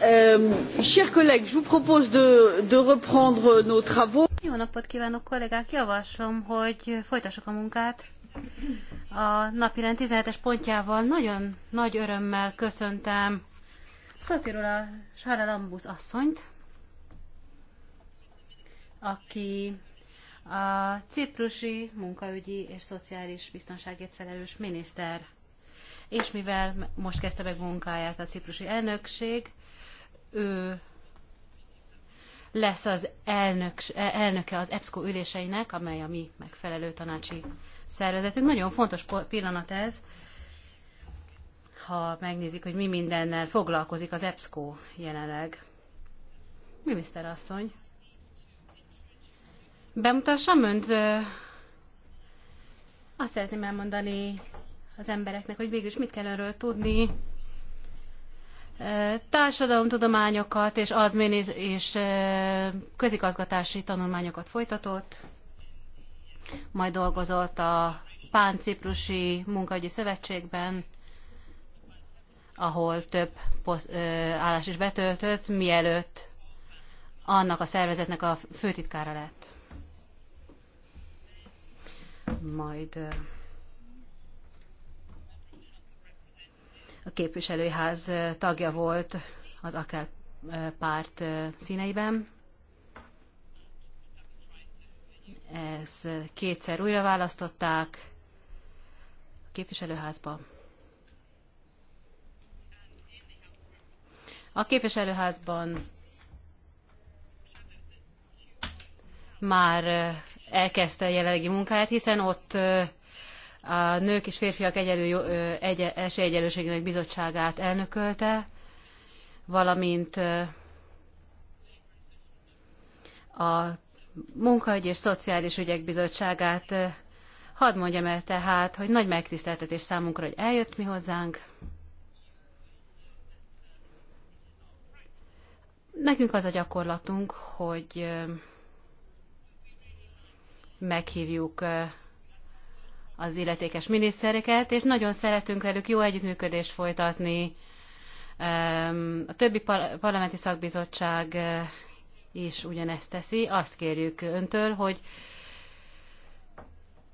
Euh, chers collègues, je vous propose de, de reprendre nos travaux. Jó napot kívánok, kollégák! Javaslom, hogy folytassuk a munkát. A napirend 17-es pontjával nagyon nagy örömmel köszöntem Szatirula Sára Lambusz asszonyt, aki a ciprusi munkaügyi és szociális biztonságért felelős miniszter. És mivel most kezdte meg munkáját a ciprusi elnökség, ő lesz az elnök, e, elnöke az EBSCO üléseinek, amely a mi megfelelő tanácsi szervezetünk. Nagyon fontos pillanat ez, ha megnézik, hogy mi mindennel foglalkozik az EBSCO jelenleg. asszony, bemutassam önt? Azt szeretném elmondani az embereknek, hogy végülis mit kell erről tudni társadalomtudományokat és, adminiz- és közigazgatási tanulmányokat folytatott, majd dolgozott a Pán-Ciprusi Munkahogyi Szövetségben, ahol több állás is betöltött, mielőtt annak a szervezetnek a főtitkára lett. Majd a képviselőház tagja volt az akár párt színeiben. Ez kétszer újra választották a képviselőházba. A képviselőházban már elkezdte a jelenlegi munkáját, hiszen ott a Nők és Férfiak Egyelő, egy, Esélyegyelőségének Bizottságát elnökölte, valamint a Munkaügy és Szociális Ügyek Bizottságát. Hadd mondjam el tehát, hogy nagy megtiszteltetés számunkra, hogy eljött mi hozzánk. Nekünk az a gyakorlatunk, hogy meghívjuk az illetékes minisztereket, és nagyon szeretünk velük jó együttműködést folytatni. A többi parlamenti szakbizottság eh, is ugyanezt teszi. Azt kérjük öntől, hogy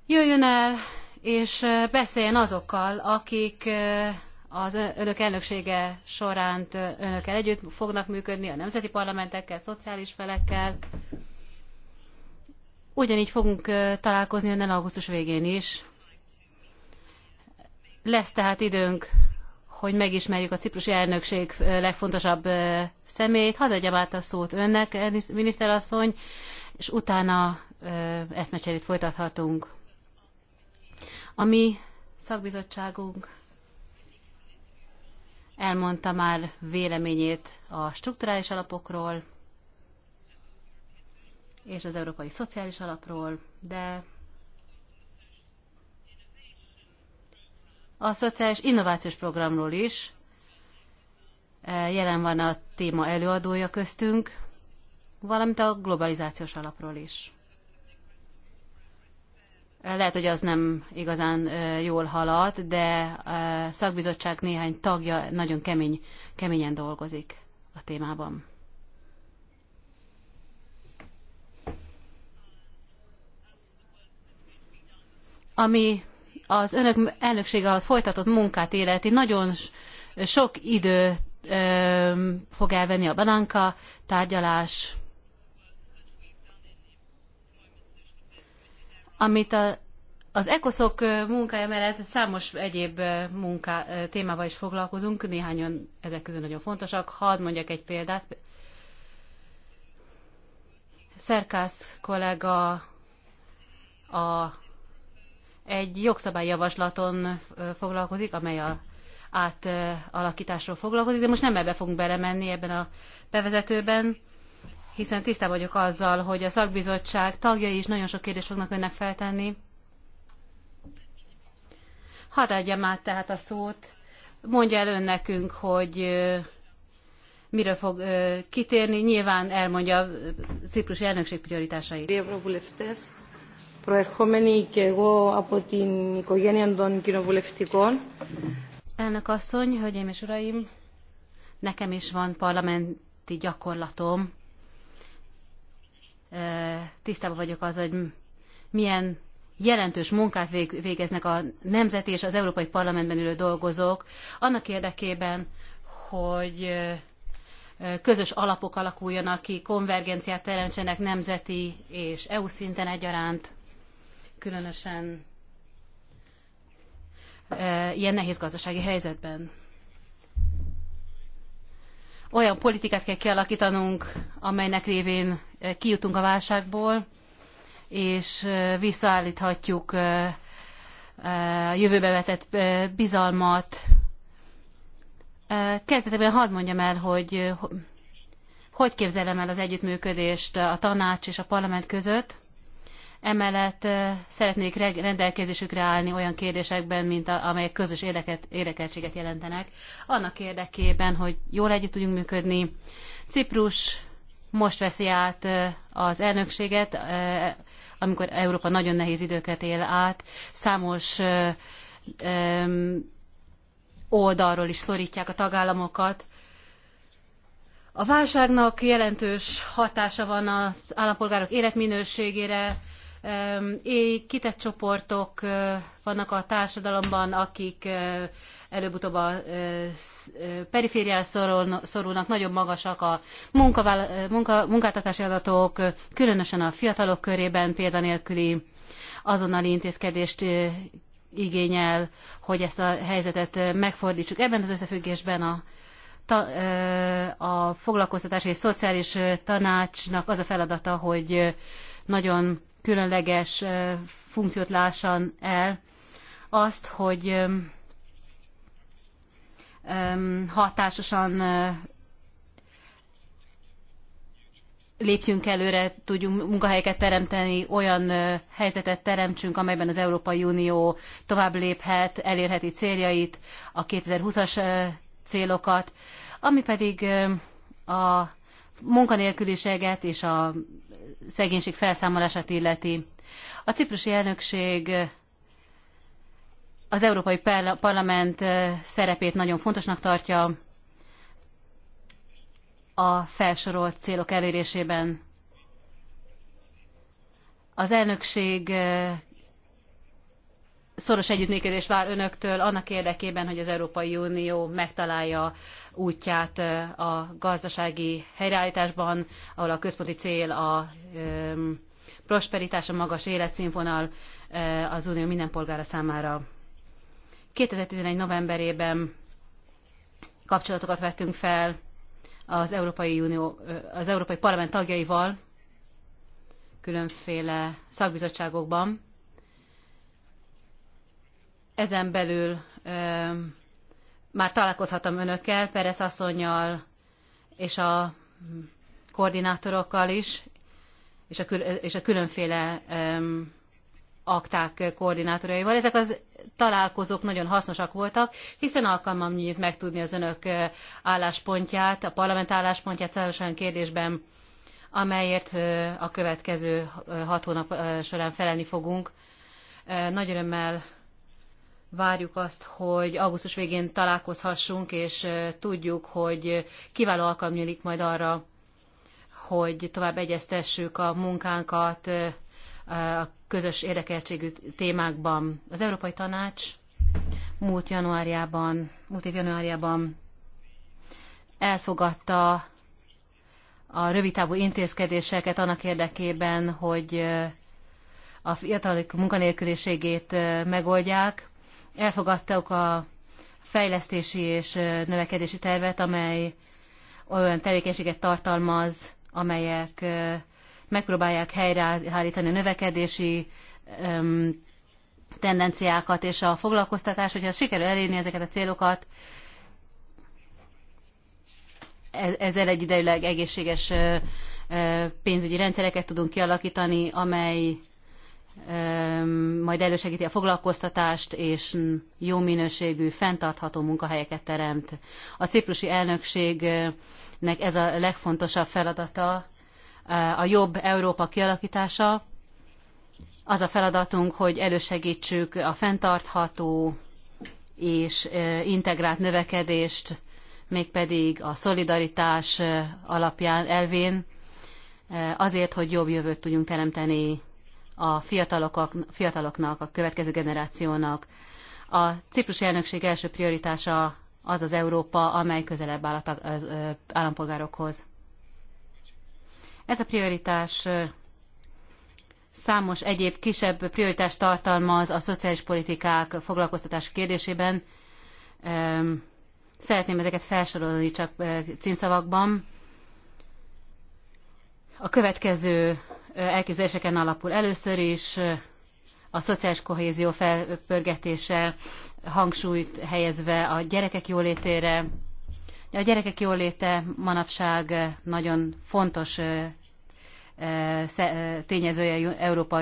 jöjjön el, és eh, beszéljen azokkal, akik eh, az önök elnöksége során önökkel együtt fognak működni, a nemzeti parlamentekkel, szociális felekkel. Ugyanígy fogunk találkozni önnel augusztus végén is. Lesz tehát időnk, hogy megismerjük a ciprusi elnökség legfontosabb személyét. Hadd adjam át a szót önnek, miniszterasszony, és utána eszmecserét folytathatunk. A mi szakbizottságunk elmondta már véleményét a strukturális alapokról és az Európai Szociális Alapról, de a szociális innovációs programról is. E, jelen van a téma előadója köztünk, valamint a globalizációs alapról is. E, lehet, hogy az nem igazán e, jól halad, de a szakbizottság néhány tagja nagyon kemény, keményen dolgozik a témában. Ami az önök elnöksége az folytatott munkát életi nagyon sok idő ö, fog elvenni a banánka tárgyalás, amit a, az ECOSZOK munkája mellett számos egyéb munká, témával is foglalkozunk, néhányan ezek közül nagyon fontosak. Hadd mondjak egy példát. Szerkász kollega a egy jogszabályjavaslaton foglalkozik, amely a átalakításról foglalkozik, de most nem ebbe fogunk belemenni ebben a bevezetőben, hiszen tisztában vagyok azzal, hogy a szakbizottság tagjai is nagyon sok kérdést fognak önnek feltenni. Hadd adjam át tehát a szót, mondja el ön nekünk, hogy miről fog kitérni, nyilván elmondja a ciprusi elnökség prioritásait προερχόμενη και εγώ από την οικογένεια των κοινοβουλευτικών. Elnök asszony, hölgyeim és uraim, nekem is van parlamenti gyakorlatom. Tisztában vagyok az, hogy milyen jelentős munkát végeznek a nemzeti és az Európai Parlamentben ülő dolgozók, annak érdekében, hogy közös alapok alakuljanak ki, konvergenciát teremtsenek nemzeti és EU szinten egyaránt különösen e, ilyen nehéz gazdasági helyzetben. Olyan politikát kell kialakítanunk, amelynek révén e, kijutunk a válságból, és e, visszaállíthatjuk a jövőbe vetett bizalmat. Kezdetben hadd mondjam el, hogy hogy képzelem el az együttműködést a tanács és a parlament között. Emellett szeretnék rendelkezésükre állni olyan kérdésekben, mint a, amelyek közös érdeket, érdekeltséget jelentenek, annak érdekében, hogy jól együtt tudjunk működni. Ciprus most veszi át az elnökséget, amikor Európa nagyon nehéz időket él át. Számos oldalról is szorítják a tagállamokat. A válságnak jelentős hatása van az állampolgárok életminőségére, kitett csoportok vannak a társadalomban, akik előbb-utóbb a periférián szorulnak, nagyon magasak a munkáltatási adatok, különösen a fiatalok körében példanélküli azonnali intézkedést igényel, hogy ezt a helyzetet megfordítsuk. Ebben az összefüggésben a ta, a foglalkoztatási és szociális tanácsnak az a feladata, hogy nagyon különleges funkciót lássan el, azt, hogy hatásosan lépjünk előre, tudjunk munkahelyeket teremteni, olyan helyzetet teremtsünk, amelyben az Európai Unió tovább léphet, elérheti céljait, a 2020-as célokat, ami pedig a munkanélküliséget és a szegénység felszámolását illeti. A ciprusi elnökség az Európai Parlament szerepét nagyon fontosnak tartja a felsorolt célok elérésében. Az elnökség szoros együttműködés vár önöktől annak érdekében, hogy az Európai Unió megtalálja útját eh, a gazdasági helyreállításban, ahol a központi cél a prosperitás, a magas életszínvonal eh, az Unió minden polgára számára. 2011. novemberében kapcsolatokat vettünk fel az Európai, Unió, eh, az Európai Parlament tagjaival különféle szakbizottságokban, ezen belül már találkozhatom önökkel, Perez asszonyjal és a koordinátorokkal is, és a, kül, és a különféle ö, akták koordinátoraival. Ezek az találkozók nagyon hasznosak voltak, hiszen alkalmam nyílt megtudni az önök álláspontját, a parlament álláspontját számos olyan kérdésben, amelyért a következő hat hónap során felelni fogunk. Nagy örömmel várjuk azt, hogy augusztus végén találkozhassunk, és tudjuk, hogy kiváló alkalom nyílik majd arra, hogy tovább egyeztessük a munkánkat a közös érdekeltségű témákban. Az Európai Tanács múlt januárjában, múlt év januárjában elfogadta a rövidtávú intézkedéseket annak érdekében, hogy a fiatalok munkanélküliségét megoldják elfogadtuk a fejlesztési és növekedési tervet, amely olyan tevékenységet tartalmaz, amelyek megpróbálják helyreállítani a növekedési tendenciákat és a foglalkoztatás, hogyha sikerül elérni ezeket a célokat, e-, ezzel egyidejűleg egészséges pénzügyi rendszereket tudunk kialakítani, amely majd elősegíti a foglalkoztatást, és jó minőségű, fenntartható munkahelyeket teremt. A ciprusi elnökségnek ez a legfontosabb feladata, e, a jobb Európa kialakítása. Az a feladatunk, hogy elősegítsük a fenntartható és e, integrált növekedést, mégpedig a szolidaritás e, alapján elvén, azért, hogy jobb jövőt tudjunk teremteni a fiatalok, fiataloknak, a következő generációnak. A ciprusi elnökség első prioritása az az Európa, amely közelebb áll az állampolgárokhoz. Ez a prioritás számos egyéb kisebb prioritást tartalmaz a szociális politikák foglalkoztatás kérdésében. Szeretném ezeket felsorolni csak címszavakban. A következő elképzeléseken alapul. Először is a szociális kohézió felpörgetése, hangsúlyt helyezve a gyerekek jólétére. A gyerekek jóléte manapság nagyon fontos tényezője Európa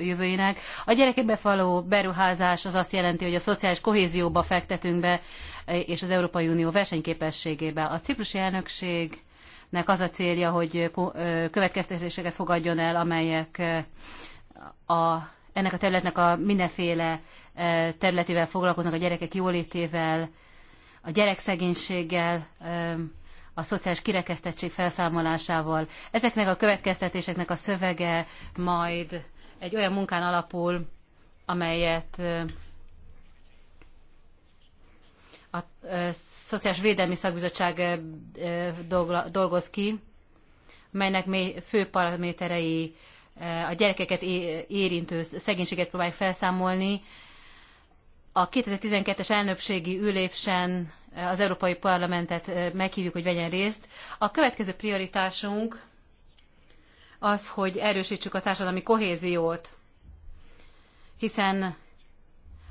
jövőjének. A gyerekekbe való beruházás az azt jelenti, hogy a szociális kohézióba fektetünk be, és az Európai Unió versenyképességébe. A ciprusi elnökség nek az a célja, hogy következtetéseket fogadjon el, amelyek a, ennek a területnek a mindenféle területével foglalkoznak, a gyerekek jólétével, a gyerekszegénységgel, a szociális kirekesztettség felszámolásával. Ezeknek a következtetéseknek a szövege majd egy olyan munkán alapul, amelyet a Szociális Védelmi Szakbizottság dolgoz ki, melynek fő paraméterei a gyerekeket érintő szegénységet próbálják felszámolni. A 2012-es elnökségi ülésen az Európai Parlamentet meghívjuk, hogy vegyen részt. A következő prioritásunk az, hogy erősítsük a társadalmi kohéziót, hiszen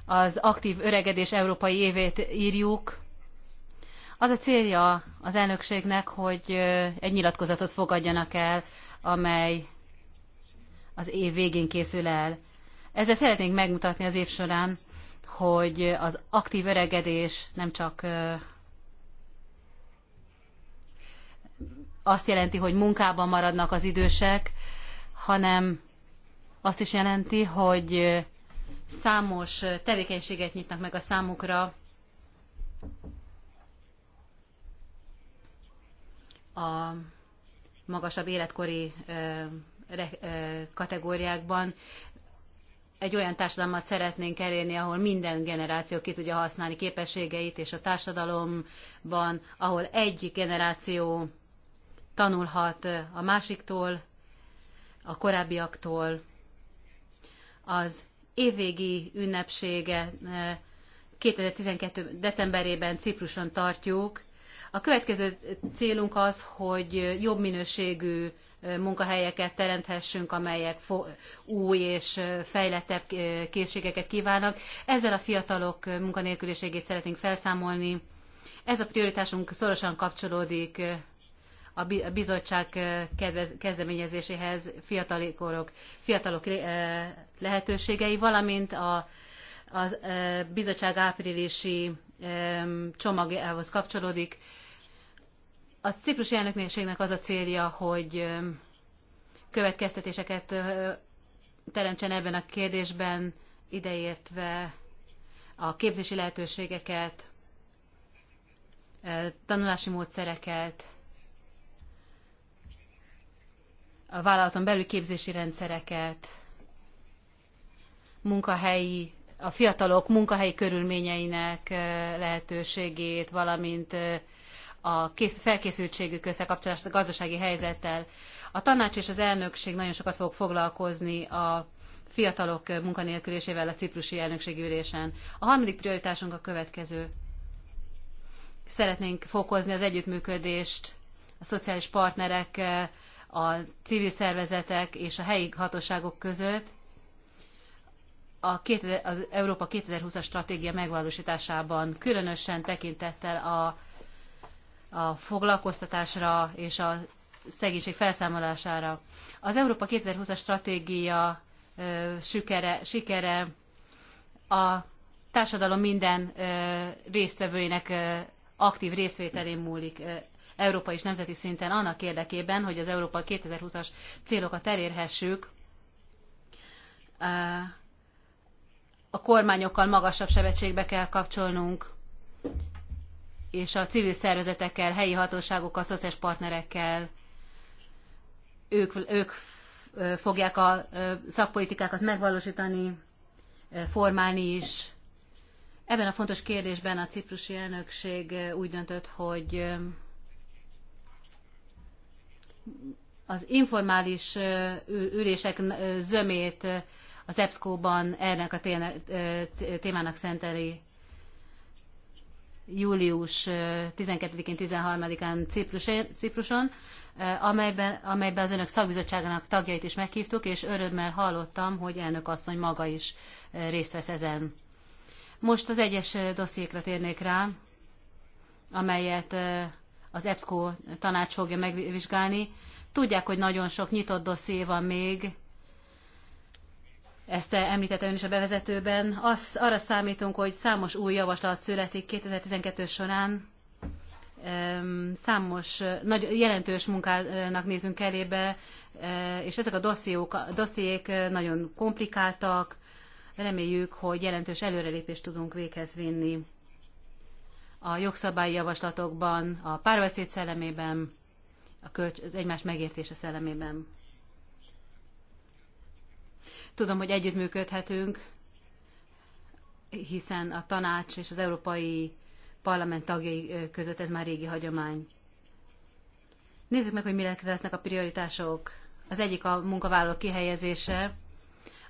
az aktív öregedés európai évét írjuk. Az a célja az elnökségnek, hogy egy nyilatkozatot fogadjanak el, amely az év végén készül el. Ezzel szeretnénk megmutatni az év során, hogy az aktív öregedés nem csak azt jelenti, hogy munkában maradnak az idősek, hanem azt is jelenti, hogy számos tevékenységet nyitnak meg a számukra. A magasabb életkori kategóriákban egy olyan társadalmat szeretnénk elérni, ahol minden generáció ki tudja használni képességeit, és a társadalomban, ahol egy generáció tanulhat a másiktól, a korábbiaktól, az évvégi ünnepsége 2012. Eh, decemberében Cipruson tartjuk. A következő célunk az, hogy jobb minőségű eh, munkahelyeket teremthessünk, amelyek új és eh, fejlettebb készségeket kívánnak. Ezzel a fiatalok munkanélküliségét szeretnénk felszámolni. Ez a prioritásunk szorosan kapcsolódik a bizottság eh, kezdeményezéséhez fiatalok, fiatalok eh, lehetőségei, valamint a eh, bizottság áprilisi csomagjához kapcsolódik. A ciprusi elnökségnek az a célja, hogy következtetéseket teremtsen ebben a kérdésben, ideértve a képzési lehetőségeket, tanulási módszereket, a vállalaton belül képzési rendszereket, munkahelyi, a fiatalok munkahelyi körülményeinek lehetőségét, valamint a felkészültségük összekapcsolást a gazdasági helyzettel. A tanács és az elnökség nagyon sokat fog foglalkozni a fiatalok munkanélkülésével a ciprusi elnökségi ülésen. A harmadik prioritásunk a következő. Szeretnénk fokozni az együttműködést a szociális partnerek a civil szervezetek és a helyi hatóságok között a 2000, az Európa 2020-as stratégia megvalósításában, különösen tekintettel a, a foglalkoztatásra és a szegénység felszámolására. Az Európa 2020-as stratégia ö, sükere, sikere a társadalom minden ö, résztvevőinek ö, aktív részvételén múlik európai és nemzeti szinten annak érdekében, hogy az Európa 2020-as célokat elérhessük, a kormányokkal magasabb sebességbe kell kapcsolnunk, és a civil szervezetekkel, helyi hatóságokkal, szociális partnerekkel, ők, ők fogják a szakpolitikákat megvalósítani, formálni is. Ebben a fontos kérdésben a ciprusi elnökség úgy döntött, hogy az informális ülések zömét az EBSCO-ban ennek a témának szenteli július 12-én, 13-án Cipruson, amelyben, amelyben az önök szakbizottságának tagjait is meghívtuk, és örömmel hallottam, hogy elnök asszony maga is részt vesz ezen. Most az egyes dossziékra térnék rá, amelyet az EBSCO tanács fogja megvizsgálni. Tudják, hogy nagyon sok nyitott dosszié van még, ezt említette ön is a bevezetőben. Az, arra számítunk, hogy számos új javaslat születik 2012 során, számos nagy, jelentős munkának nézünk elébe, e, és ezek a dossziók, dossziék nagyon komplikáltak. Reméljük, hogy jelentős előrelépést tudunk véghez vinni a jogszabályi javaslatokban, a párbeszéd szellemében, a kölcs, az egymás megértése szellemében. Tudom, hogy együttműködhetünk, hiszen a tanács és az Európai Parlament tagjai között ez már régi hagyomány. Nézzük meg, hogy mi lesznek a prioritások. Az egyik a munkavállalók kihelyezése,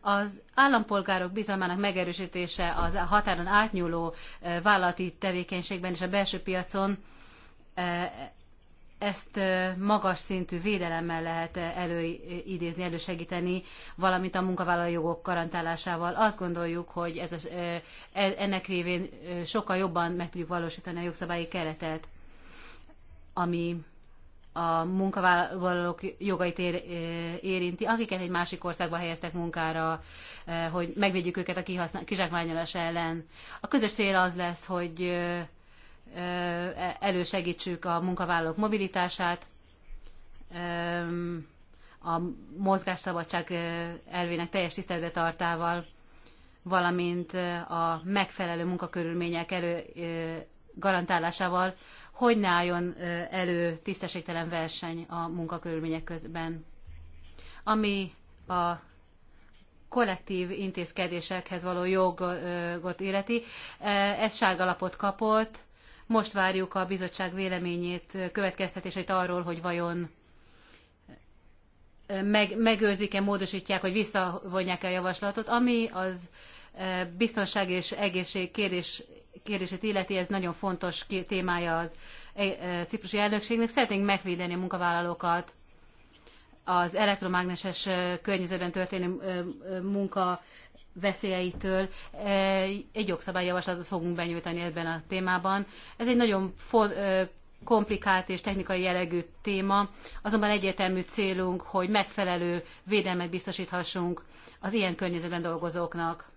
az állampolgárok bizalmának megerősítése az határon átnyúló vállalati tevékenységben és a belső piacon ezt magas szintű védelemmel lehet előidézni, elősegíteni, valamint a munkavállalói jogok garantálásával. Azt gondoljuk, hogy ez a, e, ennek révén sokkal jobban meg tudjuk valósítani a jogszabályi keretet, ami a munkavállalók jogait ér, érinti, akiket egy másik országba helyeztek munkára, hogy megvédjük őket a kizsákmányolás ellen. A közös cél az lesz, hogy elősegítsük a munkavállalók mobilitását, a mozgásszabadság elvének teljes tiszteletbe tartával, valamint a megfelelő munkakörülmények elő, garantálásával hogy ne álljon elő tisztességtelen verseny a munkakörülmények közben. Ami a kollektív intézkedésekhez való jogot életi, ez sárgalapot kapott. Most várjuk a bizottság véleményét, következtetéseit arról, hogy vajon meg, megőrzik-e, módosítják, hogy visszavonják-e a javaslatot, ami az biztonság és egészség kérdés kérdését illeti, ez nagyon fontos témája az e, e, ciprusi elnökségnek. Szeretnénk megvédeni a munkavállalókat az elektromágneses e, környezetben történő munka veszélyeitől. Egy jogszabályjavaslatot fogunk benyújtani ebben a témában. Ez egy nagyon komplikált és technikai jellegű téma, azonban egyértelmű célunk, hogy megfelelő védelmet biztosíthassunk az ilyen környezetben dolgozóknak.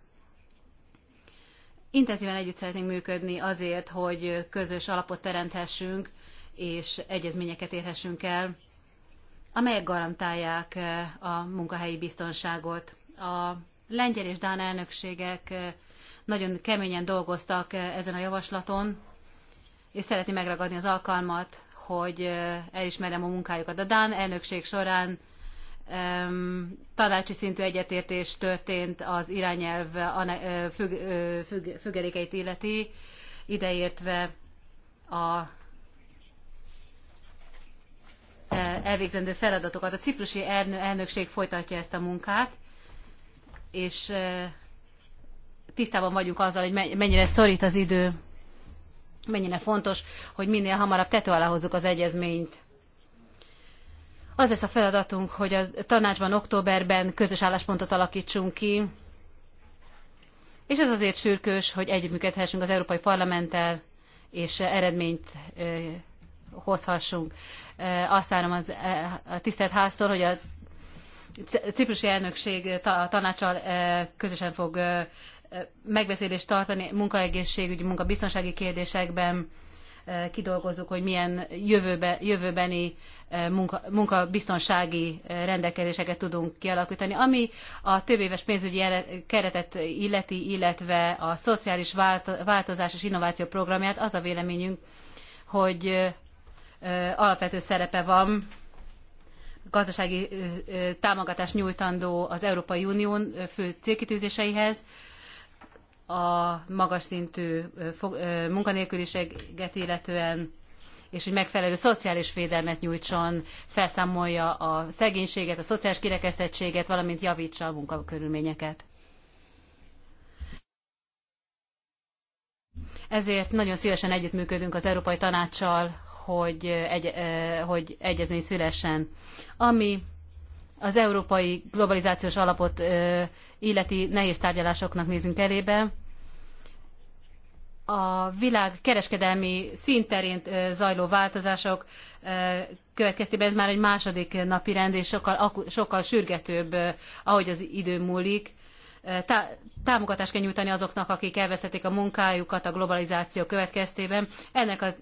Intenzíven együtt szeretnénk működni azért, hogy közös alapot teremthessünk, és egyezményeket érhessünk el, amelyek garantálják eh, a munkahelyi biztonságot. A lengyel és dán elnökségek eh, nagyon keményen dolgoztak eh, ezen a javaslaton, és szeretném megragadni az alkalmat, hogy elismerem a munkájukat. A Dán elnökség során tanácsi szintű egyetértés történt az irányelv függelékeit illeti, ideértve a e, elvégzendő feladatokat. A ciprusi elnökség folytatja ezt a munkát, és e, tisztában vagyunk azzal, hogy mennyire szorít az idő, mennyire fontos, hogy minél hamarabb tető alá hozzuk az egyezményt az lesz a feladatunk, hogy a tanácsban októberben közös álláspontot alakítsunk ki, és ez azért sürgős, hogy együttműködhessünk az Európai Parlamenttel, és eredményt hozhassunk. Azt várom az, a tisztelt háztól, hogy a ciprusi elnökség tanácsal közösen fog megbeszélést tartani munkaegészségügyi, munkabiztonsági kérdésekben, kidolgozzuk, hogy milyen jövőbe, jövőbeni munka, munkabiztonsági rendelkezéseket tudunk kialakítani. Ami a többéves pénzügyi keretet illeti, illetve a szociális változás és innováció programját, az a véleményünk, hogy alapvető szerepe van gazdasági támogatást nyújtandó az Európai Unión fő célkitűzéseihez, a magas szintű munkanélküliséget illetően, és hogy megfelelő szociális védelmet nyújtson, felszámolja a szegénységet, a szociális kirekesztettséget, valamint javítsa a munkakörülményeket. Ezért nagyon szívesen együttműködünk az Európai Tanácssal, hogy, egy, hogy egyezmény szülessen. Ami az európai globalizációs alapot illeti nehéz tárgyalásoknak nézünk elébe, a világ kereskedelmi szinterén zajló változások következtében ez már egy második napi rend, és sokkal, sokkal sürgetőbb, ahogy az idő múlik. támogatást kell nyújtani azoknak, akik elvesztették a munkájukat a globalizáció következtében. Ennek az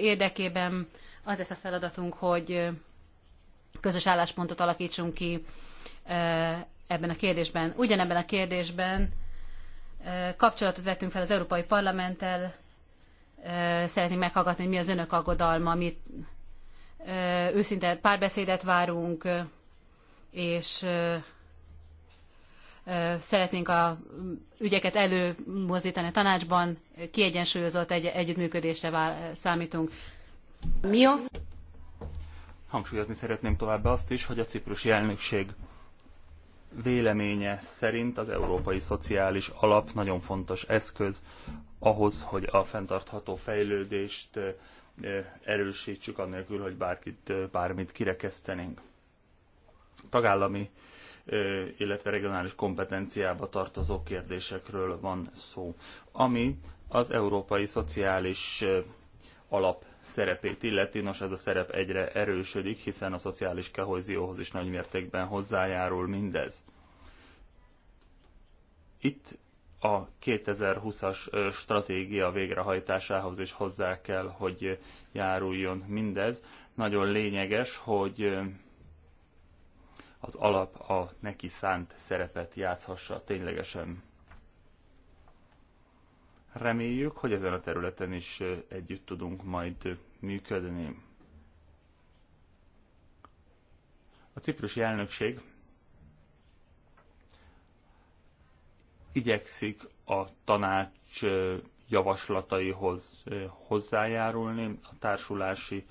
érdekében az lesz a feladatunk, hogy közös álláspontot alakítsunk ki ebben a kérdésben. Ugyanebben a kérdésben kapcsolatot vettünk fel az Európai Parlamenttel, szeretnénk meghallgatni, hogy mi az önök aggodalma, mit őszinte párbeszédet várunk, és szeretnénk a ügyeket előmozdítani a tanácsban, kiegyensúlyozott egy együttműködésre számítunk. Mi a? Hangsúlyozni szeretném továbbá azt is, hogy a ciprusi elnökség véleménye szerint az Európai Szociális Alap nagyon fontos eszköz ahhoz, hogy a fenntartható fejlődést erősítsük, annélkül, hogy bárkit, bármit kirekesztenénk. Tagállami, illetve regionális kompetenciába tartozó kérdésekről van szó, ami az Európai Szociális Alap szerepét illeti, nos ez a szerep egyre erősödik, hiszen a szociális kehozióhoz is nagy mértékben hozzájárul mindez. Itt a 2020-as stratégia végrehajtásához is hozzá kell, hogy járuljon mindez. Nagyon lényeges, hogy az alap a neki szánt szerepet játszhassa ténylegesen. Reméljük, hogy ezen a területen is együtt tudunk majd működni. A ciprusi elnökség igyekszik a tanács javaslataihoz hozzájárulni, a társulási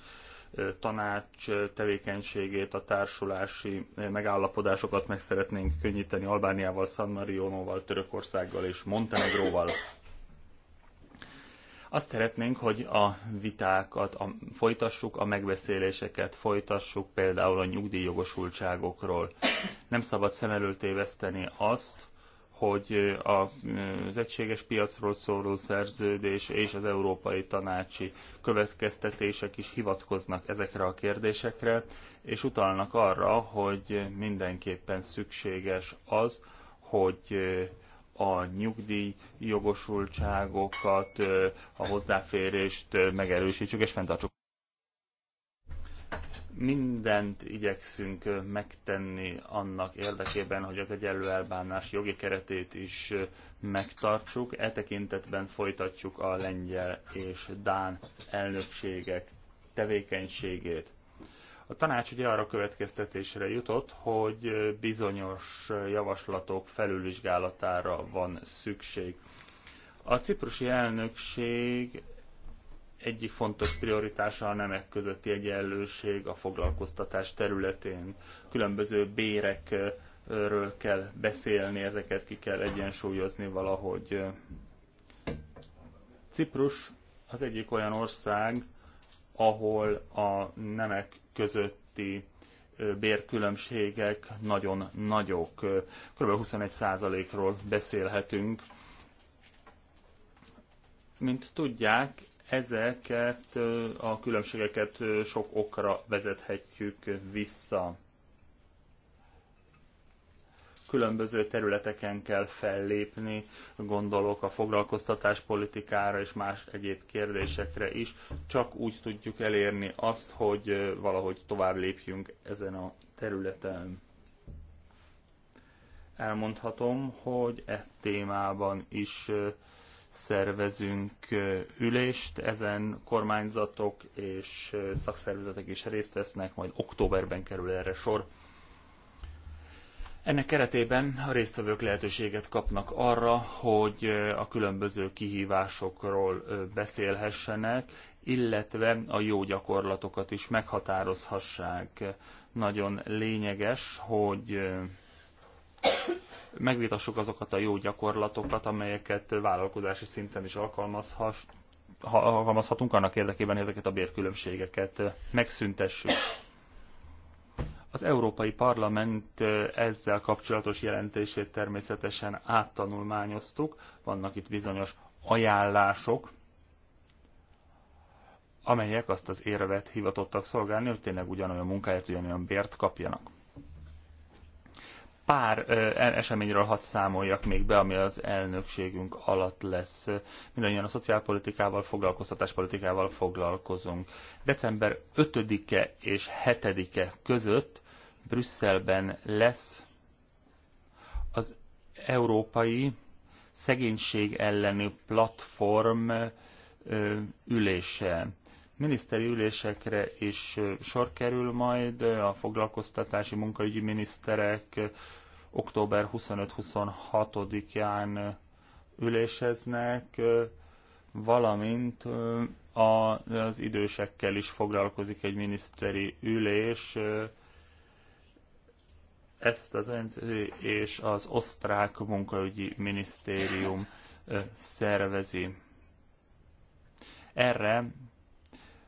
tanács tevékenységét, a társulási megállapodásokat meg szeretnénk könnyíteni Albániával, San Marionóval, Törökországgal és Montenegróval. Azt szeretnénk, hogy a vitákat a, folytassuk, a megbeszéléseket folytassuk, például a nyugdíjjogosultságokról. Nem szabad szem előtt téveszteni azt, hogy az egységes piacról szóló szerződés és az európai tanácsi következtetések is hivatkoznak ezekre a kérdésekre, és utalnak arra, hogy mindenképpen szükséges az, hogy a nyugdíj jogosultságokat, a hozzáférést megerősítsük és fenntartsuk. Mindent igyekszünk megtenni annak érdekében, hogy az egyenlő elbánás jogi keretét is megtartsuk. E tekintetben folytatjuk a lengyel és dán elnökségek tevékenységét a tanács ugye arra következtetésre jutott, hogy bizonyos javaslatok felülvizsgálatára van szükség. A ciprusi elnökség egyik fontos prioritása a nemek közötti egyenlőség a foglalkoztatás területén. Különböző bérekről kell beszélni, ezeket ki kell egyensúlyozni valahogy. Ciprus az egyik olyan ország, ahol a nemek közötti bérkülönbségek nagyon nagyok. Kb. 21%-ról beszélhetünk. Mint tudják, ezeket a különbségeket sok okra vezethetjük vissza különböző területeken kell fellépni, gondolok a foglalkoztatáspolitikára és más egyéb kérdésekre is. Csak úgy tudjuk elérni azt, hogy valahogy tovább lépjünk ezen a területen. Elmondhatom, hogy e témában is szervezünk ülést, ezen kormányzatok és szakszervezetek is részt vesznek, majd októberben kerül erre sor. Ennek keretében a résztvevők lehetőséget kapnak arra, hogy a különböző kihívásokról beszélhessenek, illetve a jó gyakorlatokat is meghatározhassák. Nagyon lényeges, hogy megvitassuk azokat a jó gyakorlatokat, amelyeket vállalkozási szinten is alkalmazhatunk annak érdekében, hogy ezeket a bérkülönbségeket megszüntessük az Európai Parlament ezzel kapcsolatos jelentését természetesen áttanulmányoztuk, vannak itt bizonyos ajánlások, amelyek azt az érvet hivatottak szolgálni, hogy tényleg ugyanolyan munkáért, ugyanolyan bért kapjanak. Pár e-, eseményről hadd számoljak még be, ami az elnökségünk alatt lesz. Mindannyian a szociálpolitikával, foglalkoztatáspolitikával foglalkozunk. December 5-e és 7-e között Brüsszelben lesz az Európai Szegénység elleni platform ülése. Miniszteri ülésekre is sor kerül majd a foglalkoztatási munkaügyi miniszterek október 25-26-án üléseznek, valamint az idősekkel is foglalkozik egy miniszteri ülés ezt az ONC és az osztrák munkaügyi minisztérium szervezi. Erre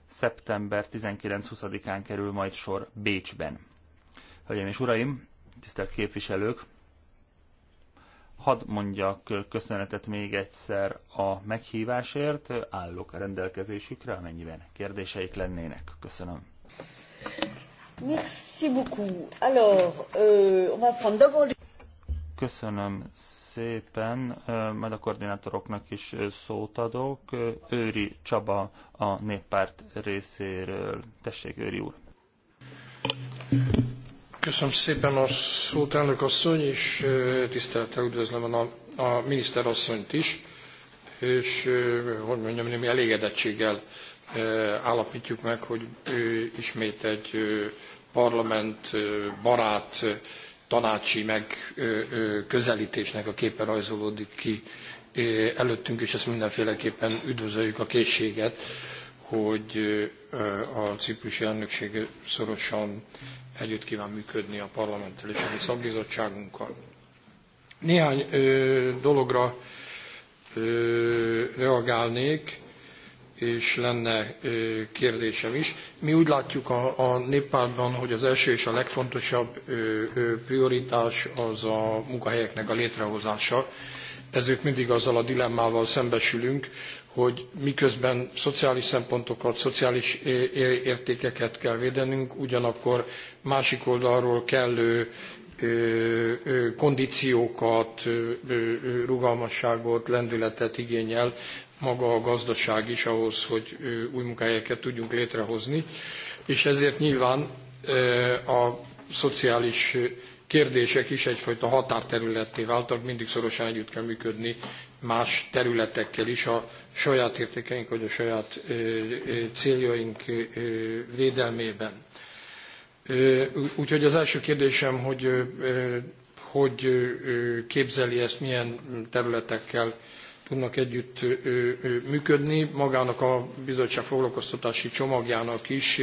szeptember 19-20-án kerül majd sor Bécsben. Hölgyeim és uraim, tisztelt képviselők, hadd mondjak köszönetet még egyszer a meghívásért, állok a rendelkezésükre, amennyiben kérdéseik lennének. Köszönöm. Merci beaucoup. Alors, euh, on va prendre d'abord... Köszönöm szépen, majd a koordinátoroknak is szót adok. Őri Csaba a néppárt részéről. Tessék, Őri úr! Köszönöm szépen a szót, elnök asszony, és tisztelettel üdvözlöm a, a miniszter asszonyt is, és hogy mondjam, némi elégedettséggel állapítjuk meg, hogy ismét egy parlament barát tanácsi megközelítésnek a képe rajzolódik ki előttünk, és ezt mindenféleképpen üdvözöljük a készséget, hogy a ciprusi elnökség szorosan együtt kíván működni a parlamenttel és a mi szakbizottságunkkal. Néhány dologra reagálnék és lenne kérdésem is. Mi úgy látjuk a, a néppártban, hogy az első és a legfontosabb prioritás az a munkahelyeknek a létrehozása. Ezért mindig azzal a dilemmával szembesülünk, hogy miközben szociális szempontokat, szociális értékeket kell védenünk, ugyanakkor másik oldalról kellő kondíciókat, rugalmasságot, lendületet igényel maga a gazdaság is ahhoz, hogy új munkahelyeket tudjunk létrehozni, és ezért nyilván a szociális kérdések is egyfajta határterületté váltak, mindig szorosan együtt kell működni más területekkel is a saját értékeink vagy a saját céljaink védelmében. Úgyhogy az első kérdésem, hogy hogy képzeli ezt, milyen területekkel tudnak együtt működni. Magának a bizottság foglalkoztatási csomagjának is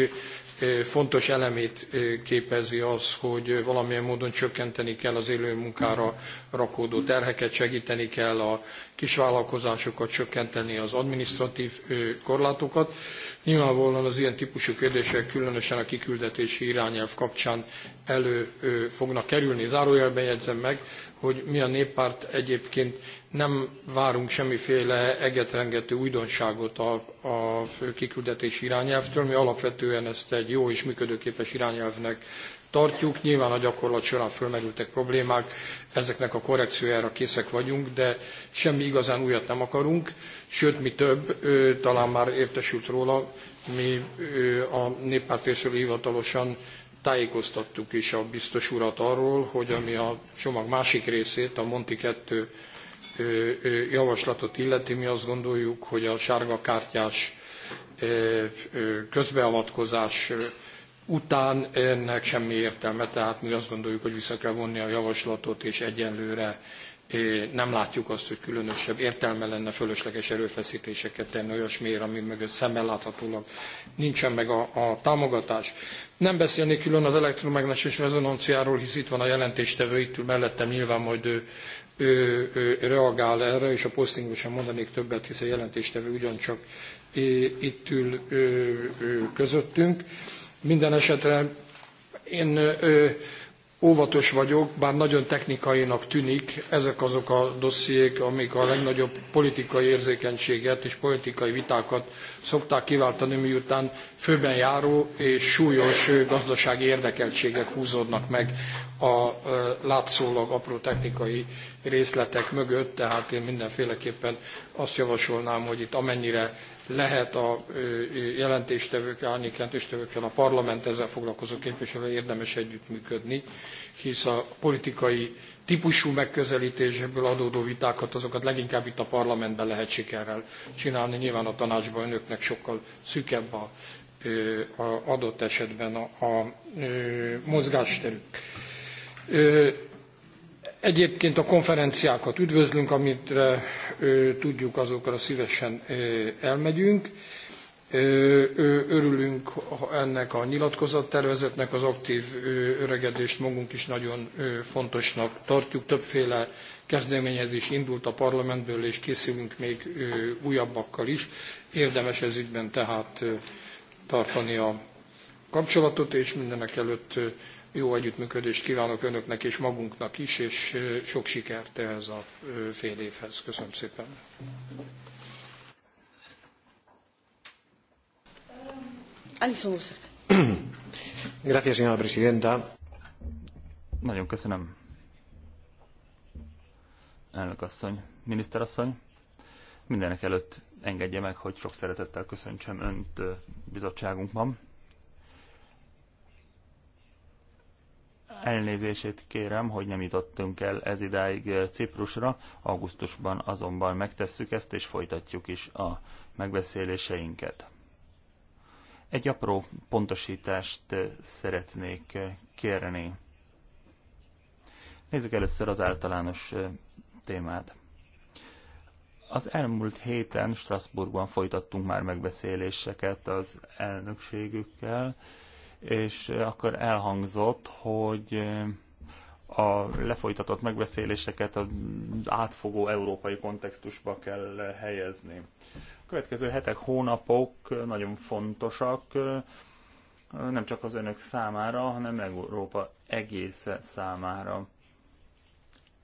fontos elemét képezi az, hogy valamilyen módon csökkenteni kell az élő munkára rakódó terheket, segíteni kell a kisvállalkozásokat, csökkenteni az administratív korlátokat. Nyilvánvalóan az ilyen típusú kérdések különösen a kiküldetési irányelv kapcsán elő fognak kerülni. Zárójelben jegyzem meg, hogy mi a néppárt egyébként nem várunk semmiféle egetrengető újdonságot a, a kiküldetés irányelvtől. Mi alapvetően ezt egy jó és működőképes irányelvnek tartjuk. Nyilván a gyakorlat során fölmerültek problémák, ezeknek a korrekciójára készek vagyunk, de semmi igazán újat nem akarunk, sőt, mi több, talán már értesült róla, mi a néppárt részéről hivatalosan tájékoztattuk is a biztos urat arról, hogy ami a csomag másik részét, a Monti 2 javaslatot illeti, mi azt gondoljuk, hogy a sárga kártyás közbeavatkozás után ennek semmi értelme, tehát mi azt gondoljuk, hogy vissza kell vonni a javaslatot, és egyenlőre nem látjuk azt, hogy különösebb értelme lenne fölösleges erőfeszítéseket tenni olyasmiért, ami mögött szemmel láthatólag nincsen meg a, a támogatás. Nem beszélnék külön az elektromágneses rezonanciáról, hisz itt van a jelentéstevő, itt ül mellettem, nyilván majd ő reagál erre, és a posztingról sem mondanék többet, hiszen jelentéstevő ugyancsak itt ül közöttünk. Minden esetre én óvatos vagyok, bár nagyon technikainak tűnik, ezek azok a dossziék, amik a legnagyobb politikai érzékenységet és politikai vitákat szokták kiváltani, miután főben járó és súlyos gazdasági érdekeltségek húzódnak meg a látszólag apró technikai részletek mögött, tehát én mindenféleképpen azt javasolnám, hogy itt amennyire lehet a jelentéstevőkkel, árnyék jelentéstevőkkel, a parlament ezzel foglalkozó képviselővel érdemes együttműködni, hisz a politikai típusú megközelítésből adódó vitákat, azokat leginkább itt a parlamentben lehet sikerrel csinálni. Nyilván a tanácsban önöknek sokkal szükebb a, a adott esetben a, a, a mozgásterük. Egyébként a konferenciákat üdvözlünk, amire tudjuk, azokra szívesen elmegyünk. Örülünk ennek a nyilatkozattervezetnek, az aktív öregedést magunk is nagyon fontosnak tartjuk. Többféle kezdeményezés indult a parlamentből, és készülünk még újabbakkal is. Érdemes ez ügyben tehát tartani a kapcsolatot, és mindenek előtt jó együttműködést kívánok önöknek és magunknak is, és sok sikert ehhez a fél évhez. Köszönöm szépen. Gracias, señora presidenta. Nagyon köszönöm. Elnök asszony, miniszter asszony, mindenek előtt engedje meg, hogy sok szeretettel köszöntsem Önt bizottságunkban. Elnézését kérem, hogy nem jutottunk el ez idáig eh, Ciprusra, augusztusban azonban megtesszük ezt, és folytatjuk is a megbeszéléseinket. Egy apró pontosítást eh, szeretnék eh, kérni. Nézzük először az általános témát. Az elmúlt héten Strasbourgban folytattunk már megbeszéléseket az elnökségükkel, és akkor elhangzott, hogy a lefolytatott megbeszéléseket az átfogó európai kontextusba kell helyezni. A következő hetek, hónapok nagyon fontosak, nem csak az önök számára, hanem Európa egésze számára.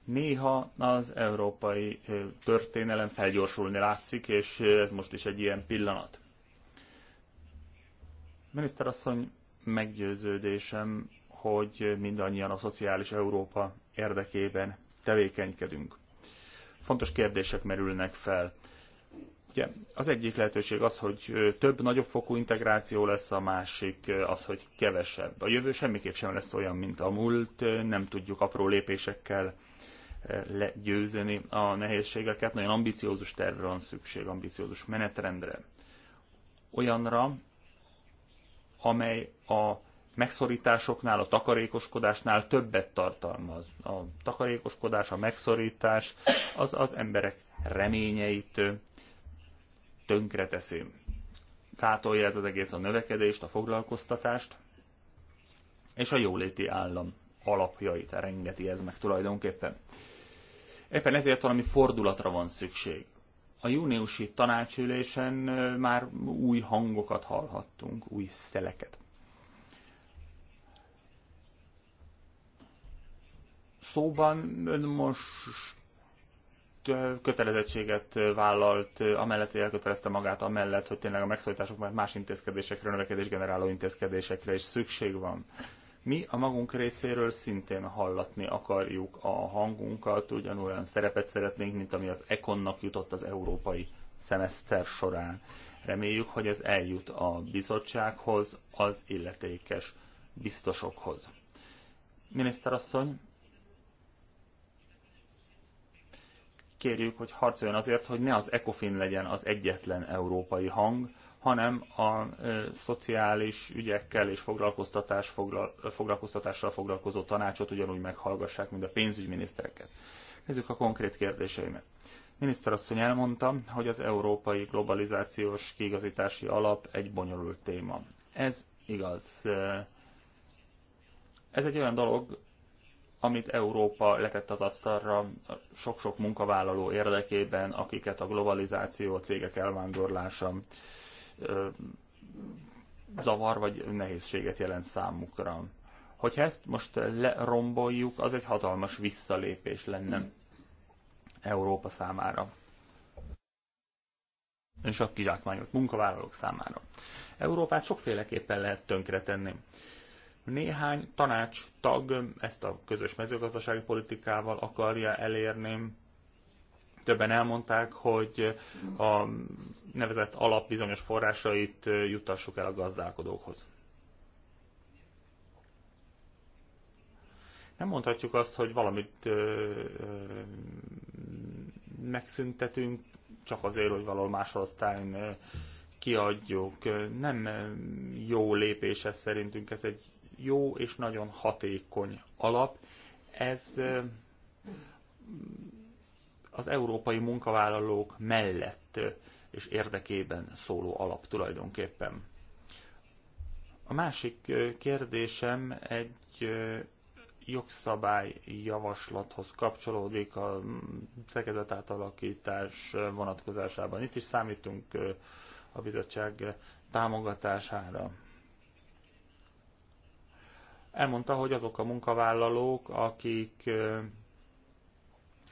Néha az európai történelem felgyorsulni látszik, és ez most is egy ilyen pillanat. Miniszterasszony, meggyőződésem, hogy mindannyian a szociális Európa érdekében tevékenykedünk. Fontos kérdések merülnek fel. Ugye az egyik lehetőség az, hogy több, nagyobb fokú integráció lesz, a másik az, hogy kevesebb. A jövő semmiképp sem lesz olyan, mint a múlt, nem tudjuk apró lépésekkel eh, legyőzni a nehézségeket, nagyon ambiciózus tervre van szükség, ambiciózus menetrendre. Olyanra, amely a megszorításoknál, a takarékoskodásnál többet tartalmaz. A takarékoskodás, a megszorítás az az emberek reményeit tönkreteszi. Kátolja ez az egész a növekedést, a foglalkoztatást, és a jóléti állam alapjait rengeti ez meg tulajdonképpen. Éppen ezért valami fordulatra van szükség a júniusi tanácsülésen már új hangokat hallhattunk, új szeleket. Szóban ön most kötelezettséget vállalt, amellett, hogy elkötelezte magát, amellett, hogy tényleg a megszólítások, mert más intézkedésekre, növekedés generáló intézkedésekre is szükség van. Mi a magunk részéről szintén hallatni akarjuk a hangunkat, ugyanolyan szerepet szeretnénk, mint ami az Econnak jutott az európai szemeszter során. Reméljük, hogy ez eljut a bizottsághoz, az illetékes biztosokhoz. Miniszterasszony, kérjük, hogy harcoljon azért, hogy ne az ECOFIN legyen az egyetlen európai hang, hanem a ö, szociális ügyekkel és foglalkoztatás, foglal, foglalkoztatással foglalkozó tanácsot ugyanúgy meghallgassák, mint a pénzügyminisztereket. Nézzük a konkrét kérdéseimet. Miniszterasszony elmondta, hogy az európai globalizációs kiigazítási alap egy bonyolult téma. Ez igaz. Ez egy olyan dolog, amit Európa letett az asztalra sok-sok munkavállaló érdekében, akiket a globalizáció, a cégek elvándorlása zavar vagy nehézséget jelent számukra. Hogyha ezt most leromboljuk, az egy hatalmas visszalépés lenne Európa számára és a kizsákmányolt munkavállalók számára. Európát sokféleképpen lehet tönkretenni. Néhány tanács tag ezt a közös mezőgazdasági politikával akarja elérni. Többen elmondták, hogy a nevezett alap bizonyos forrásait juttassuk el a gazdálkodókhoz. nem mondhatjuk azt, hogy valamit ö, ö, megszüntetünk, csak azért, hogy valahol máshol aztán ö, kiadjuk. Nem jó lépés ez szerintünk, ez egy jó és nagyon hatékony alap. Ez az európai munkavállalók mellett és érdekében szóló alap tulajdonképpen. A másik kérdésem egy jogszabály javaslathoz kapcsolódik a szekezet átalakítás vonatkozásában. Itt is számítunk a bizottság támogatására elmondta, hogy azok a munkavállalók, akik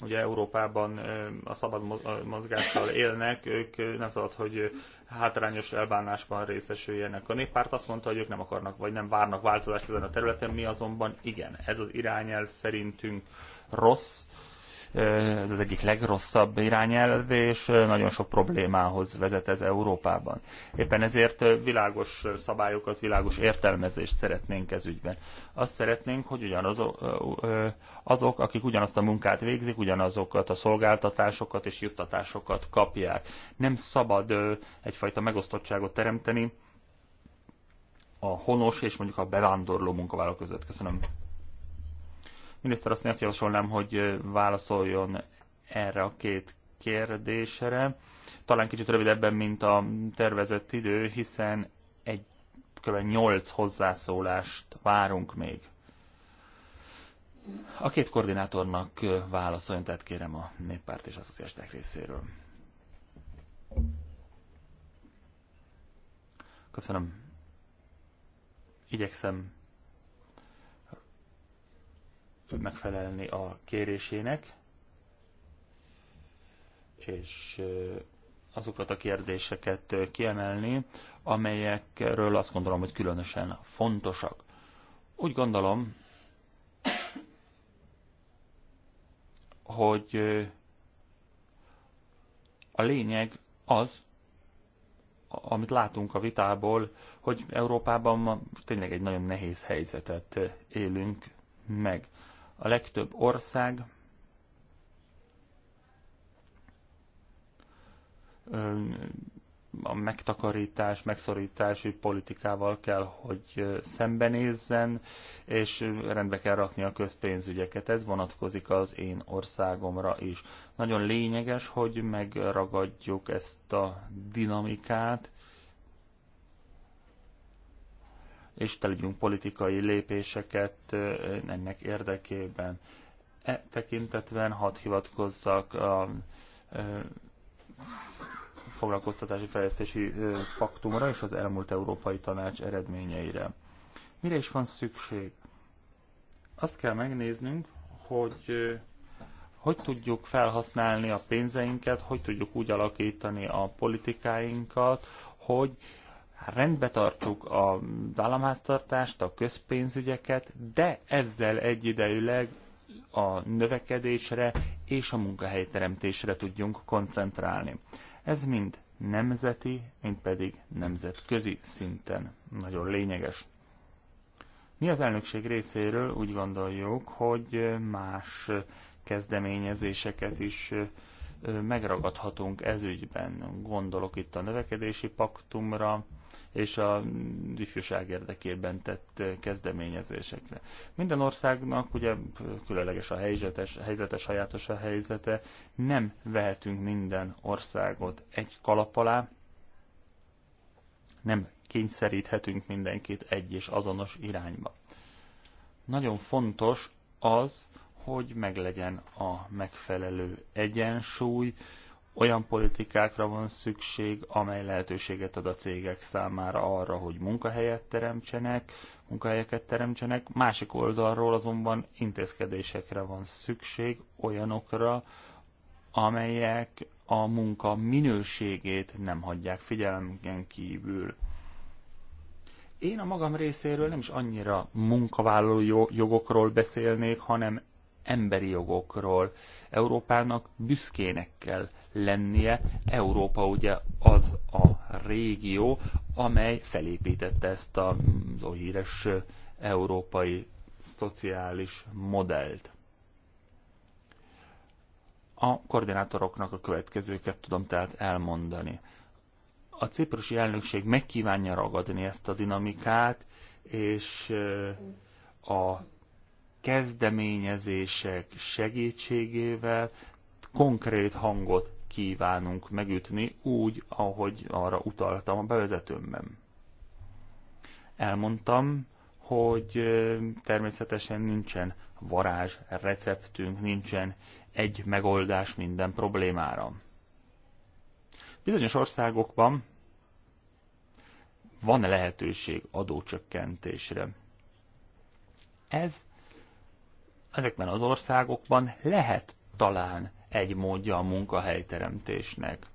ugye Európában a szabad mozgással élnek, ők nem szabad, hogy hátrányos elbánásban részesüljenek. A néppárt azt mondta, hogy ők nem akarnak, vagy nem várnak változást ezen a területen, mi azonban igen. Ez az irányel szerintünk rossz, ez az egyik legrosszabb irányelv, és nagyon sok problémához vezet ez Európában. Éppen ezért világos szabályokat, világos értelmezést szeretnénk ez ügyben. Azt szeretnénk, hogy ugyanazok, azok, akik ugyanazt a munkát végzik, ugyanazokat a szolgáltatásokat és juttatásokat kapják. Nem szabad egyfajta megosztottságot teremteni, a honos és mondjuk a bevándorló munkavállaló között. Köszönöm. Miniszter azt, azt javasolnám, hogy válaszoljon erre a két kérdésre. Talán kicsit rövidebben, mint a tervezett idő, hiszen egy kb. 8 hozzászólást várunk még. A két koordinátornak válaszoljon, tehát kérem a néppárt és a szociálisták részéről. Köszönöm. Igyekszem tud megfelelni a kérésének, és azokat a kérdéseket kiemelni, amelyekről azt gondolom, hogy különösen fontosak. Úgy gondolom, hogy a lényeg az, amit látunk a vitából, hogy Európában ma tényleg egy nagyon nehéz helyzetet élünk meg a legtöbb ország a megtakarítás, megszorítási politikával kell, hogy szembenézzen, és rendbe kell rakni a közpénzügyeket. Ez vonatkozik az én országomra is. Nagyon lényeges, hogy megragadjuk ezt a dinamikát, és tegyünk politikai lépéseket ennek érdekében. E tekintetben hadd hivatkozzak a foglalkoztatási fejlesztési paktumra és az elmúlt Európai Tanács eredményeire. Mire is van szükség? Azt kell megnéznünk, hogy hogy tudjuk felhasználni a pénzeinket, hogy tudjuk úgy alakítani a politikáinkat, hogy rendbe tartsuk a államháztartást, a közpénzügyeket, de ezzel egyidejűleg a növekedésre és a munkahelyteremtésre tudjunk koncentrálni. Ez mind nemzeti, mind pedig nemzetközi szinten nagyon lényeges. Mi az elnökség részéről úgy gondoljuk, hogy más kezdeményezéseket is megragadhatunk ezügyben. Gondolok itt a növekedési paktumra, és a ifjúság érdekében tett kezdeményezésekre. Minden országnak ugye különleges a helyzetes, helyzete, sajátos a helyzete, nem vehetünk minden országot egy kalap alá, nem kényszeríthetünk mindenkit egy és azonos irányba. Nagyon fontos az, hogy meglegyen a megfelelő egyensúly, olyan politikákra van szükség, amely lehetőséget ad a cégek számára arra, hogy munkahelyet teremtsenek, munkahelyeket teremtsenek. Másik oldalról azonban intézkedésekre van szükség, olyanokra, amelyek a munka minőségét nem hagyják figyelmen kívül. Én a magam részéről nem is annyira munkavállaló jogokról beszélnék, hanem emberi jogokról. Európának büszkének kell lennie. Európa ugye az a régió, amely felépítette ezt a híres európai szociális modellt. A koordinátoroknak a következőket tudom tehát elmondani. A ciprusi elnökség megkívánja ragadni ezt a dinamikát, és a kezdeményezések segítségével konkrét hangot kívánunk megütni, úgy, ahogy arra utaltam a bevezetőmben. Elmondtam, hogy természetesen nincsen varázs receptünk, nincsen egy megoldás minden problémára. Bizonyos országokban van -e lehetőség adócsökkentésre. Ez ezekben az országokban lehet talán egy módja a munkahelyteremtésnek.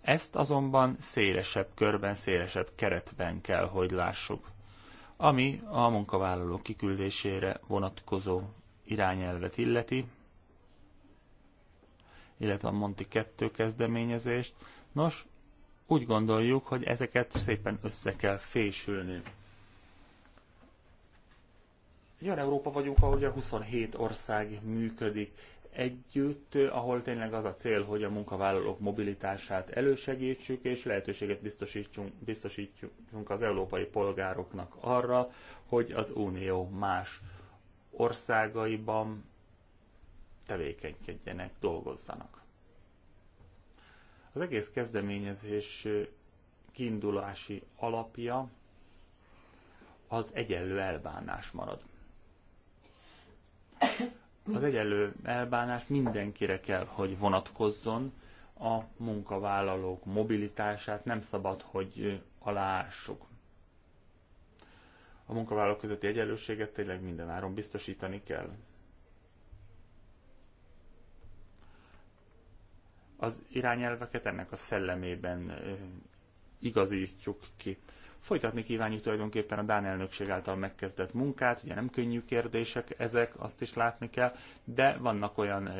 Ezt azonban szélesebb körben, szélesebb keretben kell, hogy lássuk, ami a munkavállalók kiküldésére vonatkozó irányelvet illeti, illetve a Monti 2 kezdeményezést. Nos, úgy gondoljuk, hogy ezeket szépen össze kell fésülni. Egy olyan Európa vagyunk, ahol ugye 27 ország működik együtt, ahol tényleg az a cél, hogy a munkavállalók mobilitását elősegítsük, és lehetőséget biztosítsunk, biztosítsunk az európai polgároknak arra, hogy az Unió más országaiban tevékenykedjenek, dolgozzanak. Az egész kezdeményezés kiindulási alapja az egyenlő elbánás marad. Az egyenlő elbánás mindenkire kell, hogy vonatkozzon, a munkavállalók mobilitását nem szabad, hogy aláássuk. A munkavállalók közötti egyenlőséget tényleg mindenáron biztosítani kell. Az irányelveket ennek a szellemében eh, igazítjuk ki. Folytatni kívánjuk tulajdonképpen a Dán elnökség által megkezdett munkát, ugye nem könnyű kérdések ezek, azt is látni kell, de vannak olyan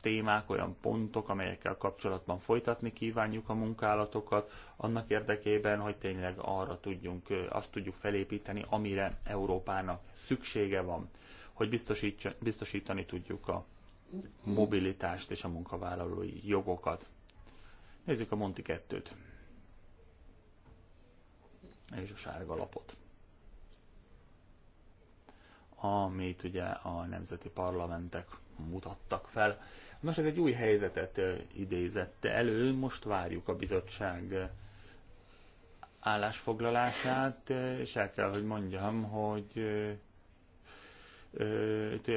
témák, olyan pontok, amelyekkel kapcsolatban folytatni kívánjuk a munkálatokat, annak érdekében, hogy tényleg arra tudjunk, azt tudjuk felépíteni, amire Európának szüksége van, hogy biztosítani tudjuk a mobilitást és a munkavállalói jogokat. Nézzük a Monti 2-t és a sárga lapot. Amit ugye a nemzeti parlamentek mutattak fel. Most egy új helyzetet idézett elő, most várjuk a bizottság állásfoglalását, és el kell, hogy mondjam, hogy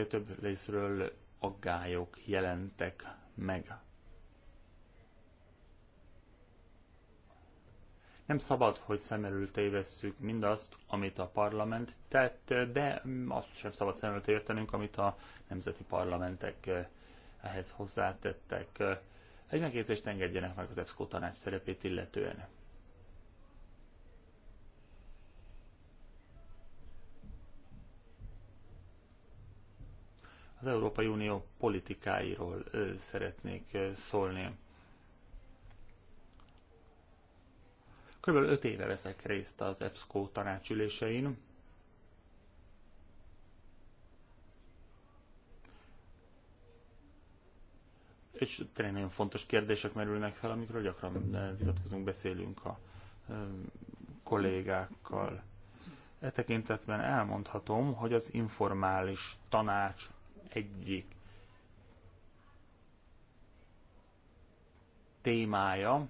több részről aggályok jelentek meg Nem szabad, hogy szem előtt tévesszük mindazt, amit a parlament tett, de azt sem szabad szem előtt tévesztenünk, amit a nemzeti parlamentek eh, ehhez hozzátettek. Egy megjegyzést engedjenek meg az EBSZKO tanács szerepét illetően. az Európai Unió politikáiról eh, szeretnék eh, szólni. Kb. 5 éve veszek részt az EBSCO tanácsülésein. És tényleg nagyon fontos kérdések merülnek fel, amikről gyakran eh, vitatkozunk, beszélünk a eh, kollégákkal. E tekintetben elmondhatom, hogy az informális tanács egyik témája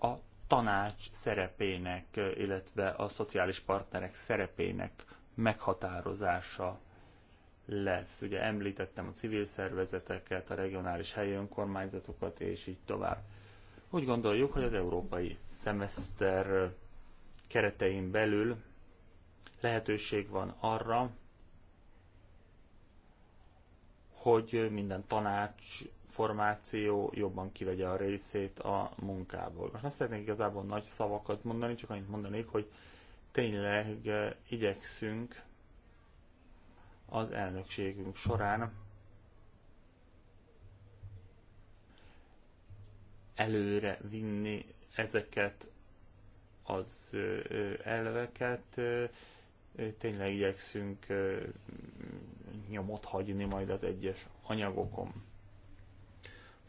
a tanács szerepének, illetve a szociális partnerek szerepének meghatározása lesz. Ugye említettem a civil szervezeteket, a regionális helyi önkormányzatokat, és így tovább. Úgy gondoljuk, hogy az európai szemeszter keretein belül lehetőség van arra, hogy minden tanács információ jobban kivegye a részét a munkából. Most nem szeretnék igazából nagy szavakat mondani, csak annyit mondanék, hogy tényleg eh, igyekszünk az elnökségünk során előre vinni ezeket az eh, eh, elveket. Tényleg igyekszünk nyomot hagyni majd az egyes anyagokon.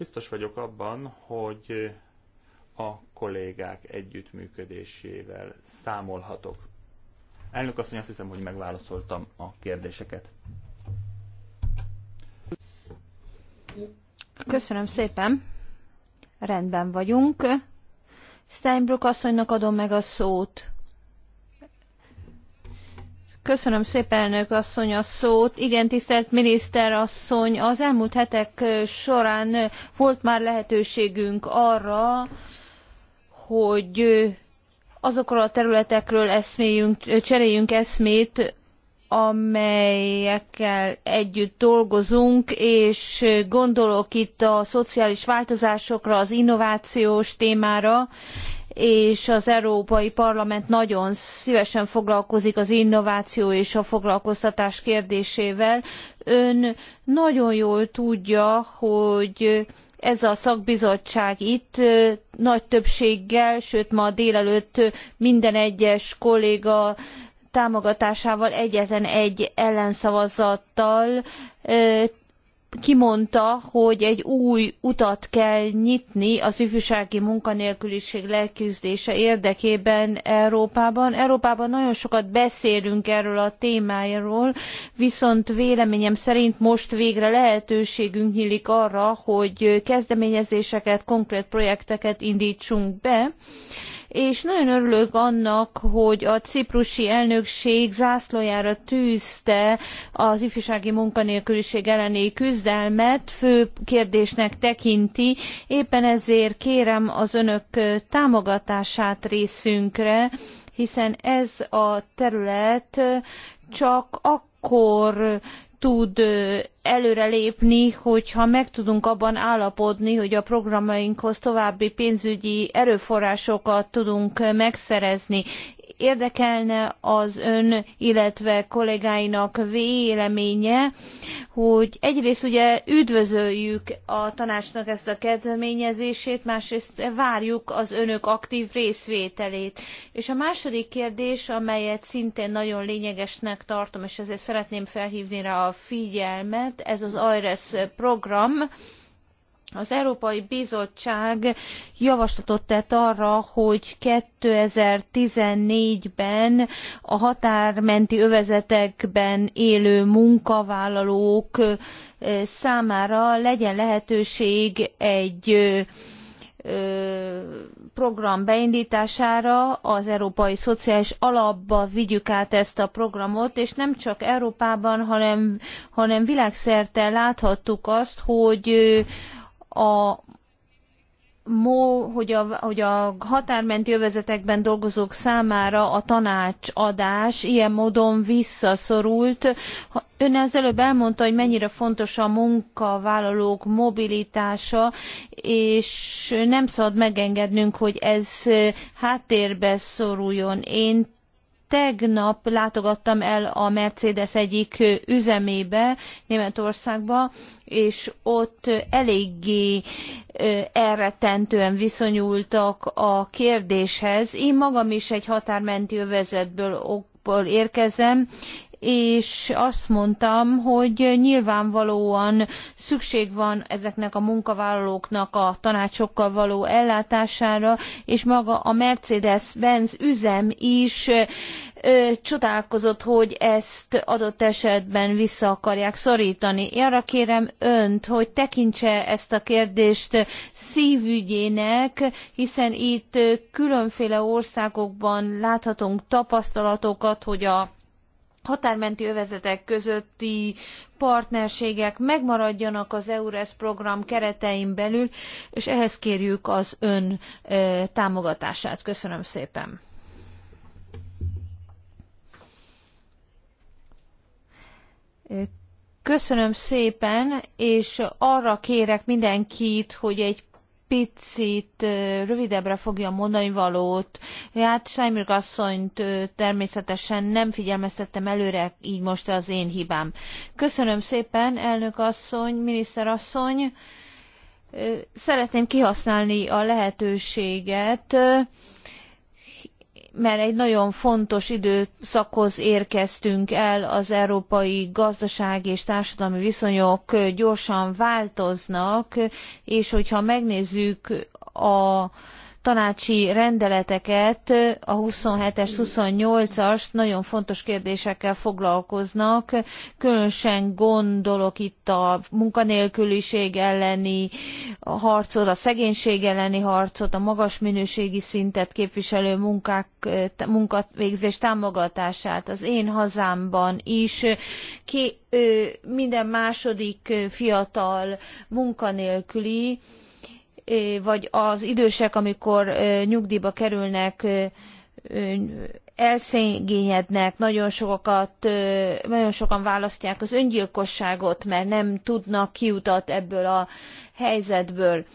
Biztos vagyok abban, hogy a kollégák együttműködésével számolhatok. Elnök asszony, azt hiszem, hogy megválaszoltam a kérdéseket. Köszönöm szépen. Rendben vagyunk. Steinbrück asszonynak adom meg a szót. Köszönöm szépen, elnök asszony, a szót. Igen, tisztelt miniszter asszony, az elmúlt hetek során volt már lehetőségünk arra, hogy azokról a területekről eszméljünk, cseréljünk eszmét, amelyekkel együtt dolgozunk, és gondolok itt a szociális változásokra, az innovációs témára, és az Európai Parlament nagyon szívesen foglalkozik az innováció és a foglalkoztatás kérdésével. Ön nagyon jól tudja, hogy ez a szakbizottság itt nagy többséggel, sőt ma délelőtt minden egyes kolléga támogatásával egyetlen egy ellenszavazattal kimondta, hogy egy új utat kell nyitni az ifjúsági munkanélküliség leküzdése érdekében Európában. Európában nagyon sokat beszélünk erről a témáról, viszont véleményem szerint most végre lehetőségünk nyílik arra, hogy kezdeményezéseket, konkrét projekteket indítsunk be. Uh, és nagyon örülök annak, hogy a ciprusi elnökség zászlójára tűzte az ifjúsági munkanélküliség elleni küzdelmet, fő kérdésnek tekinti, éppen ezért kérem az önök támogatását részünkre, hiszen ez a terület csak akkor tud előrelépni, hogyha meg tudunk abban állapodni, hogy a programjainkhoz további pénzügyi erőforrásokat tudunk megszerezni érdekelne az ön, illetve kollégáinak véleménye, hogy egyrészt ugye üdvözöljük a tanácsnak ezt a kezdeményezését, másrészt várjuk az önök aktív részvételét. És a második kérdés, amelyet szintén nagyon lényegesnek tartom, és ezért szeretném felhívni rá a figyelmet, ez az AIRES program, az Európai Bizottság javaslatot tett arra, hogy 2014-ben a határ menti övezetekben élő munkavállalók számára legyen lehetőség egy program beindítására az európai szociális alapba vigyük át ezt a programot és nem csak európában hanem, hanem világszerte láthattuk azt hogy a mó, hogy a, hogy a határmenti övezetekben dolgozók számára a tanácsadás ilyen módon visszaszorult. Ön az előbb elmondta, hogy mennyire fontos a munkavállalók mobilitása, és nem szabad megengednünk, hogy ez háttérbe szoruljon. Én Tegnap látogattam el a Mercedes egyik üzemébe Németországba, és ott eléggé elrettentően viszonyultak a kérdéshez. Én magam is egy határmenti övezetből érkezem, és azt mondtam, hogy nyilvánvalóan szükség van ezeknek a munkavállalóknak a tanácsokkal való ellátására, és maga a Mercedes-Benz üzem is ö, csodálkozott, hogy ezt adott esetben vissza akarják szorítani. Én arra kérem önt, hogy tekintse ezt a kérdést szívügyének, hiszen itt különféle országokban láthatunk tapasztalatokat, hogy a határmenti övezetek közötti partnerségek megmaradjanak az EURES program keretein belül, és ehhez kérjük az ön támogatását. Köszönöm szépen! Köszönöm szépen, és arra kérek mindenkit, hogy egy picit rövidebbre fogja mondani valót. Hát Seimer asszonyt természetesen nem figyelmeztettem előre, így most az én hibám. Köszönöm szépen, elnök asszony, miniszter asszony. Szeretném kihasználni a lehetőséget, mert egy nagyon fontos időszakhoz érkeztünk el, az európai gazdasági és társadalmi viszonyok gyorsan változnak, és hogyha megnézzük a tanácsi rendeleteket, a 27-es, 28-as nagyon fontos kérdésekkel foglalkoznak. Különösen gondolok itt a munkanélküliség elleni harcot, a szegénység elleni harcot, a magas minőségi szintet képviselő munkák, munkavégzés támogatását. Az én hazámban is ki, minden második fiatal munkanélküli, vagy az idősek, amikor nyugdíjba kerülnek, elszegényednek, nagyon, sokat, nagyon sokan választják az öngyilkosságot, mert nem tudnak kiutat ebből a helyzetből.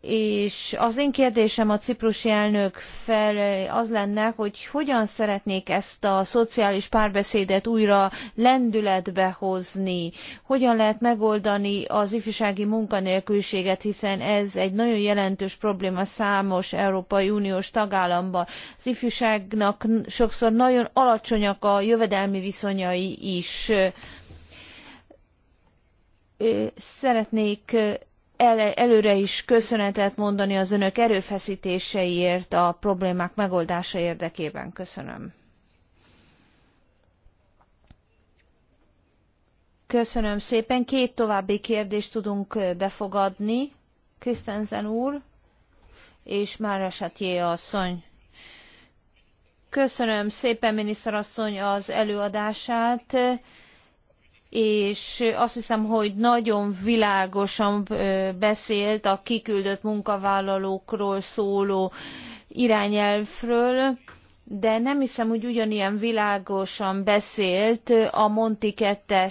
És az én kérdésem a ciprusi elnök fel az lenne, hogy hogyan szeretnék ezt a szociális párbeszédet újra lendületbe hozni, hogyan lehet megoldani az ifjúsági munkanélküliséget, hiszen ez egy nagyon jelentős probléma számos Európai Uniós tagállamban. Az ifjúságnak sokszor nagyon alacsonyak a jövedelmi viszonyai is szeretnék előre is köszönetet mondani az önök erőfeszítéseiért a problémák megoldása érdekében. Köszönöm. Köszönöm szépen. Két további kérdést tudunk befogadni. Krisztenzen úr és Mára Satjé asszony. Köszönöm szépen, miniszterasszony, az előadását és azt hiszem, hogy nagyon világosan beszélt a kiküldött munkavállalókról szóló irányelvről, de nem hiszem, hogy ugyanilyen világosan beszélt a Monti 2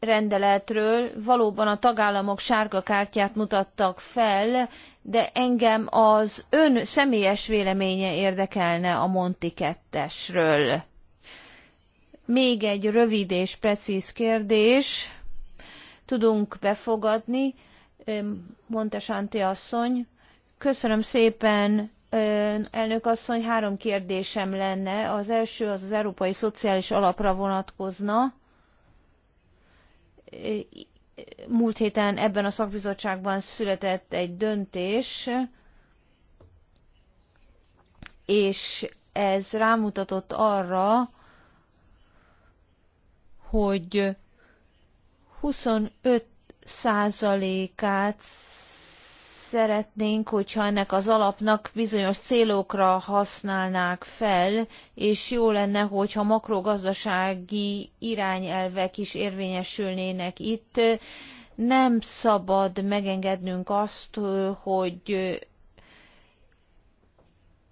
rendeletről valóban a tagállamok sárga kártyát mutattak fel, de engem az ön személyes véleménye érdekelne a Monti 2-esről. Még egy rövid és precíz kérdés. Tudunk befogadni. Montesanti asszony. Köszönöm szépen, elnök asszony. Három kérdésem lenne. Az első az az Európai Szociális Alapra vonatkozna múlt héten ebben a szakbizottságban született egy döntés, és ez rámutatott arra, hogy 25 százalékát szeretnénk, hogyha ennek az alapnak bizonyos célokra használnák fel, és jó lenne, hogyha makrogazdasági irányelvek is érvényesülnének itt. Nem szabad megengednünk azt, hogy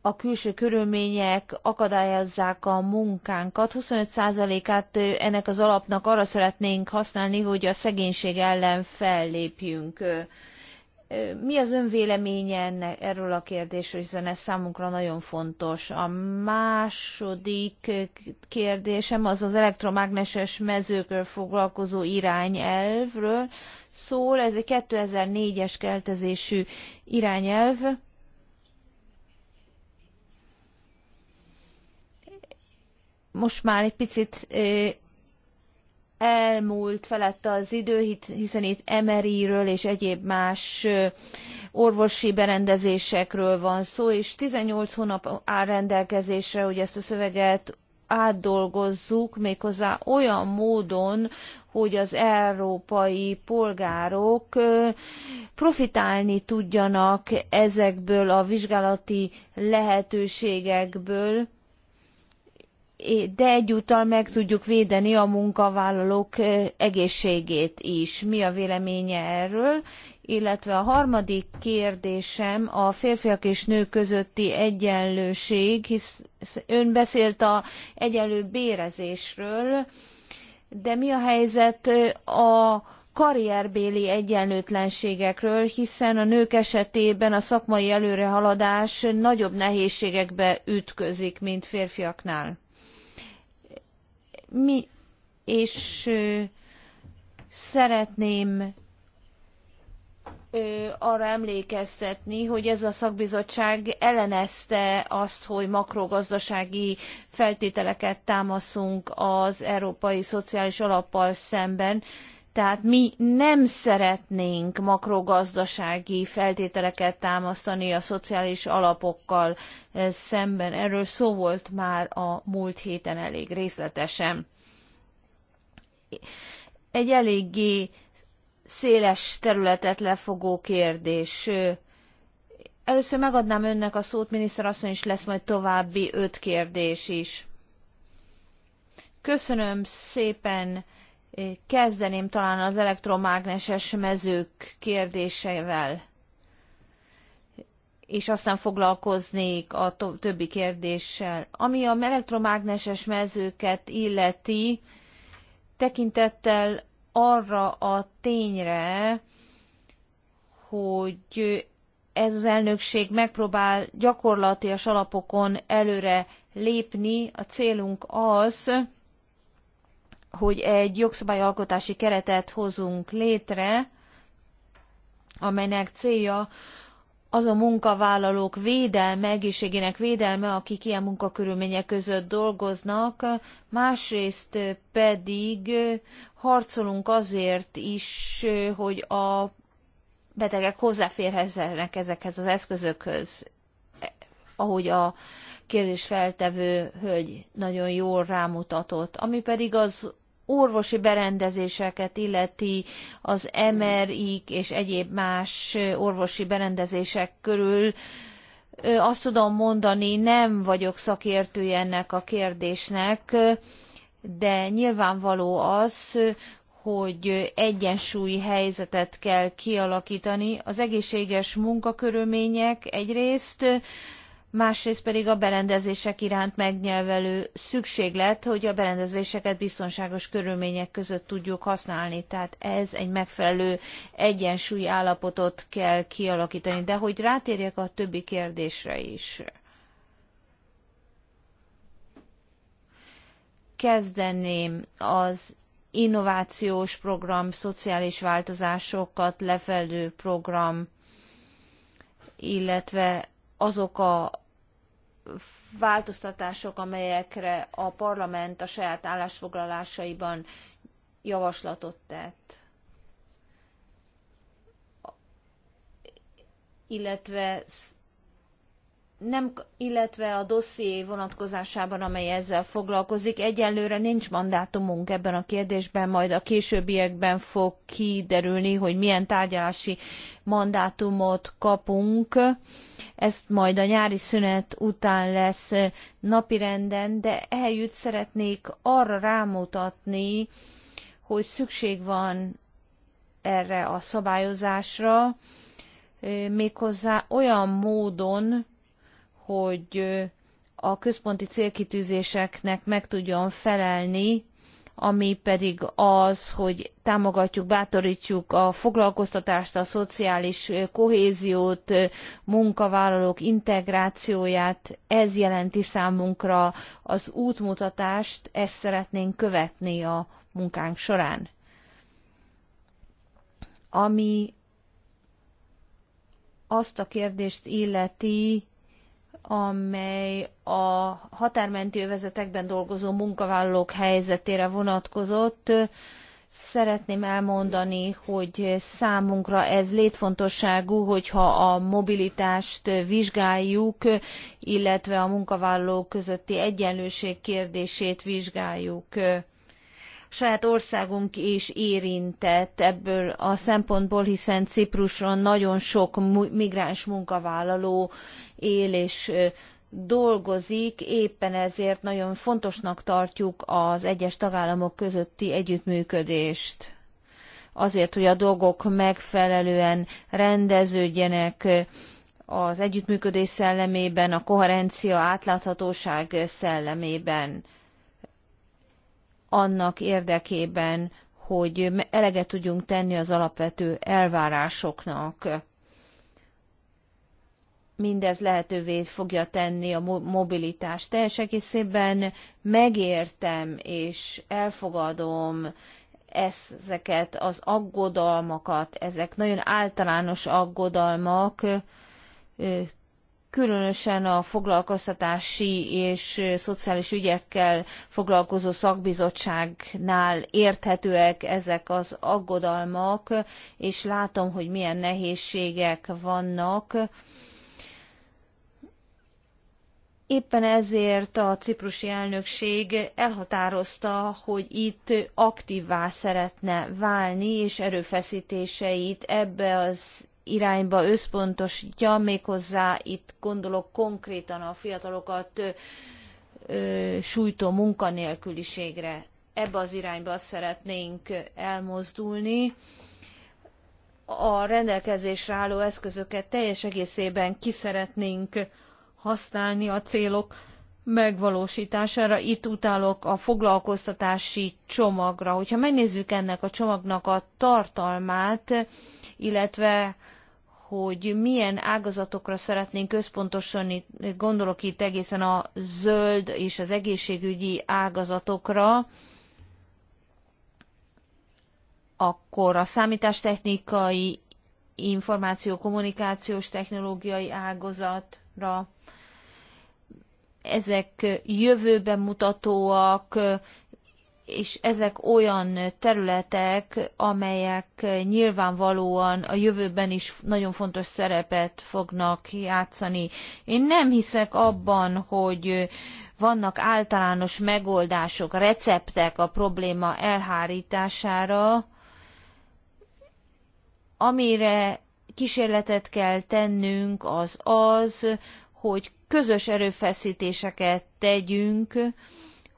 a külső körülmények akadályozzák a munkánkat. 25%-át ennek az alapnak arra szeretnénk használni, hogy a szegénység ellen fellépjünk. Mi az ön véleménye ennek, erről a kérdésről, hiszen ez számunkra nagyon fontos. A második kérdésem az az elektromágneses mezőkről foglalkozó irányelvről szól. Ez egy 2004-es keltezésű irányelv. most már egy picit elmúlt felett az idő, hiszen itt MRI-ről és egyéb más orvosi berendezésekről van szó, és 18 hónap áll rendelkezésre, hogy ezt a szöveget átdolgozzuk méghozzá olyan módon, hogy az európai polgárok profitálni tudjanak ezekből a vizsgálati lehetőségekből, de egyúttal meg tudjuk védeni a munkavállalók egészségét is. Mi a véleménye erről? Illetve a harmadik kérdésem a férfiak és nők közötti egyenlőség, hisz ön beszélt a egyenlő bérezésről, de mi a helyzet a karrierbéli egyenlőtlenségekről, hiszen a nők esetében a szakmai előrehaladás nagyobb nehézségekbe ütközik, mint férfiaknál mi és szeretném arra emlékeztetni, hogy ez a szakbizottság ellenezte azt, hogy makrogazdasági feltételeket támaszunk az Európai Szociális Alappal szemben, tehát mi nem szeretnénk makrogazdasági feltételeket támasztani a szociális alapokkal eh, szemben. Erről szó volt már a múlt héten elég részletesen. Egy eléggé széles területet lefogó kérdés. Először megadnám önnek a szót, miniszter asszony és lesz majd további öt kérdés is. Köszönöm szépen Kezdeném talán az elektromágneses mezők kérdéseivel, és aztán foglalkoznék a többi kérdéssel. Ami a elektromágneses mezőket illeti, tekintettel arra a tényre, hogy ez az elnökség megpróbál gyakorlatias alapokon előre lépni. A célunk az, hogy egy jogszabályalkotási keretet hozunk létre, amelynek célja az a munkavállalók védelme, egészségének védelme, akik ilyen munkakörülmények között dolgoznak, másrészt pedig harcolunk azért is, hogy a betegek hozzáférhessenek ezekhez az eszközökhöz, ahogy a kérdésfeltevő hölgy nagyon jól rámutatott. Ami pedig az orvosi berendezéseket illeti az mri és egyéb más orvosi berendezések körül, azt tudom mondani, nem vagyok szakértője ennek a kérdésnek, de nyilvánvaló az, hogy egyensúlyi helyzetet kell kialakítani. Az egészséges munkakörülmények egyrészt, másrészt pedig a berendezések iránt megnyelvelő szükséglet, hogy a berendezéseket biztonságos körülmények között tudjuk használni. Tehát ez egy megfelelő egyensúly állapotot kell kialakítani. De hogy rátérjek a többi kérdésre is. Kezdeném az innovációs program, szociális változásokat lefelő program, illetve azok a változtatások, amelyekre a parlament a saját állásfoglalásaiban javaslatot tett. Illetve nem, illetve a dosszié vonatkozásában, amely ezzel foglalkozik. Egyelőre nincs mandátumunk ebben a kérdésben, majd a későbbiekben fog kiderülni, hogy milyen tárgyalási mandátumot kapunk ez majd a nyári szünet után lesz napirenden, de eljött szeretnék arra rámutatni, hogy szükség van erre a szabályozásra, méghozzá olyan módon, hogy a központi célkitűzéseknek meg tudjon felelni, ami pedig az, hogy támogatjuk, bátorítjuk a foglalkoztatást, a szociális kohéziót, munkavállalók integrációját, ez jelenti számunkra az útmutatást, ezt szeretnénk követni a munkánk során. Ami azt a kérdést illeti, amely a határmenti övezetekben dolgozó munkavállalók helyzetére vonatkozott. Szeretném elmondani, hogy számunkra ez létfontosságú, hogyha a mobilitást vizsgáljuk, illetve a munkavállalók közötti egyenlőség kérdését vizsgáljuk saját országunk is érintett ebből a szempontból, hiszen Cipruson nagyon sok migráns munkavállaló él és dolgozik, éppen ezért nagyon fontosnak tartjuk az egyes tagállamok közötti együttműködést. Azért, hogy a dolgok megfelelően rendeződjenek, az együttműködés szellemében, a koherencia, átláthatóság szellemében annak érdekében, hogy eleget tudjunk tenni az alapvető elvárásoknak. Mindez lehetővé fogja tenni a mobilitást. Teljes egészében megértem és elfogadom ezeket az aggodalmakat, ezek nagyon általános aggodalmak, különösen a foglalkoztatási és szociális ügyekkel foglalkozó szakbizottságnál érthetőek ezek az aggodalmak, és látom, hogy milyen nehézségek vannak. Éppen ezért a ciprusi elnökség elhatározta, hogy itt aktívvá szeretne válni, és erőfeszítéseit ebbe az irányba összpontostja méghozzá itt gondolok konkrétan a fiatalokat sújtó munkanélküliségre. Ebbe az irányba szeretnénk elmozdulni. A rendelkezésre álló eszközöket teljes egészében ki szeretnénk használni a célok megvalósítására. Itt utálok a foglalkoztatási csomagra. Hogyha megnézzük ennek a csomagnak a tartalmát, illetve hogy milyen ágazatokra szeretnénk központosítani? gondolok itt egészen a zöld és az egészségügyi ágazatokra, akkor a számítástechnikai, információ-kommunikációs technológiai ágazatra, ezek jövőben mutatóak, és ezek olyan területek, amelyek nyilvánvalóan a jövőben is nagyon fontos szerepet fognak játszani. Én nem hiszek abban, hogy vannak általános megoldások, receptek a probléma elhárítására, amire kísérletet kell tennünk az az, hogy közös erőfeszítéseket tegyünk,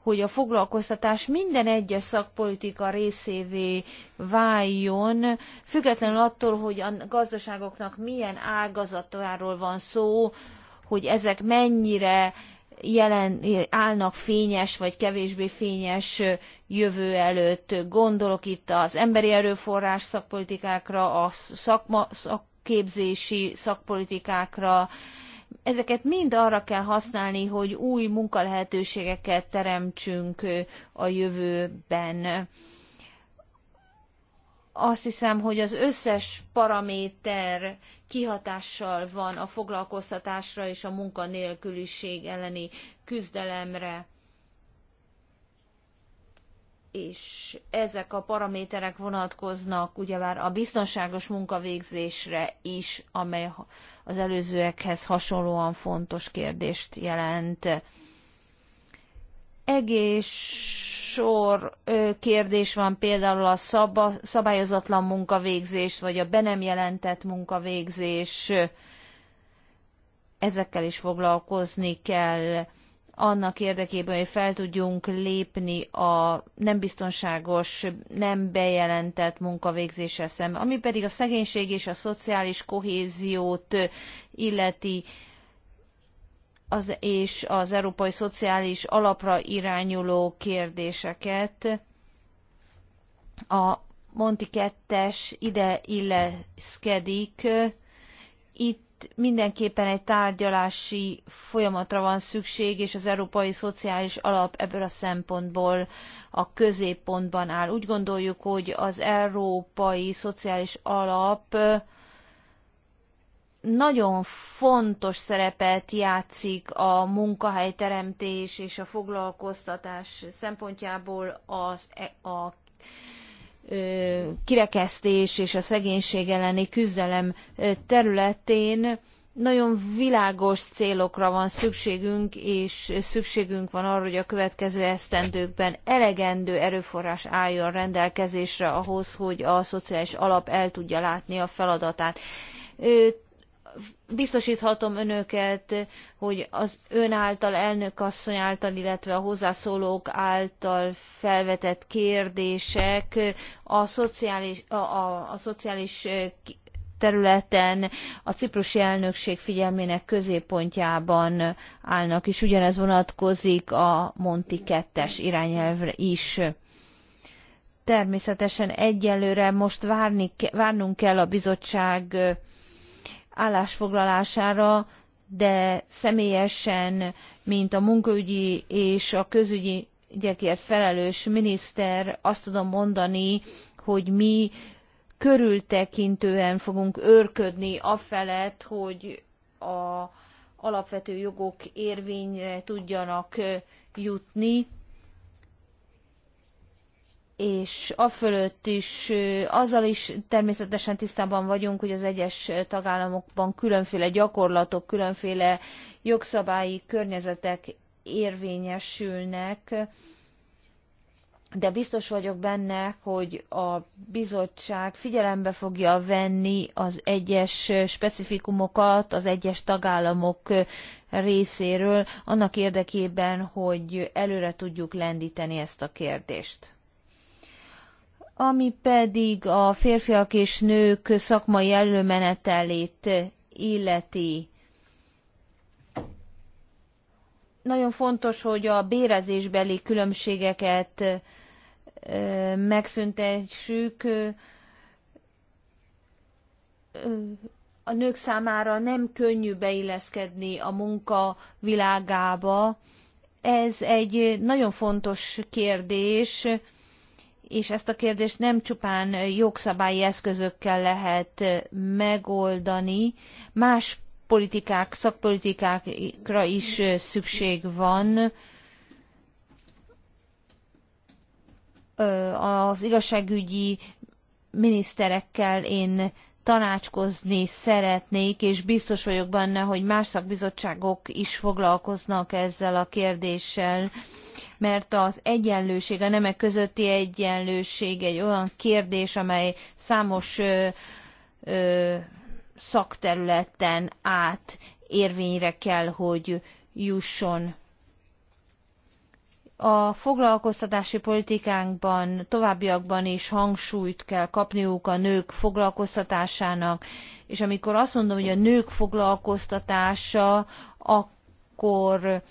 hogy a foglalkoztatás minden egyes szakpolitika részévé váljon, függetlenül attól, hogy a gazdaságoknak milyen ágazatáról van szó, hogy ezek mennyire jelen, állnak fényes vagy kevésbé fényes jövő előtt. Gondolok itt az emberi erőforrás szakpolitikákra, a szakma, szakképzési szakpolitikákra, ezeket mind arra kell használni, hogy új munkalehetőségeket teremtsünk a jövőben. Azt hiszem, hogy az összes paraméter kihatással van a foglalkoztatásra és a munkanélküliség elleni küzdelemre és ezek a paraméterek vonatkoznak ugyebár a biztonságos munkavégzésre is, amely az előzőekhez hasonlóan fontos kérdést jelent. Egész sor kérdés van például a szab- szabályozatlan munkavégzés, vagy a be nem jelentett munkavégzés, ezekkel is foglalkozni kell annak érdekében, hogy fel tudjunk lépni a nem biztonságos, nem bejelentett munkavégzése szemben. Ami pedig a szegénység és a szociális kohéziót illeti, az, és az európai szociális alapra irányuló kérdéseket. A Monti 2 ide illeszkedik. Itt mindenképpen egy tárgyalási folyamatra van szükség, és az Európai Szociális Alap ebből a szempontból a középpontban áll. Úgy gondoljuk, hogy az Európai Szociális Alap nagyon fontos szerepet játszik a munkahelyteremtés és a foglalkoztatás szempontjából az, e- a kirekesztés és a szegénység elleni küzdelem területén nagyon világos célokra van szükségünk, és szükségünk van arra, hogy a következő esztendőkben elegendő erőforrás álljon rendelkezésre ahhoz, hogy a szociális alap el tudja látni a feladatát biztosíthatom önöket, hogy az ön által, elnök asszony által, illetve a hozzászólók által felvetett kérdések a szociális, a, a, a szociális területen a ciprusi elnökség figyelmének középpontjában állnak, és ugyanez vonatkozik a Monti 2-es irányelvre is. Természetesen egyelőre most várni, várnunk kell a bizottság állásfoglalására, de személyesen, mint a munkaügyi és a közügyi ügyekért felelős miniszter, azt tudom mondani, hogy mi körültekintően fogunk őrködni afelett, hogy a alapvető jogok érvényre tudjanak jutni, és fölött is, azzal is természetesen tisztában vagyunk, hogy az egyes tagállamokban különféle gyakorlatok, különféle jogszabályi környezetek érvényesülnek, de biztos vagyok benne, hogy a bizottság figyelembe fogja venni az egyes specifikumokat az egyes tagállamok részéről, annak érdekében, hogy előre tudjuk lendíteni ezt a kérdést. Ami pedig a férfiak és nők szakmai előmenetelét illeti. Nagyon fontos, hogy a bérezésbeli különbségeket megszüntessük. A nők számára nem könnyű beilleszkedni a munka világába. Ez egy nagyon fontos kérdés és ezt a kérdést nem csupán jogszabályi eszközökkel lehet megoldani, más politikák, szakpolitikákra is szükség van, az igazságügyi miniszterekkel én tanácskozni szeretnék, és biztos vagyok benne, hogy más szakbizottságok is foglalkoznak ezzel a kérdéssel, mert az egyenlőség, a nemek közötti egyenlőség egy olyan kérdés, amely számos ö, ö, szakterületen át érvényre kell, hogy jusson. A foglalkoztatási politikánkban továbbiakban is hangsúlyt kell kapniuk a nők foglalkoztatásának, és amikor azt mondom, hogy a nők foglalkoztatása, akkor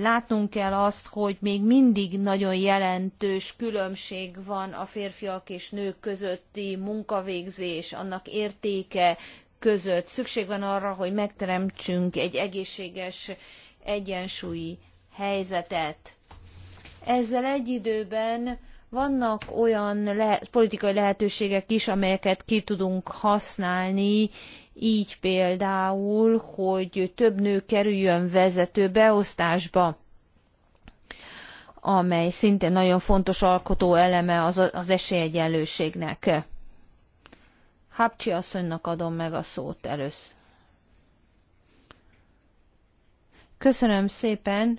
látnunk kell azt, hogy még mindig nagyon jelentős különbség van a férfiak és nők közötti munkavégzés, annak értéke között. Szükség van arra, hogy megteremtsünk egy egészséges egyensúlyi helyzetet. Ezzel egy időben vannak olyan le- politikai lehetőségek is, amelyeket ki tudunk használni, így például, hogy több nő kerüljön vezető beosztásba, amely szintén nagyon fontos alkotó eleme az, az esélyegyenlőségnek. Hápcsi asszonynak adom meg a szót először. Köszönöm szépen,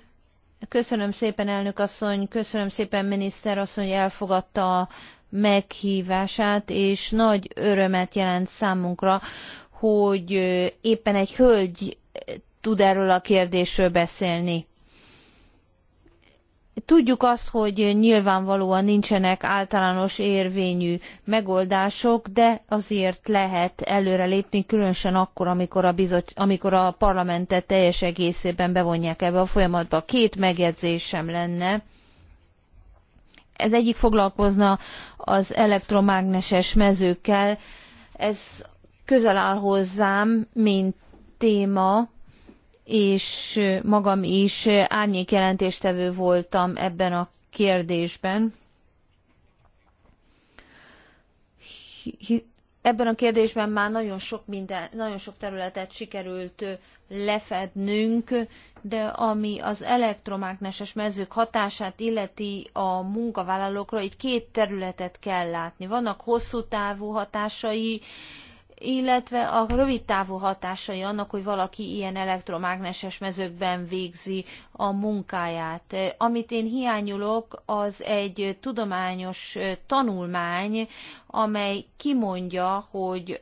köszönöm szépen elnök asszony, köszönöm szépen miniszter asszony, hogy elfogadta a meghívását, és nagy örömet jelent számunkra, hogy éppen egy hölgy tud erről a kérdésről beszélni. Tudjuk azt, hogy nyilvánvalóan nincsenek általános érvényű megoldások, de azért lehet előrelépni, különösen akkor, amikor a, bizot, amikor a parlamentet teljes egészében bevonják ebbe a folyamatba. Két megjegyzésem lenne. Ez egyik foglalkozna az elektromágneses mezőkkel. Ez közel áll hozzám, mint téma, és magam is árnyék jelentéstevő voltam ebben a kérdésben. Ebben a kérdésben már nagyon sok, minden, nagyon sok területet sikerült lefednünk, de ami az elektromágneses mezők hatását illeti a munkavállalókra, itt két területet kell látni. Vannak hosszú távú hatásai, illetve a rövid távú hatásai annak, hogy valaki ilyen elektromágneses mezőkben végzi a munkáját. Amit én hiányulok, az egy tudományos tanulmány, amely kimondja, hogy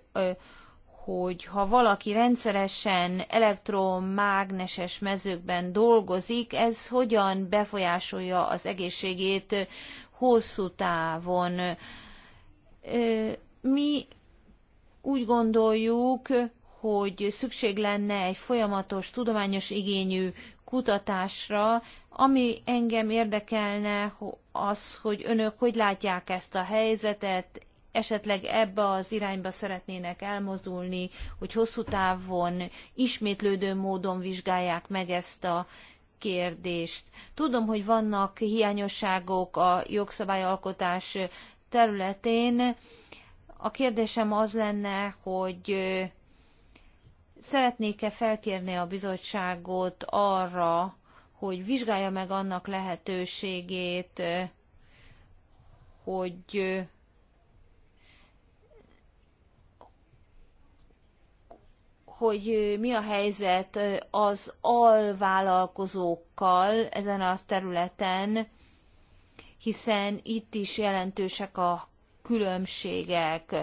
hogy ha valaki rendszeresen elektromágneses mezőkben dolgozik, ez hogyan befolyásolja az egészségét hosszú távon. Mi úgy gondoljuk, hogy szükség lenne egy folyamatos, tudományos igényű kutatásra, ami engem érdekelne az, hogy önök hogy látják ezt a helyzetet, esetleg ebbe az irányba szeretnének elmozdulni, hogy hosszú távon ismétlődő módon vizsgálják meg ezt a kérdést. Tudom, hogy vannak hiányosságok a jogszabályalkotás területén, a kérdésem az lenne, hogy szeretnék-e felkérni a bizottságot arra, hogy vizsgálja meg annak lehetőségét, hogy hogy mi a helyzet az alvállalkozókkal ezen a területen, hiszen itt is jelentősek a különbségek,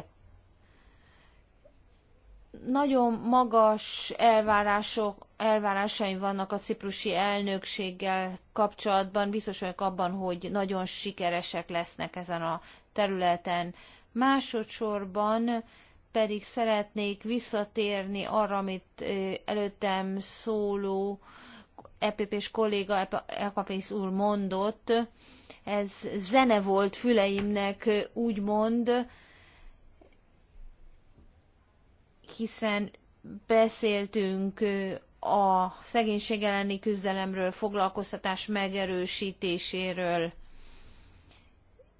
nagyon magas elvárások, elvárásaim vannak a ciprusi elnökséggel kapcsolatban. Biztos vagyok abban, hogy nagyon sikeresek lesznek ezen a területen. Másodszorban pedig szeretnék visszatérni arra, amit előttem szóló EPP-s kolléga Ekapész úr mondott, ez zene volt füleimnek, úgymond, hiszen beszéltünk a szegénység elleni küzdelemről, foglalkoztatás megerősítéséről.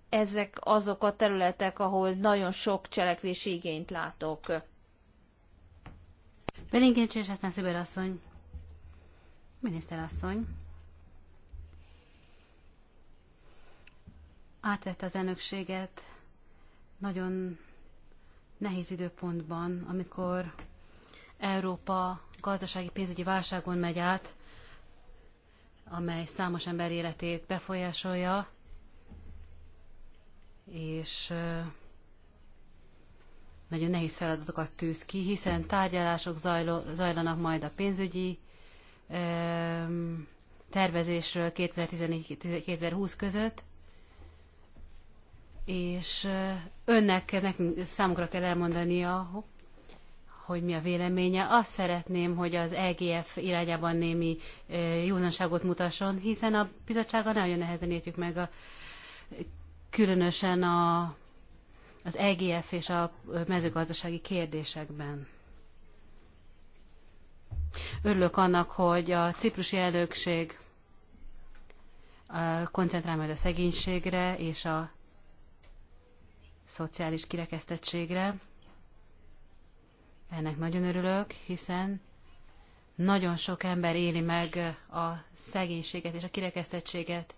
Ezek azok a területek, ahol nagyon sok cselekvési igényt látok. Belinkincs és aztán Szüber asszony. Miniszter asszony. átvette az elnökséget nagyon nehéz időpontban, amikor Európa gazdasági pénzügyi válságon megy át, amely számos ember életét befolyásolja, és nagyon nehéz feladatokat tűz ki, hiszen tárgyalások zajlo, zajlanak majd a pénzügyi tervezésről 2014-2020 között, és önnek nekünk, számukra kell elmondania, hogy mi a véleménye. Azt szeretném, hogy az EGF irányában némi józanságot mutasson, hiszen a bizottsággal nagyon nehezen értjük meg a, különösen a, az EGF és a mezőgazdasági kérdésekben. Örülök annak, hogy a ciprusi elnökség koncentrál majd a szegénységre és a szociális kirekesztettségre. Ennek nagyon örülök, hiszen nagyon sok ember éli meg a szegénységet és a kirekesztettséget.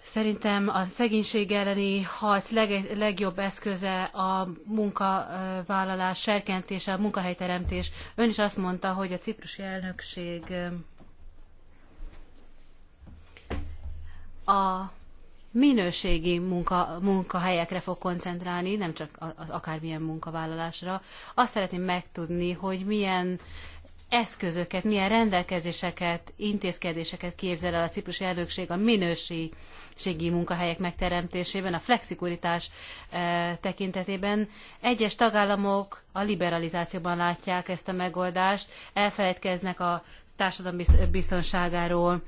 Szerintem a szegénység elleni harc leg, legjobb eszköze a munkavállalás serkentése, a munkahelyteremtés. Ön is azt mondta, hogy a ciprusi elnökség a minőségi munka, munkahelyekre fog koncentrálni, nem csak az akármilyen munkavállalásra. Azt szeretném megtudni, hogy milyen eszközöket, milyen rendelkezéseket, intézkedéseket képzel el a ciprusi elnökség a minőségi munkahelyek megteremtésében, a flexikuritás eh, tekintetében. Egyes tagállamok a liberalizációban látják ezt a megoldást, elfeledkeznek a társadalom biztonságáról.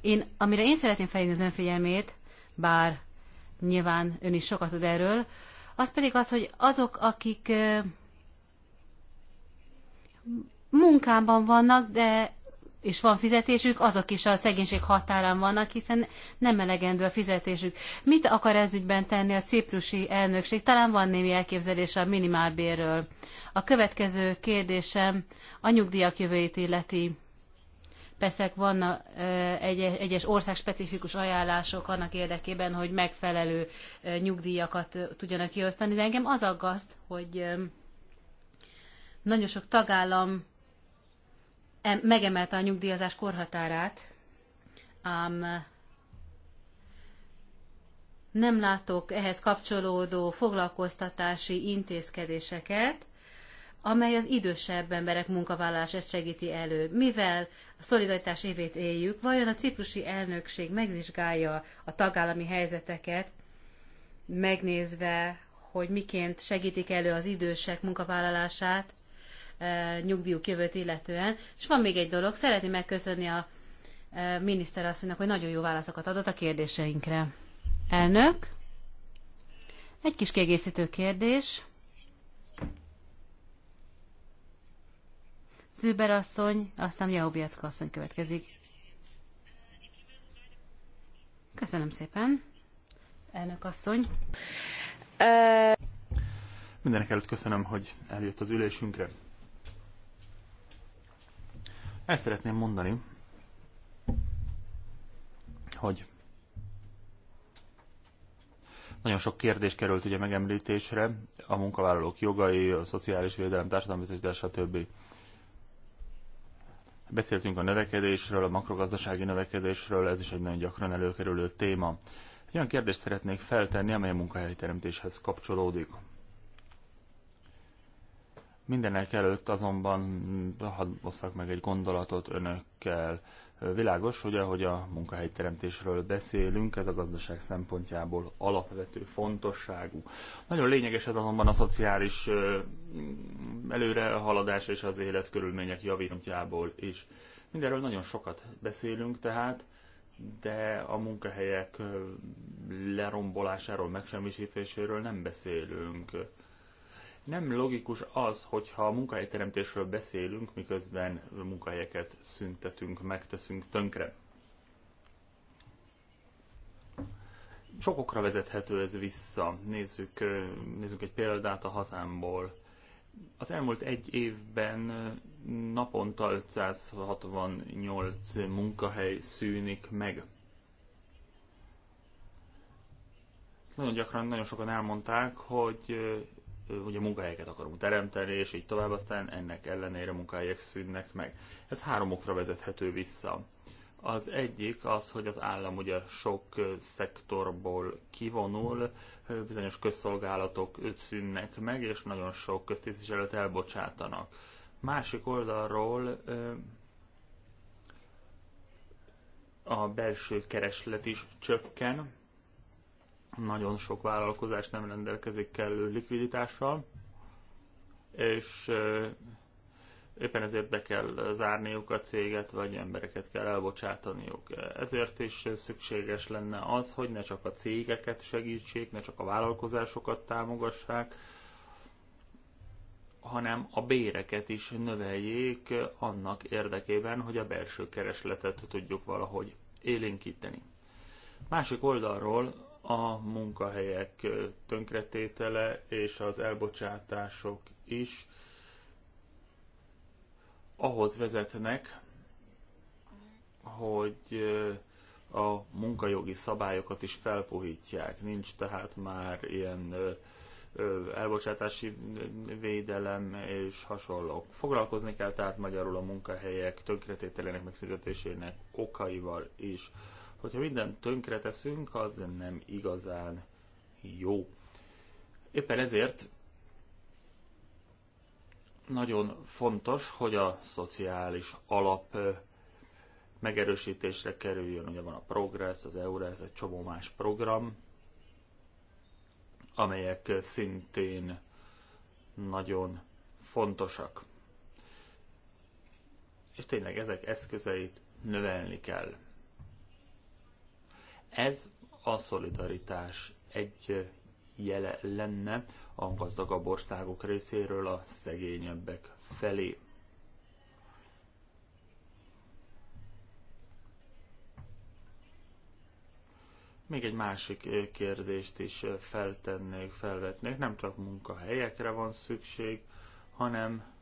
Én, amire én szeretném felhívni az önfigyelmét, bár nyilván ön is sokat tud erről, az pedig az, hogy azok, akik munkában vannak, de és van fizetésük, azok is a szegénység határán vannak, hiszen nem elegendő a fizetésük. Mit akar ez ügyben tenni a ciprusi elnökség? Talán van némi elképzelése a minimálbérről. A következő kérdésem a nyugdíjak jövőjét illeti. Persze vannak egyes országspecifikus ajánlások annak érdekében, hogy megfelelő nyugdíjakat tudjanak kiosztani, de engem az aggaszt, hogy nagyon sok tagállam megemelte a nyugdíjazás korhatárát, ám nem látok ehhez kapcsolódó foglalkoztatási intézkedéseket, amely az idősebb emberek munkavállalását segíti elő. Mivel a szolidaritás évét éljük, vajon a ciprusi elnökség megvizsgálja a tagállami helyzeteket, megnézve, hogy miként segítik elő az idősek munkavállalását, e, nyugdíjuk jövőt illetően. És van még egy dolog, szeretném megköszönni a e, miniszterasszonynak, hogy nagyon jó válaszokat adott a kérdéseinkre. Elnök, egy kis kiegészítő kérdés. Züber asszony, aztán Jaubiatka asszony következik. Köszönöm szépen, elnök asszony. Uh, Mindenek előtt köszönöm, hogy eljött az ülésünkre. Ezt szeretném mondani, hogy nagyon sok kérdés került ugye megemlítésre, a munkavállalók jogai, a szociális védelem, társadalmi biztosítás, stb. Beszéltünk a növekedésről, a makrogazdasági növekedésről, ez is egy nagyon gyakran előkerülő téma. Egy olyan kérdést szeretnék feltenni, amely a munkahelyteremtéshez kapcsolódik. Mindenek előtt azonban hadd osszak meg egy gondolatot önökkel. Világos, hogy ahogy a munkahelyteremtésről beszélünk, ez a gazdaság szempontjából alapvető fontosságú. Nagyon lényeges ez azonban a szociális előrehaladás és az életkörülmények javítjából is. Mindenről nagyon sokat beszélünk tehát, de a munkahelyek lerombolásáról, megsemmisítéséről nem beszélünk. Nem logikus az, hogyha a munkahelyteremtésről beszélünk, miközben munkahelyeket szüntetünk, megteszünk tönkre. Sokokra vezethető ez vissza. Nézzük, nézzük egy példát a hazámból. Az elmúlt egy évben naponta 568 munkahely szűnik meg. Nagyon gyakran nagyon sokan elmondták, hogy ugye munkahelyeket akarunk teremteni, és így tovább, aztán ennek ellenére munkahelyek szűnnek meg. Ez három okra vezethető vissza. Az egyik az, hogy az állam ugye sok szektorból kivonul, bizonyos közszolgálatok szűnnek meg, és nagyon sok köztisztviselőt elbocsátanak. Másik oldalról a belső kereslet is csökken, nagyon sok vállalkozás nem rendelkezik kellő likviditással, és éppen ezért be kell zárniuk a céget, vagy embereket kell elbocsátaniuk. Ezért is szükséges lenne az, hogy ne csak a cégeket segítsék, ne csak a vállalkozásokat támogassák, hanem a béreket is növeljék annak érdekében, hogy a belső keresletet tudjuk valahogy élénkíteni. Másik oldalról a munkahelyek tönkretétele és az elbocsátások is ahhoz vezetnek, hogy a munkajogi szabályokat is felpuhítják. Nincs tehát már ilyen elbocsátási védelem és hasonlók. Foglalkozni kell tehát magyarul a munkahelyek tönkretételének megszüntetésének okaival is. Hogyha mindent tönkre teszünk, az nem igazán jó. Éppen ezért nagyon fontos, hogy a szociális alap megerősítésre kerüljön. Ugye van a Progress, az EURES, egy csomó más program, amelyek szintén nagyon fontosak. És tényleg ezek eszközeit növelni kell. Ez a szolidaritás egy jele lenne a gazdagabb országok részéről a szegényebbek felé. Még egy másik kérdést is feltennék, felvetnék. Nem csak munkahelyekre van szükség, hanem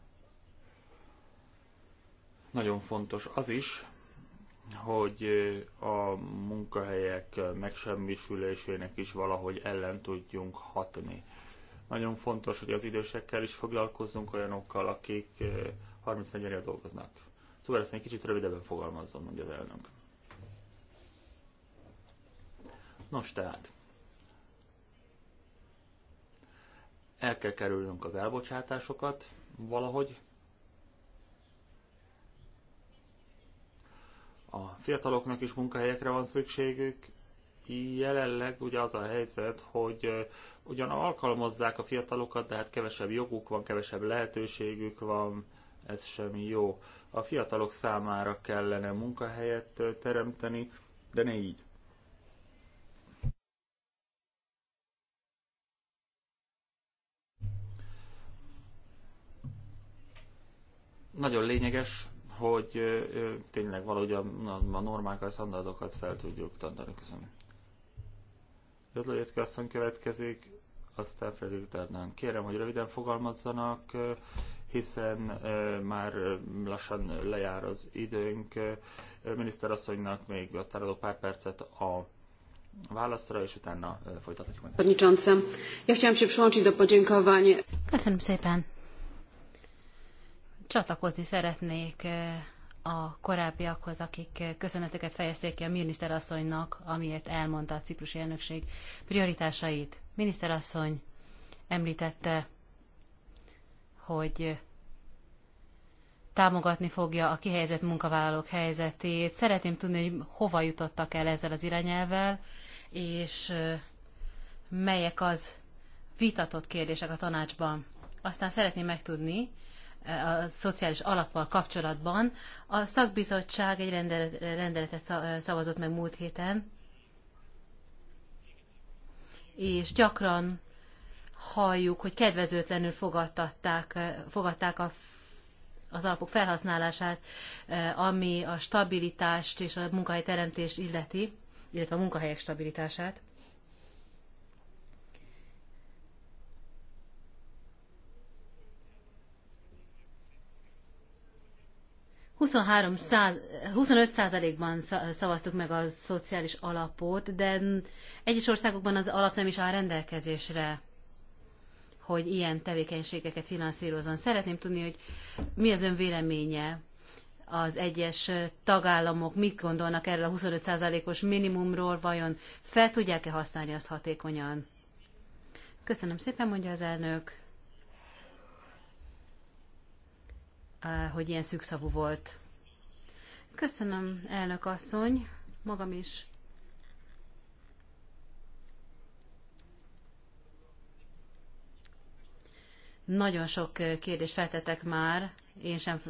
nagyon fontos az is, hogy a munkahelyek megsemmisülésének is valahogy ellen tudjunk hatni. Nagyon fontos, hogy az idősekkel is foglalkozzunk olyanokkal, akik 30-40 éve dolgoznak. Szóval ezt egy kicsit rövidebben fogalmazzon, mondja az elnök. Nos tehát, el kell kerülnünk az elbocsátásokat valahogy, A fiataloknak is munkahelyekre van szükségük. Jelenleg ugye az a helyzet, hogy ugyan alkalmazzák a fiatalokat, de hát kevesebb joguk van, kevesebb lehetőségük van, ez sem jó. A fiatalok számára kellene munkahelyet teremteni, de ne így. Nagyon lényeges hogy tényleg valahogy a, a normákat, a standardokat fel tudjuk tartani. Köszönöm. Jodlójécki asszony következik, aztán Fredrik Ternán. Kérem, hogy röviden fogalmazzanak, hiszen már lassan lejár az időnk. Miniszterasszonynak még aztán adok pár percet a válaszra, és utána folytatjuk meg. Köszönöm szépen. Csatlakozni szeretnék eh, a korábbiakhoz, akik eh, köszöneteket fejezték ki a miniszterasszonynak, amiért elmondta a ciprusi elnökség prioritásait. Miniszterasszony említette, hogy eh, támogatni fogja a kihelyezett munkavállalók helyzetét. Szeretném tudni, hogy hova jutottak el ezzel az irányelvel, és melyek az vitatott kérdések a tanácsban. Aztán szeretném megtudni, a szociális alappal kapcsolatban. A szakbizottság egy rendeletet szavazott meg múlt héten, és gyakran halljuk, hogy kedvezőtlenül fogadtatták, fogadták a, az alapok felhasználását, ami a stabilitást és a munkahelyteremtést illeti, illetve a munkahelyek stabilitását. 23 25%-ban szavaztuk meg a szociális alapot, de egyes országokban az alap nem is áll rendelkezésre, hogy ilyen tevékenységeket finanszírozon. Szeretném tudni, hogy mi az ön véleménye az egyes tagállamok mit gondolnak erről a 25%-os minimumról, vajon fel tudják-e használni azt hatékonyan? Köszönöm szépen, mondja az elnök. hogy ilyen szükszavú volt. Köszönöm, elnök asszony, magam is. Nagyon sok kérdést feltettek már, én sem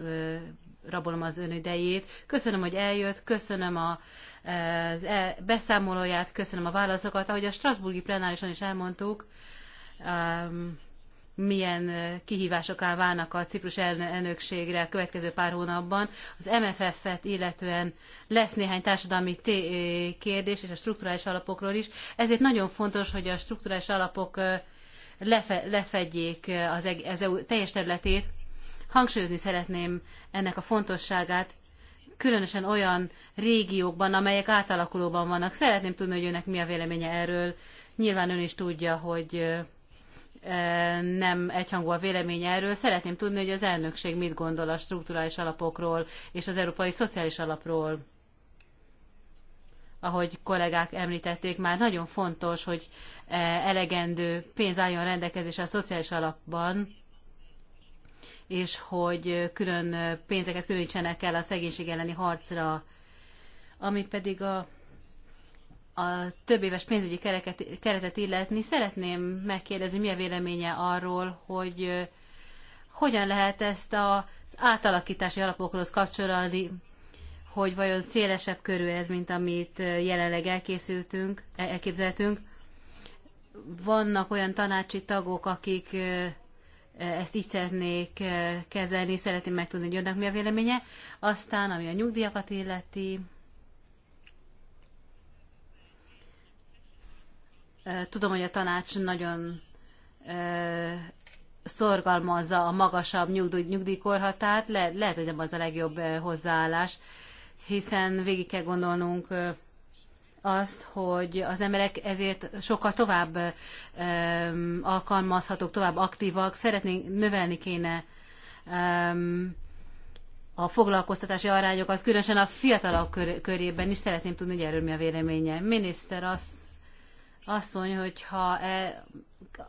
rabolom az ön idejét. Köszönöm, hogy eljött, köszönöm a az e, beszámolóját, köszönöm a válaszokat. Ahogy a Strasburgi plenárison is elmondtuk, um, milyen kihívások válnak a Ciprus elnökségre a következő pár hónapban. Az MFF-et illetően lesz néhány társadalmi kérdés, és a strukturális alapokról is. Ezért nagyon fontos, hogy a strukturális alapok lefe- lefedjék az, az EU teljes területét. Hangsúlyozni szeretném ennek a fontosságát, különösen olyan régiókban, amelyek átalakulóban vannak. Szeretném tudni, hogy önnek mi a véleménye erről. Nyilván ön is tudja, hogy nem egyhangú a vélemény erről. Szeretném tudni, hogy az elnökség mit gondol a strukturális alapokról és az európai szociális alapról. Ahogy kollégák említették, már nagyon fontos, hogy elegendő pénz álljon rendelkezésre a szociális alapban, és hogy külön pénzeket különítsenek el a szegénység elleni harcra, ami pedig a a több éves pénzügyi kereket, keretet illetni, szeretném megkérdezni, mi a véleménye arról, hogy hogyan lehet ezt az átalakítási alapokhoz kapcsolódni, hogy vajon szélesebb körül ez, mint amit jelenleg elkészültünk, elképzeltünk. Vannak olyan tanácsi tagok, akik ezt így szeretnék kezelni, szeretném megtudni, hogy önnek mi a véleménye. Aztán, ami a nyugdíjakat illeti, Tudom, hogy a tanács nagyon szorgalmazza a magasabb nyugdíj, nyugdíjkorhatárt, Le, lehet, hogy nem az a legjobb hozzáállás, hiszen végig kell gondolnunk azt, hogy az emberek ezért sokkal tovább ö, alkalmazhatók, tovább aktívak, szeretnénk növelni kéne ö, a foglalkoztatási arányokat, különösen a fiatalok kör körében is szeretném tudni, hogy erről mi a véleménye. Miniszter azt azt hogy ha e,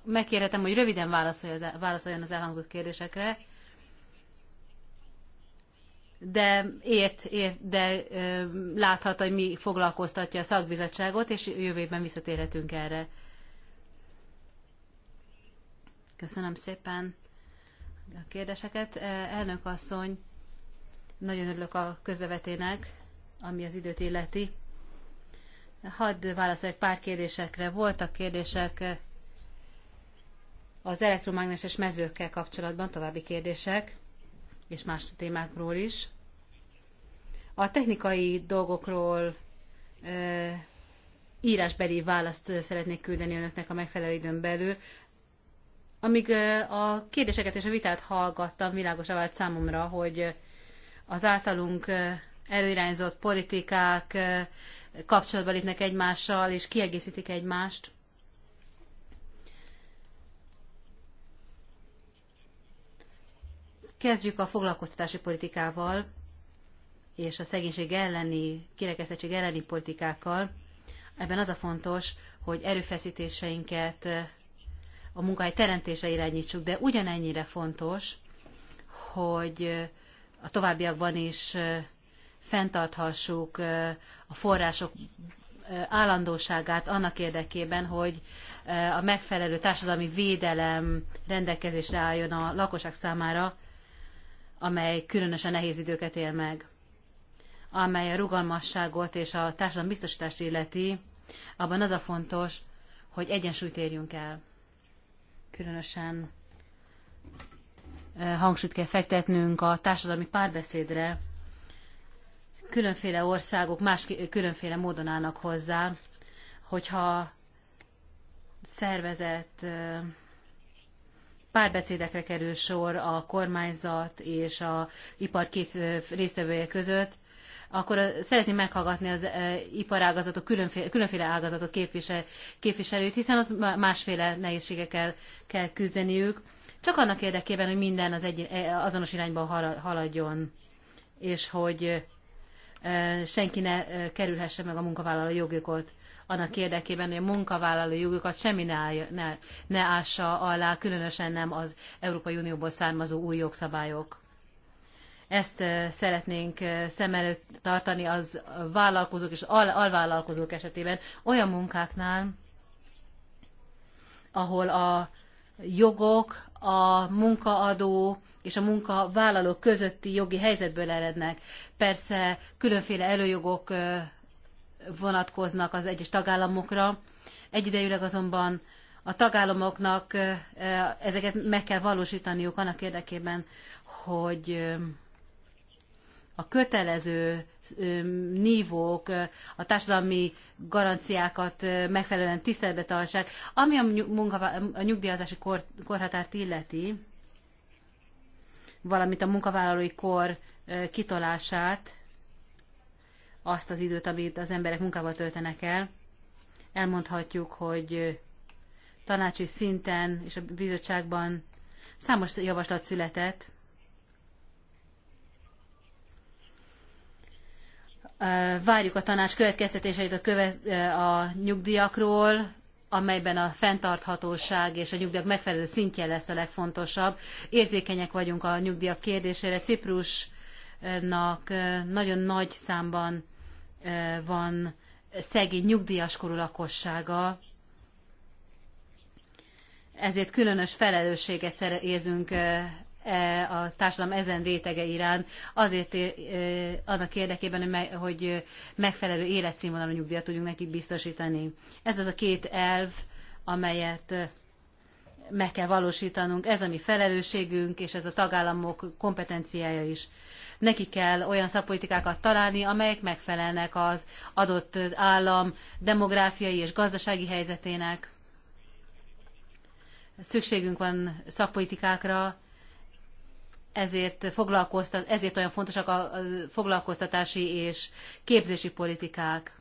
megkérhetem, hogy röviden e, válaszoljon az elhangzott kérdésekre, de ért, ért de ö, láthat, hogy mi foglalkoztatja a szakbizottságot, és jövőben visszatérhetünk erre. Köszönöm szépen a kérdéseket. E, elnök asszony, nagyon örülök a közbevetének, ami az időt illeti. Hadd válaszoljak pár kérdésekre. Voltak kérdések az elektromágneses mezőkkel kapcsolatban, további kérdések, és más témákról is. A technikai dolgokról e, írásbeli választ szeretnék küldeni önöknek a megfelelő időn belül. Amíg a kérdéseket és a vitát hallgattam, világosá vált számomra, hogy az általunk előirányzott politikák kapcsolatba lépnek egymással, és kiegészítik egymást. Kezdjük a foglalkoztatási politikával és a szegénység elleni, kirekesztettség elleni politikákkal. Ebben az a fontos, hogy erőfeszítéseinket a munkahely teremtése irányítsuk, de ugyanennyire fontos, hogy a továbbiakban is fenntarthassuk a források állandóságát annak érdekében, hogy a megfelelő társadalmi védelem rendelkezésre álljon a lakosság számára, amely különösen nehéz időket él meg. Amely a rugalmasságot és a társadalmi biztosítást illeti, abban az a fontos, hogy egyensúlyt érjünk el. Különösen hangsúlyt kell fektetnünk a társadalmi párbeszédre, különféle országok más különféle módon állnak hozzá, hogyha szervezett párbeszédekre kerül sor a kormányzat és a ipar két résztvevője között, akkor szeretném meghallgatni az iparágazatok, különféle, különféle ágazatok képvisel, képviselőit, hiszen ott másféle nehézségekkel kell küzdeniük, csak annak érdekében, hogy minden az egy, azonos irányba haladjon, és hogy senki ne kerülhesse meg a munkavállaló jogokat annak érdekében, hogy a munkavállaló jogokat semmi ne, állja, ne, ne ássa alá, különösen nem az Európai Unióból származó új jogszabályok. Ezt szeretnénk szem előtt tartani az vállalkozók és al- alvállalkozók esetében olyan munkáknál, ahol a jogok, a munkaadó, és a munkavállalók közötti jogi helyzetből erednek. Persze különféle előjogok vonatkoznak az egyes tagállamokra, egyidejűleg azonban a tagállamoknak ezeket meg kell valósítaniuk annak érdekében, hogy a kötelező nívók a társadalmi garanciákat megfelelően tiszteletbe tartsák. Ami a, a nyugdíjazási kor- korhatárt illeti, valamint a munkavállalói kor kitolását, azt az időt, amit az emberek munkával töltenek el. Elmondhatjuk, hogy tanácsi szinten és a bizottságban számos javaslat született. Várjuk a tanács következtetéseit a, követ, a nyugdíjakról, amelyben a fenntarthatóság és a nyugdíjak megfelelő szintje lesz a legfontosabb. Érzékenyek vagyunk a nyugdíjak kérdésére. Ciprusnak nagyon nagy számban van szegény nyugdíjaskorú lakossága, ezért különös felelősséget érzünk E, a társadalom ezen rétege iránt azért e, annak érdekében, hogy megfelelő életszínvonalú nyugdíjat tudjunk nekik biztosítani. Ez az a két elv, amelyet meg kell valósítanunk, ez a mi felelősségünk, és ez a tagállamok kompetenciája is. Neki kell olyan szakpolitikákat találni, amelyek megfelelnek az adott állam demográfiai és gazdasági helyzetének. Szükségünk van szakpolitikákra, ezért, foglalkoztat, ezért olyan fontosak a foglalkoztatási és képzési politikák.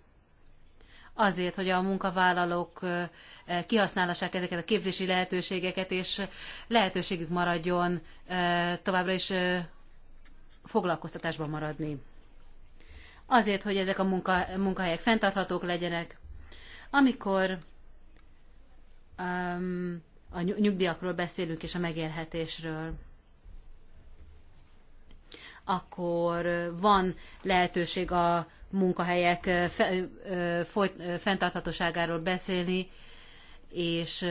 Azért, hogy a munkavállalók kihasználhassák ezeket a képzési lehetőségeket, és lehetőségük maradjon továbbra is foglalkoztatásban maradni. Azért, hogy ezek a munka, munkahelyek fenntarthatók legyenek. Amikor um, a nyugdíjakról beszélünk és a megélhetésről akkor van lehetőség a munkahelyek fenntarthatóságáról beszélni, és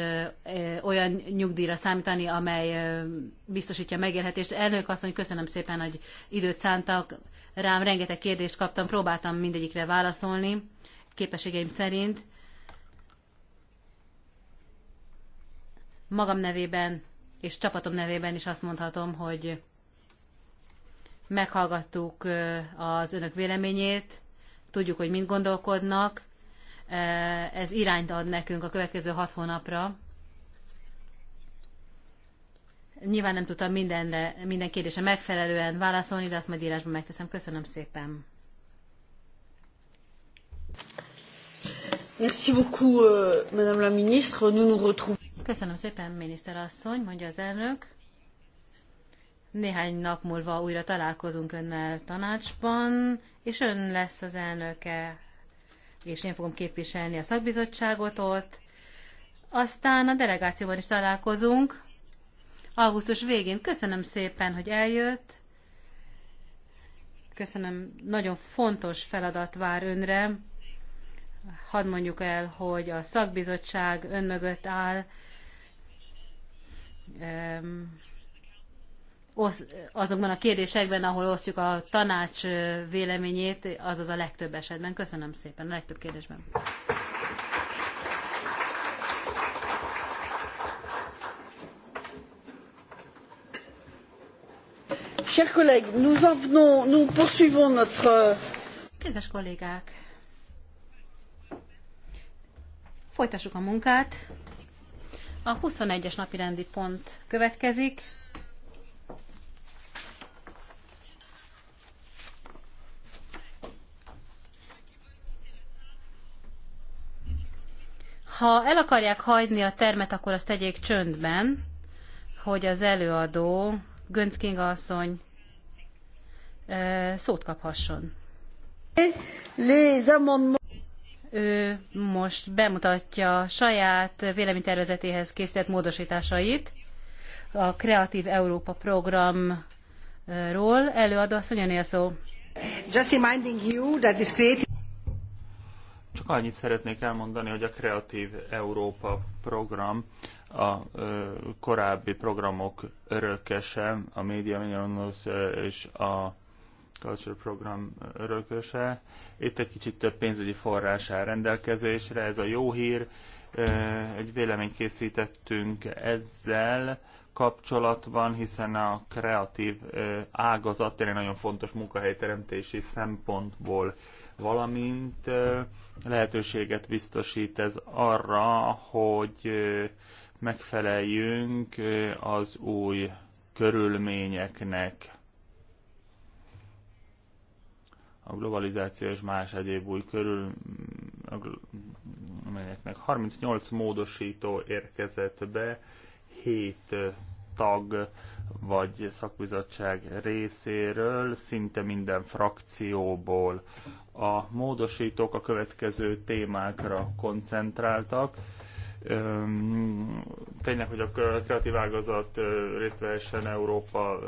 olyan nyugdíjra számítani, amely biztosítja megélhetést. Elnök asszony, köszönöm szépen, hogy időt szántak rám, rengeteg kérdést kaptam, próbáltam mindegyikre válaszolni képességeim szerint. Magam nevében és csapatom nevében is azt mondhatom, hogy meghallgattuk az önök véleményét, tudjuk, hogy mind gondolkodnak, ez irányt ad nekünk a következő hat hónapra. Nyilván nem tudtam mindenre, minden kérdésre megfelelően válaszolni, de azt majd írásban megteszem. Köszönöm szépen. Merci beaucoup, euh, Madame la Ministre. Nous nous retrouvons. Köszönöm szépen, miniszter asszony, mondja az elnök. Néhány nap múlva újra találkozunk önnel tanácsban, és ön lesz az elnöke, és én fogom képviselni a szakbizottságot ott. Aztán a delegációban is találkozunk, augusztus végén. Köszönöm szépen, hogy eljött. Köszönöm, nagyon fontos feladat vár önre. Hadd mondjuk el, hogy a szakbizottság ön mögött áll. Um, azokban a kérdésekben, ahol osztjuk a tanács véleményét, azaz a legtöbb esetben. Köszönöm szépen, a legtöbb kérdésben. Chers collègues, nous en venons, nous poursuivons notre. Euh, Kedves kollégák, folytassuk a munkát. A 21-es napi rendi pont következik. Ha el akarják hagyni a termet, akkor azt tegyék csöndben, hogy az előadó, Gönc Kinga asszony szót kaphasson. Ő most bemutatja saját véleménytervezetéhez készített módosításait a Kreatív Európa programról. Előadó asszony, a szó. Just reminding you that this creative csak annyit szeretnék elmondani, hogy a Kreatív Európa program a ö, korábbi programok örökese, a Media Minionus és a Culture Program örököse. Itt egy kicsit több pénzügyi forrás áll rendelkezésre, ez a jó hír. Egy véleményt készítettünk ezzel kapcsolat van, hiszen a kreatív ágazat tényleg nagyon fontos munkahelyteremtési szempontból, valamint lehetőséget biztosít ez arra, hogy megfeleljünk az új körülményeknek, a globalizáció és más egyéb új körülményeknek. 38 módosító érkezett be, hét tag vagy szakbizottság részéről, szinte minden frakcióból. A módosítók a következő témákra koncentráltak. Tényleg, hogy a kreatív ágazat részt vehessen Európa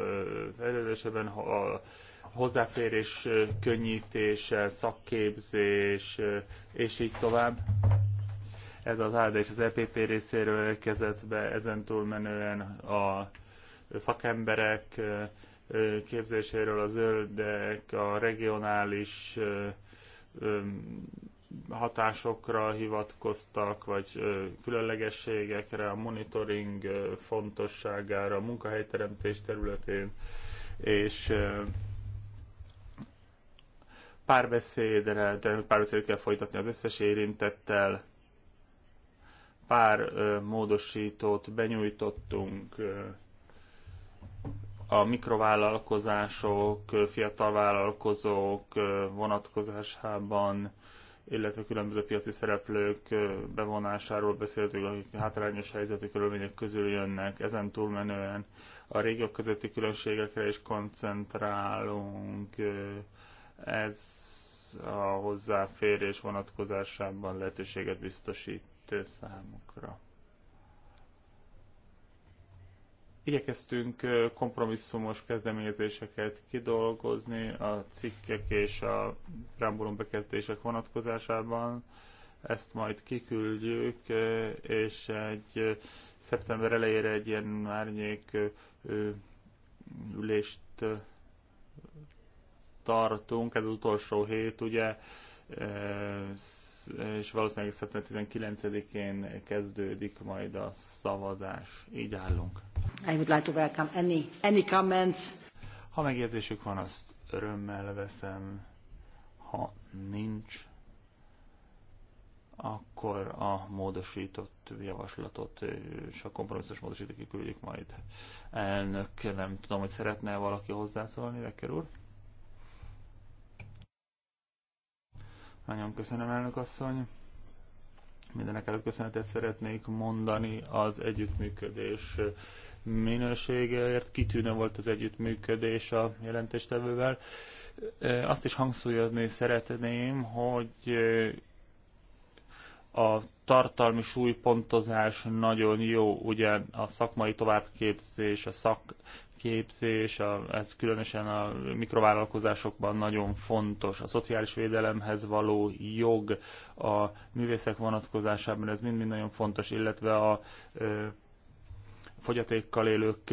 fejlődésében, a hozzáférés könnyítése, szakképzés, és így tovább. Ez az ALDE és az EPP részéről érkezett be, ezen túlmenően a szakemberek képzéséről a zöldek, a regionális hatásokra hivatkoztak, vagy különlegességekre, a monitoring fontosságára, a munkahelyteremtés területén, és párbeszédre, de párbeszédet kell folytatni az összes érintettel, pár módosítót benyújtottunk a mikrovállalkozások, fiatal vállalkozók vonatkozásában, illetve különböző piaci szereplők bevonásáról beszéltünk, akik hátrányos helyzetű körülmények közül jönnek. Ezen túlmenően a régiók közötti különbségekre is koncentrálunk. Ez a hozzáférés vonatkozásában lehetőséget biztosít segítő számukra. Igyekeztünk kompromisszumos kezdeményezéseket kidolgozni a cikkek és a preambulum bekezdések vonatkozásában. Ezt majd kiküldjük, és egy szeptember elejére egy ilyen árnyék ülést tartunk. Ez az utolsó hét, ugye és valószínűleg szeptember 19-én kezdődik majd a szavazás. Így állunk. I would like to welcome any, any comments. Ha megjegyzésük van, azt örömmel veszem. Ha nincs, akkor a módosított javaslatot és a kompromisszus módosítók kiküldjük majd elnök. Nem tudom, hogy szeretne valaki hozzászólni, Vekker úr? Nagyon köszönöm, elnök asszony. Mindenek előtt köszönetet szeretnék mondani az együttműködés minőségéért. Kitűnő volt az együttműködés a jelentéstevővel. Azt is hangsúlyozni szeretném, hogy a tartalmi súlypontozás nagyon jó, ugye a szakmai továbbképzés, a szak képzés, a, ez különösen a mikrovállalkozásokban nagyon fontos. A szociális védelemhez való jog a művészek vonatkozásában, ez mind-mind nagyon fontos, illetve a ö, fogyatékkal élők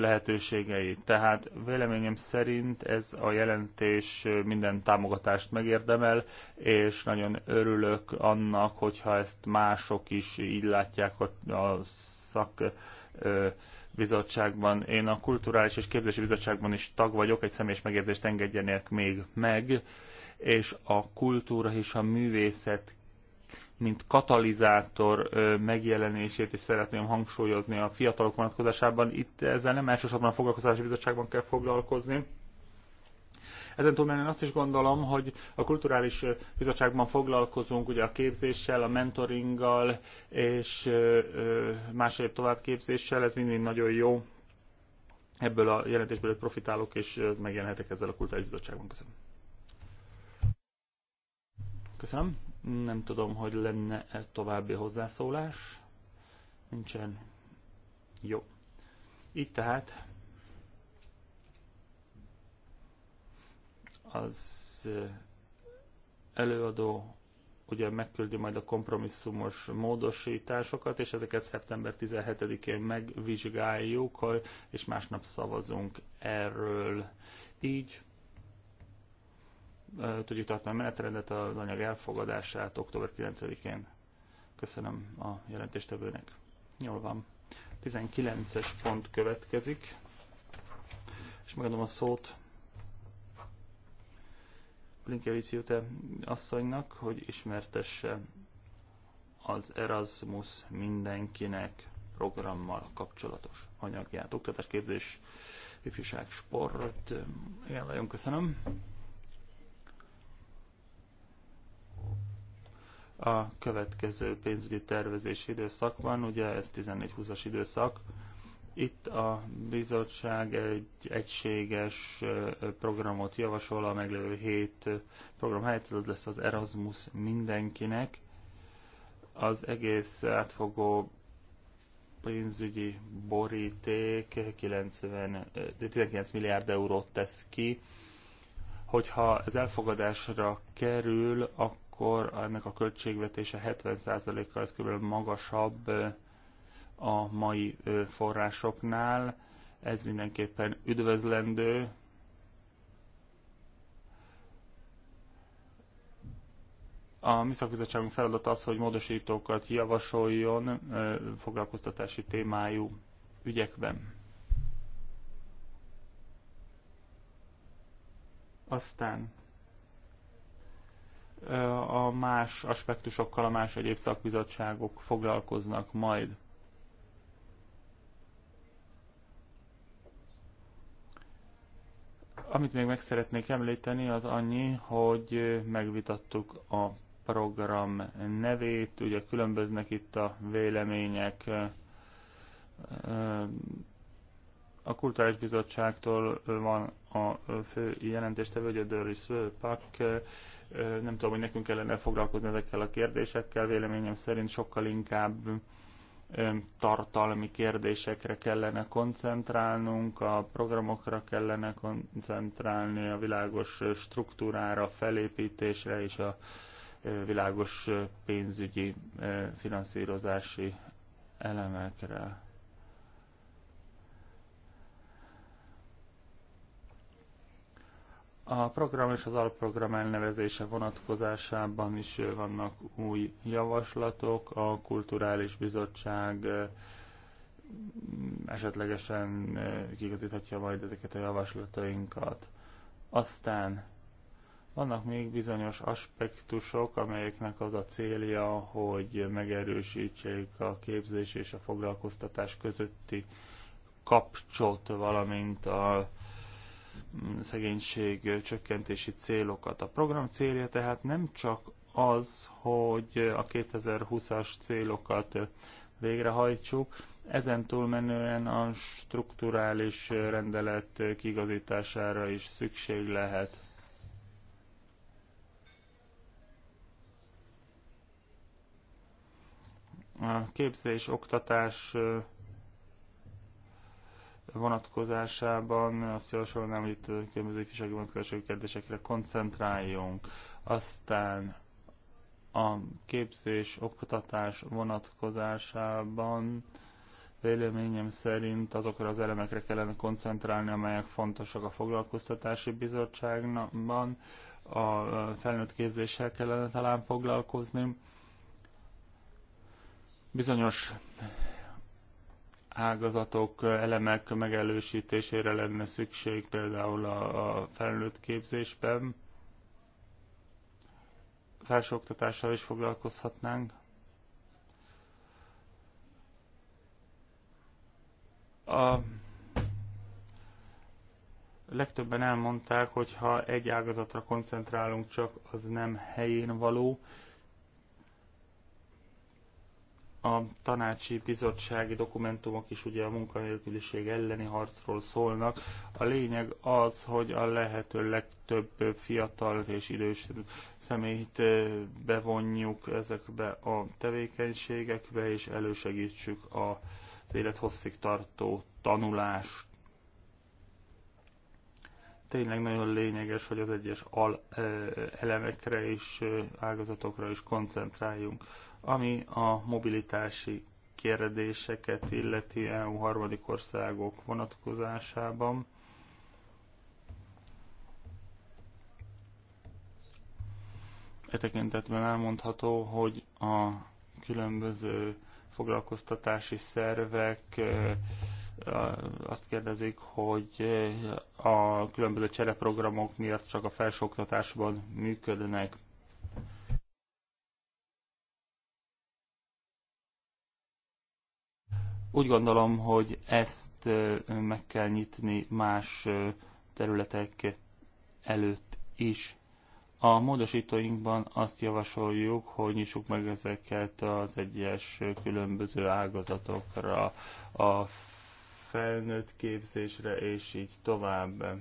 lehetőségei. Tehát véleményem szerint ez a jelentés minden támogatást megérdemel, és nagyon örülök annak, hogyha ezt mások is így látják a szak bizottságban, én a Kulturális és Képzési Bizottságban is tag vagyok, egy személyes megérzést engedjenek még meg, és a kultúra és a művészet mint katalizátor megjelenését is szeretném hangsúlyozni a fiatalok vonatkozásában. Itt ezzel nem elsősorban a foglalkozási bizottságban kell foglalkozni, ezen én azt is gondolom, hogy a kulturális bizottságban foglalkozunk ugye a képzéssel, a mentoringgal és más egyéb továbbképzéssel, ez mind-mind nagyon jó. Ebből a jelentésből profitálok, és megjelenhetek ezzel a kulturális bizottságban. Köszönöm. Köszönöm. Nem tudom, hogy lenne -e további hozzászólás. Nincsen. Jó. Így tehát Az előadó ugye megküldi majd a kompromisszumos módosításokat, és ezeket szeptember 17-én megvizsgáljuk, és másnap szavazunk erről. Így tudjuk tartani a menetrendet az anyag elfogadását október 9-én. Köszönöm a jelentéstevőnek. Jól van. 19-es pont következik, és megadom a szót Blinkevics Jute asszonynak, hogy ismertesse az Erasmus mindenkinek programmal kapcsolatos anyagját. Oktatás, képzés, ifjúság, sport. Igen, nagyon köszönöm. A következő pénzügyi tervezési időszakban, ugye ez 14-20-as időszak, itt a bizottság egy egységes programot javasol, a meglévő hét program helyett az lesz az Erasmus mindenkinek. Az egész átfogó pénzügyi boríték 90, 19 milliárd eurót tesz ki. Hogyha ez elfogadásra kerül, akkor ennek a költségvetése 70%-kal ez kb. magasabb, a mai forrásoknál. Ez mindenképpen üdvözlendő. A Műszakbizottságunk feladat az, hogy módosítókat javasoljon foglalkoztatási témájú ügyekben. Aztán a más aspektusokkal a más egyéb szakbizottságok foglalkoznak majd. Amit még meg szeretnék említeni, az annyi, hogy megvitattuk a program nevét, ugye különböznek itt a vélemények a Kulturális Bizottságtól van a fő jelentéstevő, hogy a Dörris Pak, nem tudom, hogy nekünk kellene foglalkozni ezekkel a kérdésekkel, véleményem szerint sokkal inkább tartalmi kérdésekre kellene koncentrálnunk, a programokra kellene koncentrálni, a világos struktúrára, felépítésre és a világos pénzügyi finanszírozási elemekre. A program és az alprogram elnevezése vonatkozásában is vannak új javaslatok. A Kulturális Bizottság esetlegesen kigazíthatja majd ezeket a javaslatainkat. Aztán vannak még bizonyos aspektusok, amelyeknek az a célja, hogy megerősítsék a képzés és a foglalkoztatás közötti kapcsot, valamint a szegénység csökkentési célokat. A program célja tehát nem csak az, hogy a 2020-as célokat végrehajtsuk, ezen túlmenően a strukturális rendelet kigazítására is szükség lehet. A képzés, oktatás vonatkozásában azt javasolnám, hogy itt különböző ifjúsági vonatkozású kérdésekre koncentráljunk. Aztán a képzés, oktatás vonatkozásában véleményem szerint azokra az elemekre kellene koncentrálni, amelyek fontosak a foglalkoztatási bizottságban, a felnőtt képzéssel kellene talán foglalkozni. Bizonyos ágazatok, elemek megelősítésére lenne szükség például a, a felnőtt képzésben. Felsőoktatással is foglalkozhatnánk. A legtöbben elmondták, hogy ha egy ágazatra koncentrálunk, csak az nem helyén való a tanácsi bizottsági dokumentumok is ugye a munkanélküliség elleni harcról szólnak. A lényeg az, hogy a lehető legtöbb fiatal és idős személyt bevonjuk ezekbe a tevékenységekbe, és elősegítsük az élet tartó tanulást. Tényleg nagyon lényeges, hogy az egyes al elemekre és ágazatokra is koncentráljunk ami a mobilitási kérdéseket illeti EU harmadik országok vonatkozásában, E tekintetben elmondható, hogy a különböző foglalkoztatási szervek azt kérdezik, hogy a különböző csereprogramok miatt csak a felsőoktatásban működnek. Úgy gondolom, hogy ezt meg kell nyitni más területek előtt is. A módosítóinkban azt javasoljuk, hogy nyissuk meg ezeket az egyes különböző ágazatokra, a felnőtt képzésre és így tovább.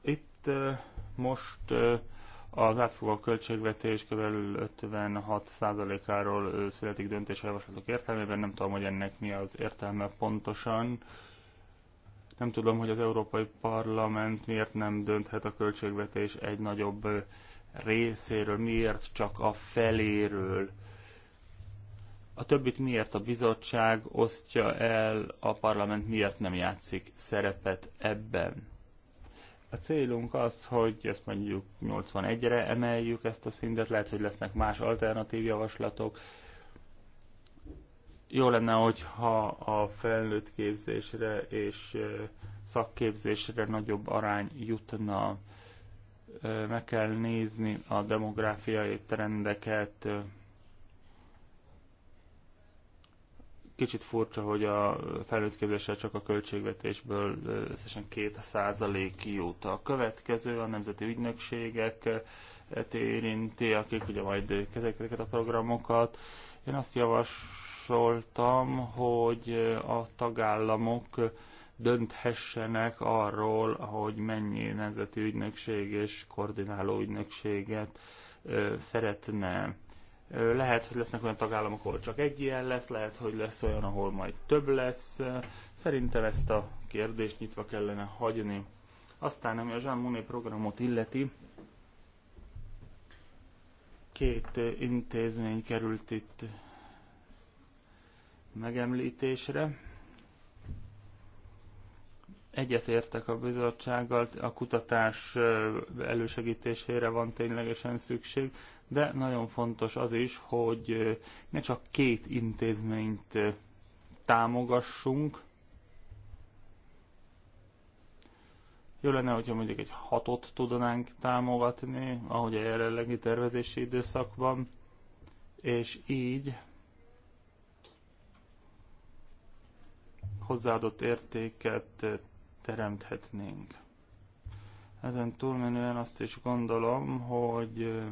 Itt most az átfogó költségvetés kb. 56%-áról születik döntés javaslatok értelmében. Nem tudom, hogy ennek mi az értelme pontosan. Nem tudom, hogy az Európai Parlament miért nem dönthet a költségvetés egy nagyobb részéről, miért csak a feléről. A többit miért a bizottság osztja el, a parlament miért nem játszik szerepet ebben. A célunk az, hogy ezt mondjuk 81-re emeljük ezt a szintet, lehet, hogy lesznek más alternatív javaslatok. Jó lenne, hogyha a felnőtt képzésre és szakképzésre nagyobb arány jutna. Meg kell nézni a demográfiai trendeket, Kicsit furcsa, hogy a felnőtt képzéssel csak a költségvetésből összesen százalék jut. A következő a nemzeti ügynökségek érinti, akik ugye majd kezelik a programokat. Én azt javasoltam, hogy a tagállamok dönthessenek arról, hogy mennyi nemzeti ügynökség és koordináló ügynökséget szeretne lehet, hogy lesznek olyan tagállamok, ahol csak egy ilyen lesz, lehet, hogy lesz olyan, ahol majd több lesz. Szerintem ezt a kérdést nyitva kellene hagyni. Aztán, ami a Jean Monnet programot illeti, két intézmény került itt megemlítésre. Egyetértek a bizottsággal, a kutatás elősegítésére van ténylegesen szükség, de nagyon fontos az is, hogy ne csak két intézményt támogassunk. Jó lenne, hogyha mondjuk egy hatot tudnánk támogatni, ahogy a jelenlegi tervezési időszakban, és így hozzáadott értéket teremthetnénk. Ezen túlmenően azt is gondolom, hogy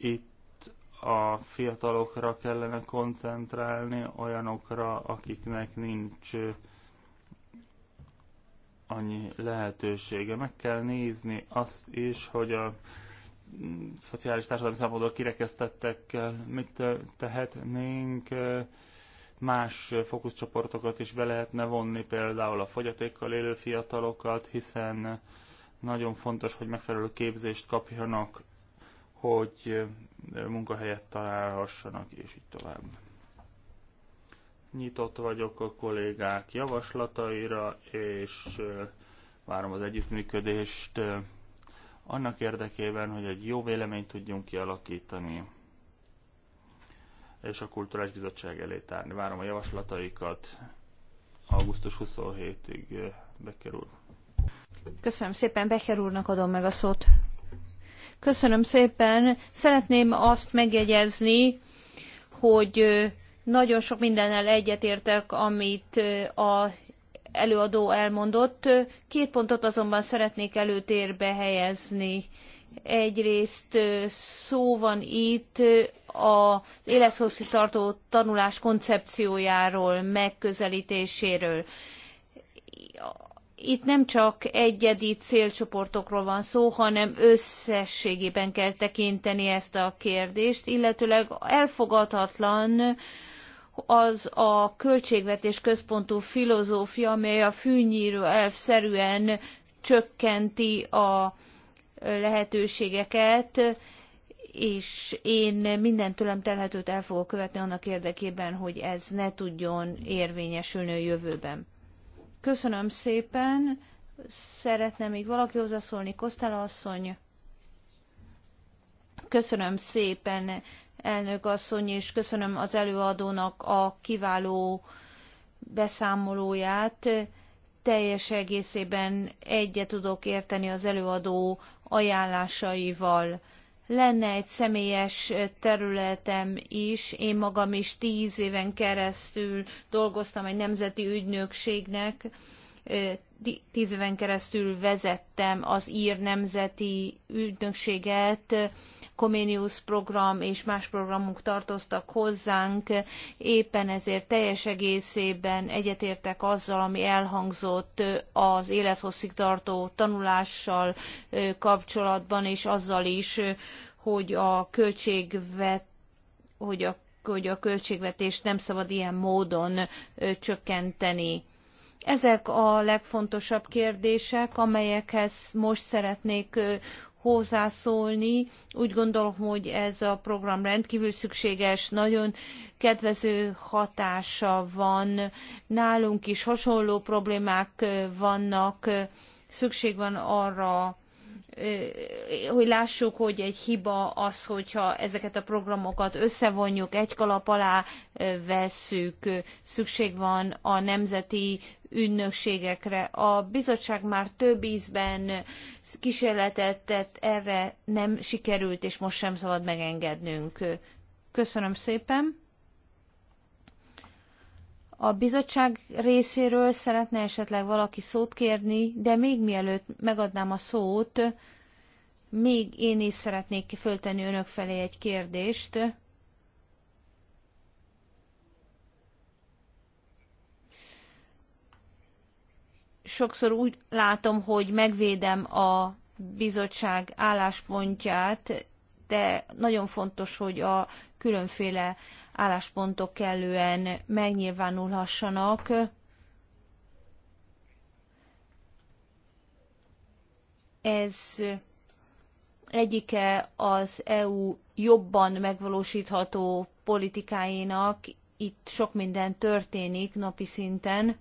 itt a fiatalokra kellene koncentrálni, olyanokra, akiknek nincs annyi lehetősége. Meg kell nézni azt is, hogy a mm, szociális társadalmi szempontból kirekesztettekkel mit tehetnénk, más fókuszcsoportokat is be lehetne vonni, például a fogyatékkal élő fiatalokat, hiszen nagyon fontos, hogy megfelelő képzést kapjanak hogy munkahelyet találhassanak, és így tovább. Nyitott vagyok a kollégák javaslataira, és várom az együttműködést annak érdekében, hogy egy jó véleményt tudjunk kialakítani, és a Kulturális Bizottság elé tárni. Várom a javaslataikat augusztus 27-ig, Becker úr. Köszönöm szépen, Becker úrnak adom meg a szót. Köszönöm szépen. Szeretném azt megjegyezni, hogy nagyon sok mindennel egyetértek, amit a előadó elmondott. Két pontot azonban szeretnék előtérbe helyezni. Egyrészt szó van itt az élethosszígtartó tanulás koncepciójáról, megközelítéséről itt nem csak egyedi célcsoportokról van szó, hanem összességében kell tekinteni ezt a kérdést, illetőleg elfogadhatatlan az a költségvetés központú filozófia, amely a fűnyírő elv szerűen csökkenti a lehetőségeket, és én minden tőlem telhetőt el fogok követni annak érdekében, hogy ez ne tudjon érvényesülni a jövőben. Köszönöm szépen. Szeretne még valaki hozzászólni? asszony? Köszönöm szépen, elnök asszony, és köszönöm az előadónak a kiváló beszámolóját. Teljes egészében egyet tudok érteni az előadó ajánlásaival lenne egy személyes területem is, én magam is tíz éven keresztül dolgoztam egy nemzeti ügynökségnek, tíz éven keresztül vezettem az ír nemzeti ügynökséget, Comenius program és más programunk tartoztak hozzánk, éppen ezért teljes egészében egyetértek azzal, ami elhangzott az élethosszig tartó tanulással kapcsolatban, és azzal is, hogy a költségvet, hogy a hogy a költségvetést nem szabad ilyen módon csökkenteni. Ezek a legfontosabb kérdések, amelyekhez most szeretnék hozzászólni. Úgy gondolom, hogy ez a program rendkívül szükséges, nagyon kedvező hatása van. Nálunk is hasonló problémák vannak, szükség van arra, hogy lássuk, hogy egy hiba az, hogyha ezeket a programokat összevonjuk, egy kalap alá vesszük, szükség van a nemzeti ünnökségekre. A bizottság már több ízben kísérletet tett, erre nem sikerült, és most sem szabad megengednünk. Köszönöm szépen! A bizottság részéről szeretne esetleg valaki szót kérni, de még mielőtt megadnám a szót, még én is szeretnék föltenni önök felé egy kérdést. Sokszor úgy látom, hogy megvédem a bizottság álláspontját, de nagyon fontos, hogy a különféle álláspontok kellően megnyilvánulhassanak, ez egyike az EU jobban megvalósítható politikáinak, itt sok minden történik napi szinten.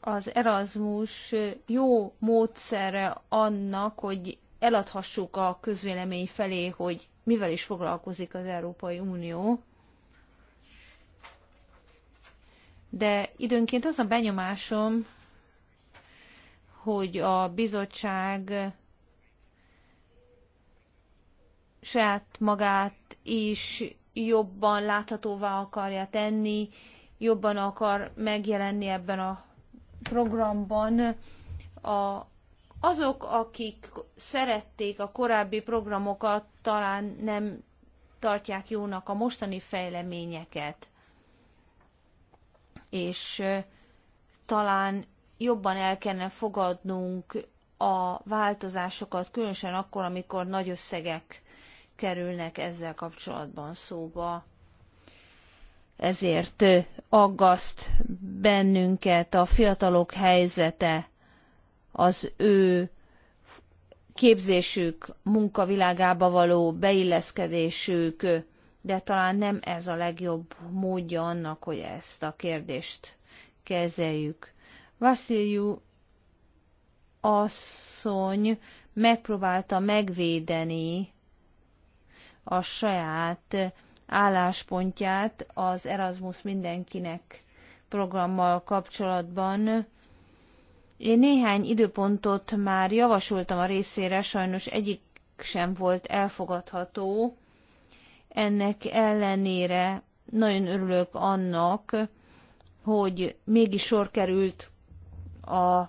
Az Erasmus jó módszere annak, hogy eladhassuk a közvélemény felé, hogy mivel is foglalkozik az Európai Unió. De időnként az a benyomásom, hogy a bizottság saját magát is jobban láthatóvá akarja tenni, jobban akar megjelenni ebben a programban a azok, akik szerették a korábbi programokat, talán nem tartják jónak a mostani fejleményeket, és talán jobban el kellene fogadnunk a változásokat, különösen akkor, amikor nagy összegek kerülnek ezzel kapcsolatban szóba. Ezért aggaszt bennünket a fiatalok helyzete az ő képzésük, munkavilágába való beilleszkedésük, de talán nem ez a legjobb módja annak, hogy ezt a kérdést kezeljük. Vasziliu asszony megpróbálta megvédeni a saját álláspontját az Erasmus mindenkinek programmal kapcsolatban, én néhány időpontot már javasoltam a részére, sajnos egyik sem volt elfogadható. Ennek ellenére nagyon örülök annak, hogy mégis sor került a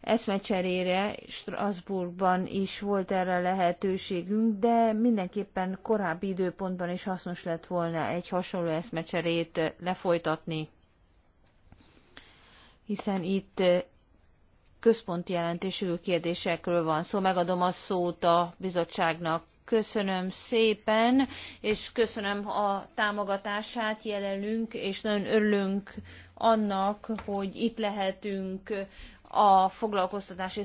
eszmecserére, Strasbourgban is volt erre lehetőségünk, de mindenképpen korábbi időpontban is hasznos lett volna egy hasonló eszmecserét lefolytatni, hiszen itt központi jelentésű kérdésekről van szó. Szóval megadom a szót a bizottságnak. Köszönöm szépen, és köszönöm a támogatását, jelenünk, és nagyon örülünk annak, hogy itt lehetünk a foglalkoztatási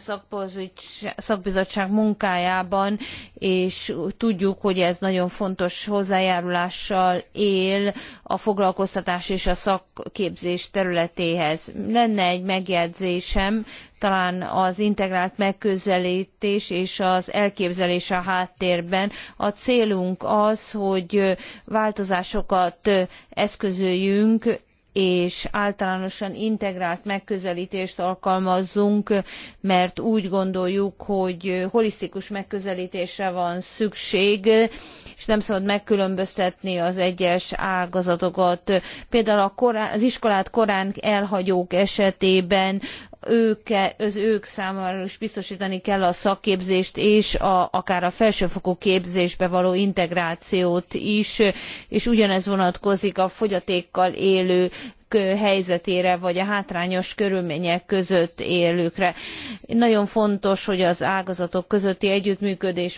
szakbizottság munkájában, és tudjuk, hogy ez nagyon fontos hozzájárulással él a foglalkoztatás és a szakképzés területéhez. Lenne egy megjegyzésem, talán az integrált megközelítés és az elképzelés a háttérben. A célunk az, hogy változásokat eszközöljünk és általánosan integrált megközelítést alkalmazzunk, mert úgy gondoljuk, hogy holisztikus megközelítésre van szükség, és nem szabad megkülönböztetni az egyes ágazatokat. Például a az iskolát korán elhagyók esetében ők, az ők számára is biztosítani kell a szakképzést és a, akár a felsőfokú képzésbe való integrációt is, és ugyanez vonatkozik a fogyatékkal élő helyzetére, vagy a hátrányos körülmények között élőkre. Nagyon fontos, hogy az ágazatok közötti együttműködés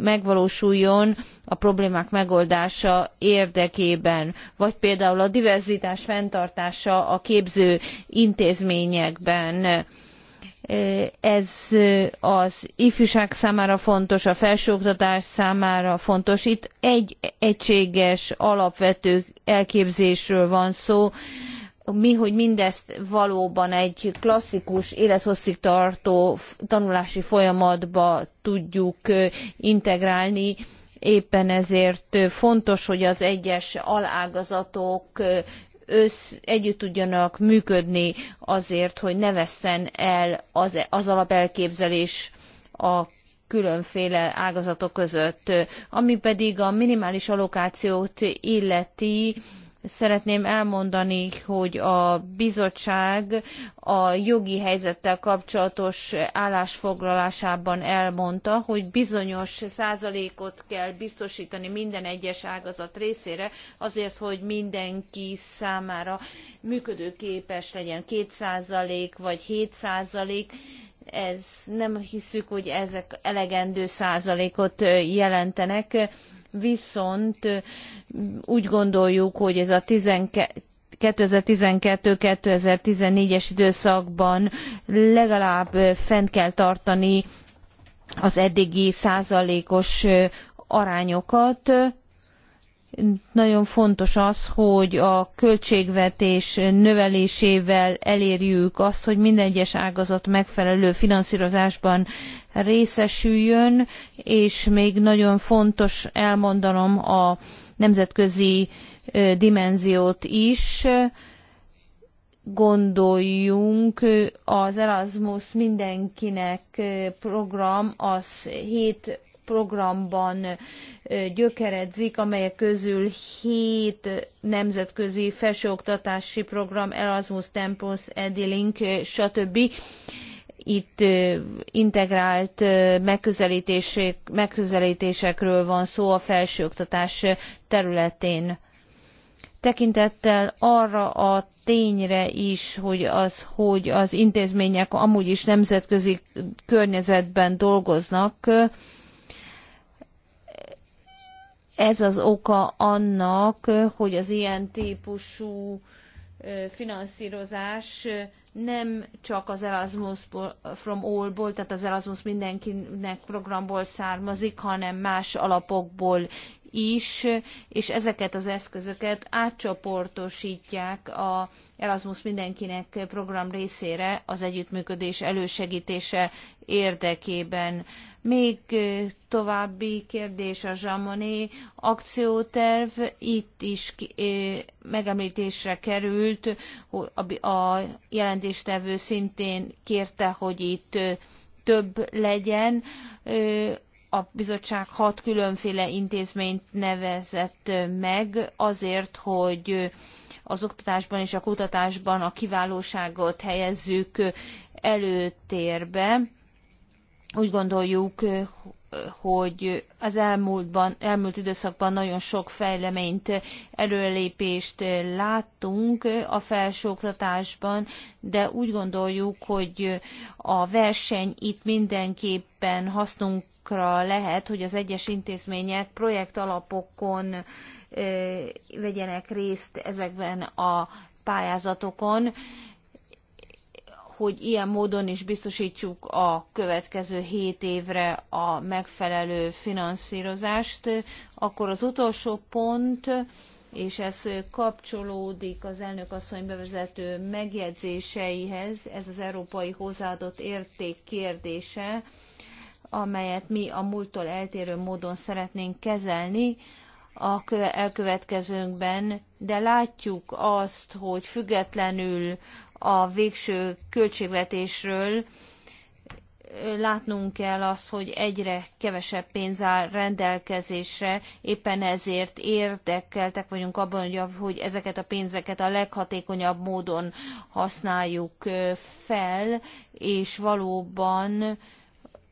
megvalósuljon a problémák megoldása érdekében, vagy például a diverzitás fenntartása a képző intézményekben ez az ifjúság számára fontos, a felsőoktatás számára fontos. Itt egy egységes, alapvető elképzésről van szó, mi, hogy mindezt valóban egy klasszikus, élethosszig tartó tanulási folyamatba tudjuk integrálni, éppen ezért fontos, hogy az egyes alágazatok össz, együtt tudjanak működni azért, hogy ne vesszen el az, az alapelképzelés a különféle ágazatok között. Ami pedig a minimális allokációt illeti, szeretném elmondani, hogy a bizottság a jogi helyzettel kapcsolatos állásfoglalásában elmondta, hogy bizonyos százalékot kell biztosítani minden egyes ágazat részére, azért, hogy mindenki számára működőképes legyen. 2 százalék vagy 7 százalék, ez nem hiszük, hogy ezek elegendő százalékot jelentenek viszont úgy gondoljuk, hogy ez a 12 2012-2014-es időszakban legalább fent kell tartani az eddigi százalékos arányokat, nagyon fontos az, hogy a költségvetés növelésével elérjük azt, hogy minden egyes ágazat megfelelő finanszírozásban részesüljön, és még nagyon fontos elmondanom a nemzetközi dimenziót is, gondoljunk, az Erasmus mindenkinek program az 7 programban gyökeredzik, amelyek közül hét nemzetközi felsőoktatási program, Erasmus, Tempus, Edilink, stb. Itt integrált megközelítések, megközelítésekről van szó a felsőoktatás területén tekintettel arra a tényre is, hogy az, hogy az intézmények amúgy is nemzetközi környezetben dolgoznak, ez az oka annak, hogy az ilyen típusú finanszírozás nem csak az Erasmus from All-ból, tehát az Erasmus mindenkinek programból származik, hanem más alapokból is, és ezeket az eszközöket átcsoportosítják a Erasmus mindenkinek program részére az együttműködés elősegítése érdekében. Még további kérdés a Zsamoné akcióterv. Itt is megemlítésre került, a jelentéstevő szintén kérte, hogy itt több legyen. A bizottság hat különféle intézményt nevezett meg azért, hogy az oktatásban és a kutatásban a kiválóságot helyezzük előtérbe úgy gondoljuk, hogy az elmúltban, elmúlt időszakban nagyon sok fejleményt, előlépést láttunk a felsőoktatásban, de úgy gondoljuk, hogy a verseny itt mindenképpen hasznunkra lehet, hogy az egyes intézmények projektalapokon vegyenek részt ezekben a pályázatokon, hogy ilyen módon is biztosítsuk a következő 7 évre a megfelelő finanszírozást, akkor az utolsó pont, és ez kapcsolódik az elnök asszony bevezető megjegyzéseihez, ez az európai hozzáadott érték kérdése, amelyet mi a múlttól eltérő módon szeretnénk kezelni a elkövetkezőnkben, de látjuk azt, hogy függetlenül a végső költségvetésről, látnunk kell azt, hogy egyre kevesebb pénz áll rendelkezésre, éppen ezért érdekeltek vagyunk abban, hogy ezeket a pénzeket a leghatékonyabb módon használjuk fel, és valóban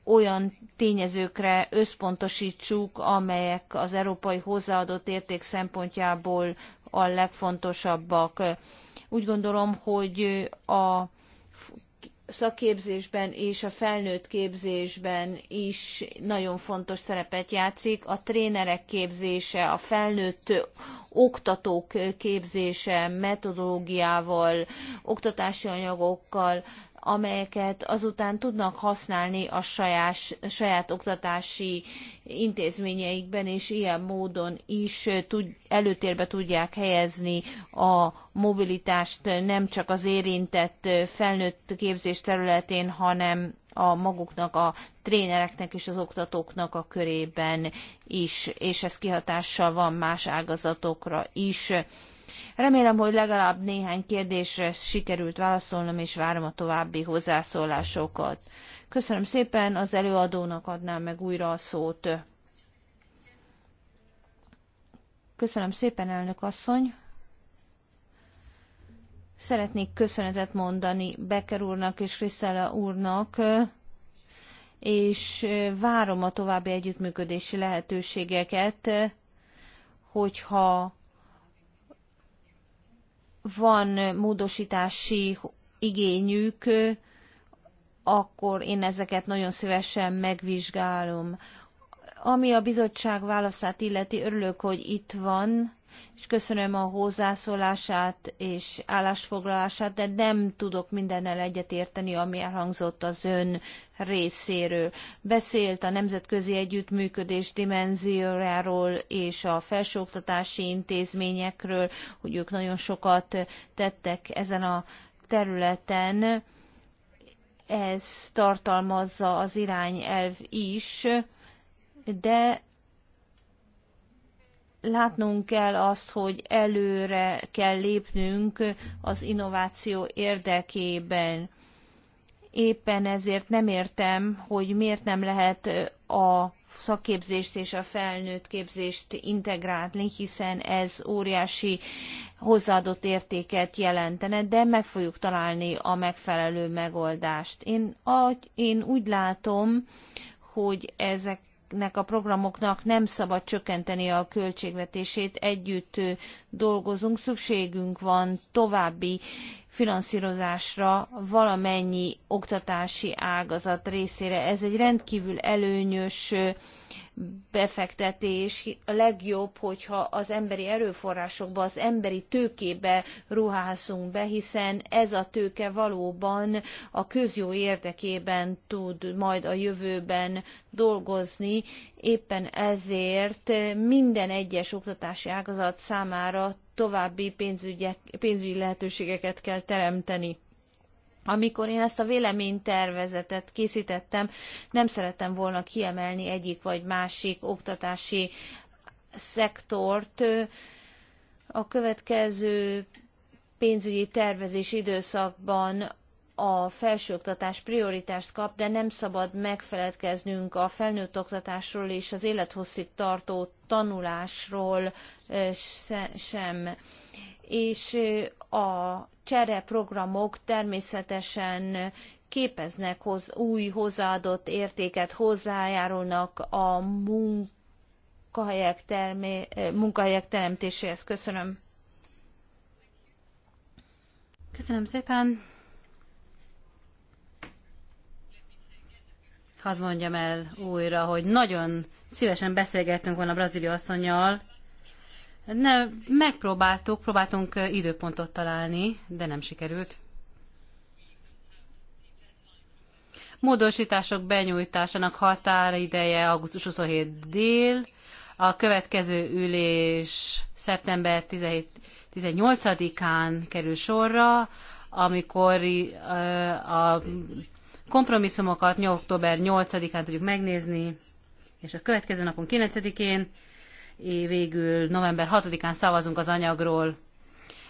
olyan tényezőkre összpontosítsuk, amelyek az európai hozzáadott érték szempontjából a legfontosabbak úgy gondolom, hogy a szakképzésben és a felnőtt képzésben is nagyon fontos szerepet játszik. A trénerek képzése, a felnőtt oktatók képzése metodológiával, oktatási anyagokkal amelyeket azután tudnak használni a saját, saját oktatási intézményeikben, és ilyen módon is tud, előtérbe tudják helyezni a mobilitást nem csak az érintett felnőtt képzés területén, hanem a maguknak, a trénereknek és az oktatóknak a körében is, és ez kihatással van más ágazatokra is Remélem, hogy legalább néhány kérdésre sikerült válaszolnom, és várom a további hozzászólásokat. Köszönöm szépen, az előadónak adnám meg újra a szót. Köszönöm szépen, elnök asszony. Szeretnék köszönetet mondani Becker úrnak és Krisztella úrnak, és várom a további együttműködési lehetőségeket, hogyha van módosítási igényük, akkor én ezeket nagyon szívesen megvizsgálom. Ami a bizottság válaszát illeti, örülök, hogy itt van, és köszönöm a hozzászólását és állásfoglalását, de nem tudok mindennel egyetérteni, ami elhangzott az ön részéről. Beszélt a nemzetközi együttműködés dimenziójáról és a felsőoktatási intézményekről, hogy ők nagyon sokat tettek ezen a területen. Ez tartalmazza az irányelv is, de látnunk kell azt, hogy előre kell lépnünk az innováció érdekében. Éppen ezért nem értem, hogy miért nem lehet a szakképzést és a felnőtt képzést integrálni, hiszen ez óriási hozzáadott értéket jelentene, de meg fogjuk találni a megfelelő megoldást. Én, én úgy látom, hogy ezek ezeknek a programoknak nem szabad csökkenteni a költségvetését, együtt dolgozunk, szükségünk van további finanszírozásra valamennyi oktatási ágazat részére. Ez egy rendkívül előnyös befektetés. A legjobb, hogyha az emberi erőforrásokba, az emberi tőkébe ruházunk be, hiszen ez a tőke valóban a közjó érdekében tud majd a jövőben dolgozni. Éppen ezért minden egyes oktatási ágazat számára további pénzügyek, pénzügyi lehetőségeket kell teremteni. Amikor én ezt a véleménytervezetet készítettem, nem szerettem volna kiemelni egyik vagy másik oktatási szektort. A következő pénzügyi tervezés időszakban a felsőoktatás prioritást kap, de nem szabad megfeledkeznünk a felnőtt oktatásról és az élethosszig tartó tanulásról sem. És a csereprogramok természetesen képeznek hoz, új hozzáadott értéket, hozzájárulnak a munkahelyek, termé, munkahelyek teremtéséhez. Köszönöm. Köszönöm szépen. hadd mondjam el újra, hogy nagyon szívesen beszélgettünk volna a brazili asszonyjal. Ne, megpróbáltuk, próbáltunk időpontot találni, de nem sikerült. Módosítások benyújtásának határideje augusztus 27 dél, a következő ülés szeptember 18-án kerül sorra, amikor a kompromisszumokat október 8-án tudjuk megnézni, és a következő napon 9-én, végül november 6-án szavazunk az anyagról.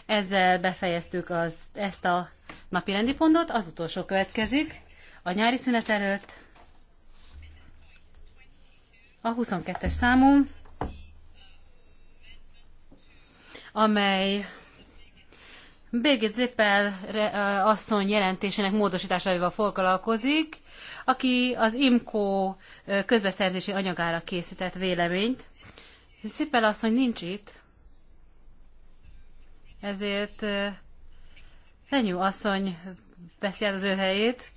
Ezzel befejeztük az, ezt a napi rendi pontot, az utolsó következik, a nyári szünet előtt, a 22-es számú, amely Birgit Zippel eh, asszony jelentésének módosításával foglalkozik, aki az IMCO eh, közbeszerzési anyagára készített véleményt. Zippel asszony nincs itt, ezért eh, Fenyő asszony veszi az ő helyét.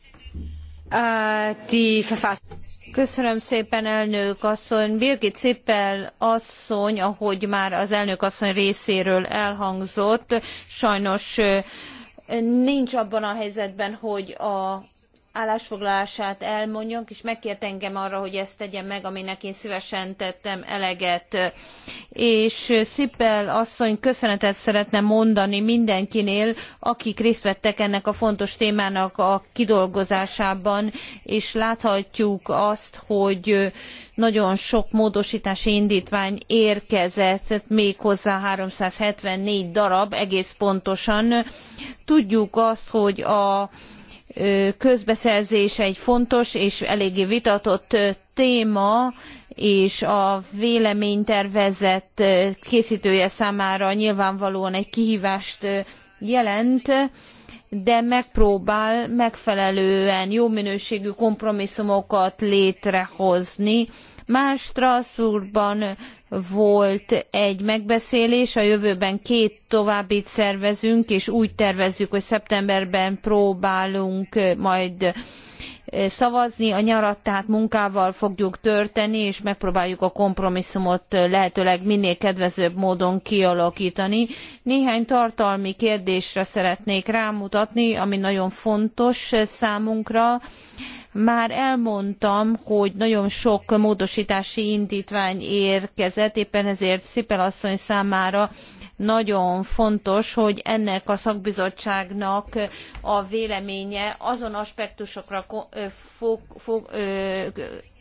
Köszönöm szépen, elnök asszony. Birgit Cippel asszony, ahogy már az elnök asszony részéről elhangzott, sajnos nincs abban a helyzetben, hogy a állásfoglalását elmondjam, és megkért engem arra, hogy ezt tegyem meg, aminek én szívesen tettem eleget. És Szippel asszony köszönetet szeretne mondani mindenkinél, akik részt vettek ennek a fontos témának a kidolgozásában, és láthatjuk azt, hogy nagyon sok módostási indtvány érkezett méghozzá three hundred and seventy four darab egész pontosan. tudjuk azt hogy a közbeszerzés egy fontos és eléggé vitatott téma, és a véleménytervezet készítője számára nyilvánvalóan egy kihívást jelent, de megpróbál megfelelően jó minőségű kompromisszumokat létrehozni. más Strasbourgban volt egy megbeszélés, a jövőben két továbbit szervezünk, és úgy tervezzük, hogy szeptemberben próbálunk majd eh, szavazni a nyarat, tehát munkával fogjuk tölteni, és megpróbáljuk a kompromisszumot eh, lehetőleg minél kedvezőbb módon kialakítani. Néhány tartalmi kérdésre szeretnék rámutatni, ami nagyon fontos eh, számunkra. Már elmondtam, hogy nagyon sok módostási indtvány érkezett, éppen ezért sippel asszony számára nagyon fontos, hogy ennek a szakbizottságnak a véleménye azon aspektusokra összpontostson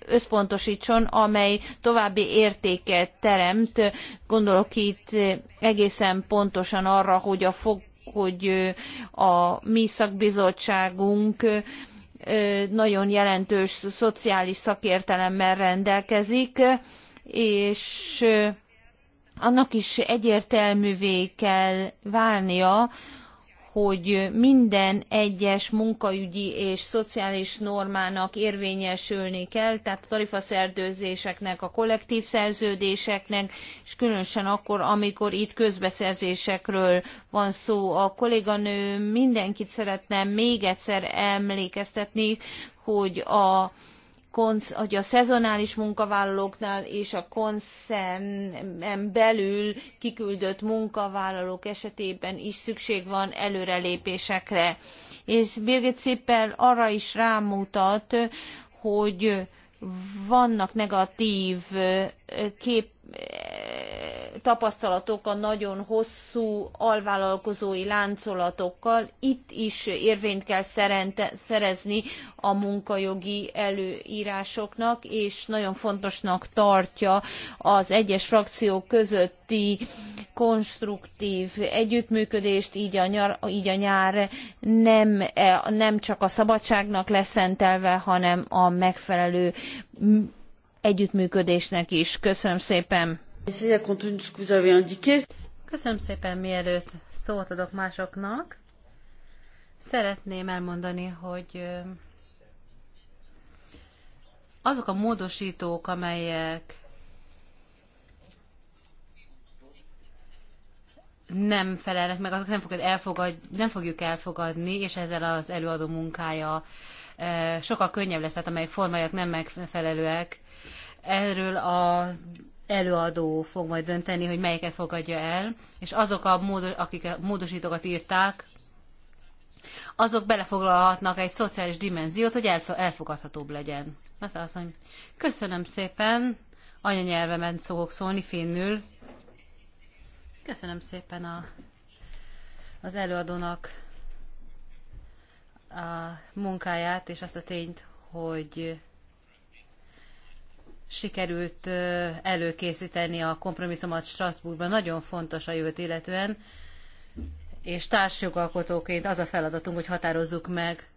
összpontosítson, amely további értéket teremt. Gondolok itt egészen pontosan arra, hogy a, hogy a mi szakbizottságunk nagyon jelentős szociális szakértelemmel rendelkezik, és annak is egyértelművé kell válnia, hogy minden egyes munkaügyi és szociális normának érvényesülni kell, tehát a tarifaszerződéseknek, a kollektív szerződéseknek, és különösen akkor, amikor itt közbeszerzésekről van szó. A kolléganő mindenkit szeretne még egyszer emlékeztetni, hogy a konz, hogy a szezonális munkavállalóknál és a koncernen belül kiküldött munkavállalók esetében is szükség van előrelépésekre. És Birgit Szippel arra is rámutat, hogy vannak negatív kép, tapasztalatok a nagyon hosszú alvállalkozói láncolatokkal. Itt is érvényt kell szerezni a munkajogi előírásoknak, és nagyon fontosnak tartja az egyes frakciók közötti konstruktív együttműködést, így a nyár, így a nyár nem, e, nem csak a szabadságnak leszentelve, hanem a megfelelő együttműködésnek is. Köszönöm szépen! Köszönöm szépen, mielőtt szót adok másoknak. Szeretném elmondani, hogy azok a módosítók, amelyek nem felelnek meg, azok nem, fogad, elfogad, nem fogjuk elfogadni, és ezzel az előadó munkája sokkal könnyebb lesz, tehát amelyek formájak nem megfelelőek. Erről a előadó fog majd dönteni, hogy melyeket fogadja el, és azok, a módos, akik a módosítókat írták, azok belefoglalhatnak egy szociális dimenziót, hogy elfogadhatóbb legyen. Azt asszony, köszönöm szépen, anyanyelvemen szokok szólni finnül. Köszönöm szépen a, az előadónak a munkáját, és azt a tényt, hogy sikerült előkészíteni a kompromisszumot Strasbourgban, nagyon fontos a jövőt illetően, és társjogalkotóként az a feladatunk, hogy határozzuk meg,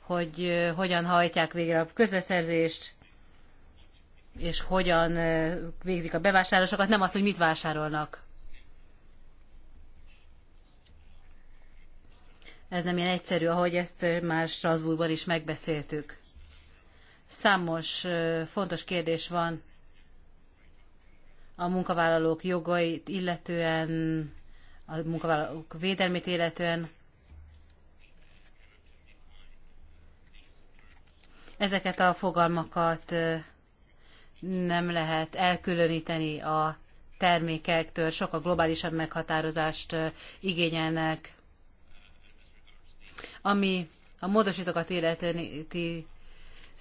hogy hogyan hajtják végre a közbeszerzést, és hogyan végzik a bevásárlásokat, nem az, hogy mit vásárolnak. Ez nem ilyen egyszerű, ahogy ezt már Strasbourgban is megbeszéltük. Számos fontos kérdés van a munkavállalók jogait illetően, a munkavállalók védelmét illetően. Ezeket a fogalmakat nem lehet elkülöníteni a termékektől, sokkal globálisabb meghatározást igényelnek. Ami a módosítókat illetően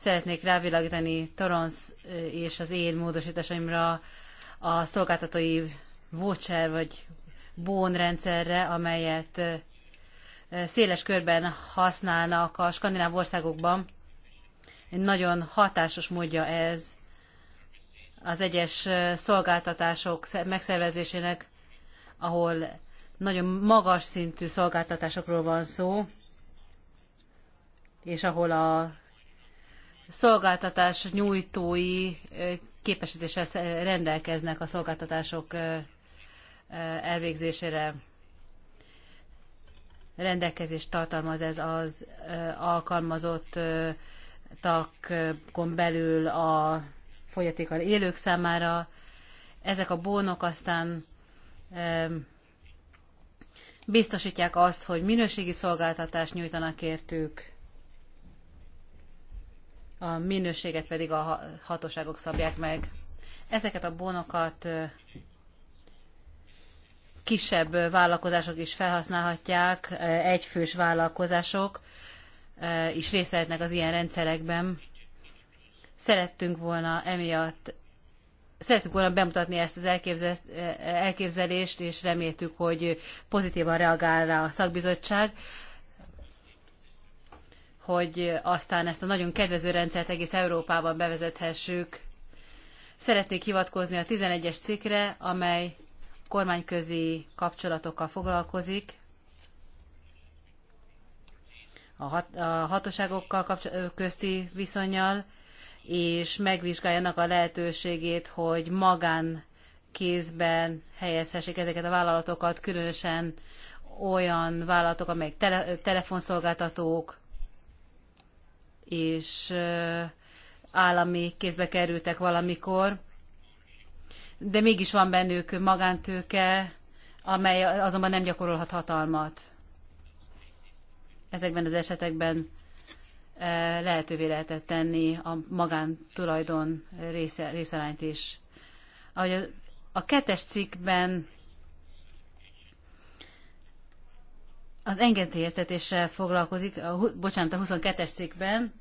Szeretnék rávilágítani Torons és az én módosításaimra a szolgáltatói voucher vagy bón rendszerre, amelyet széles körben használnak a skandináv országokban. Egy nagyon hatásos módja ez az egyes szolgáltatások megszervezésének, ahol nagyon magas szintű szolgáltatásokról van szó, és ahol a szolgáltatás nyújtói képesítéssel rendelkeznek a szolgáltatások elvégzésére. Rendelkezést tartalmaz ez az alkalmazott takon belül a folyatékkal élők számára. Ezek a bónok aztán biztosítják azt, hogy minőségi szolgáltatást nyújtanak értük, a minőséget pedig a hatóságok szabják meg. Ezeket a bónokat kisebb vállalkozások is felhasználhatják, egyfős vállalkozások is részt az ilyen rendszerekben. Szerettünk volna emiatt Szerettük volna bemutatni ezt az elképzelést, és reméltük, hogy pozitívan reagál rá a szakbizottság hogy aztán ezt a nagyon kedvező rendszert egész Európában bevezethessük. Szeretnék hivatkozni a 11-es cikkre, amely kormányközi kapcsolatokkal foglalkozik, a, hat, a hatóságokkal kapcsol, közti viszonyal, és megvizsgáljanak a lehetőségét, hogy magán kézben helyezhessék ezeket a vállalatokat, különösen olyan vállalatok, amelyek tele, telefonszolgáltatók, és állami kézbe kerültek valamikor, de mégis van bennük magántőke, amely azonban nem gyakorolhat hatalmat. Ezekben az esetekben lehetővé lehetett tenni a magántulajdon része, részelányt is. Ahogy a, a kettes cikkben az engedélyeztetéssel foglalkozik, a, bocsánat, a 22-es cikkben.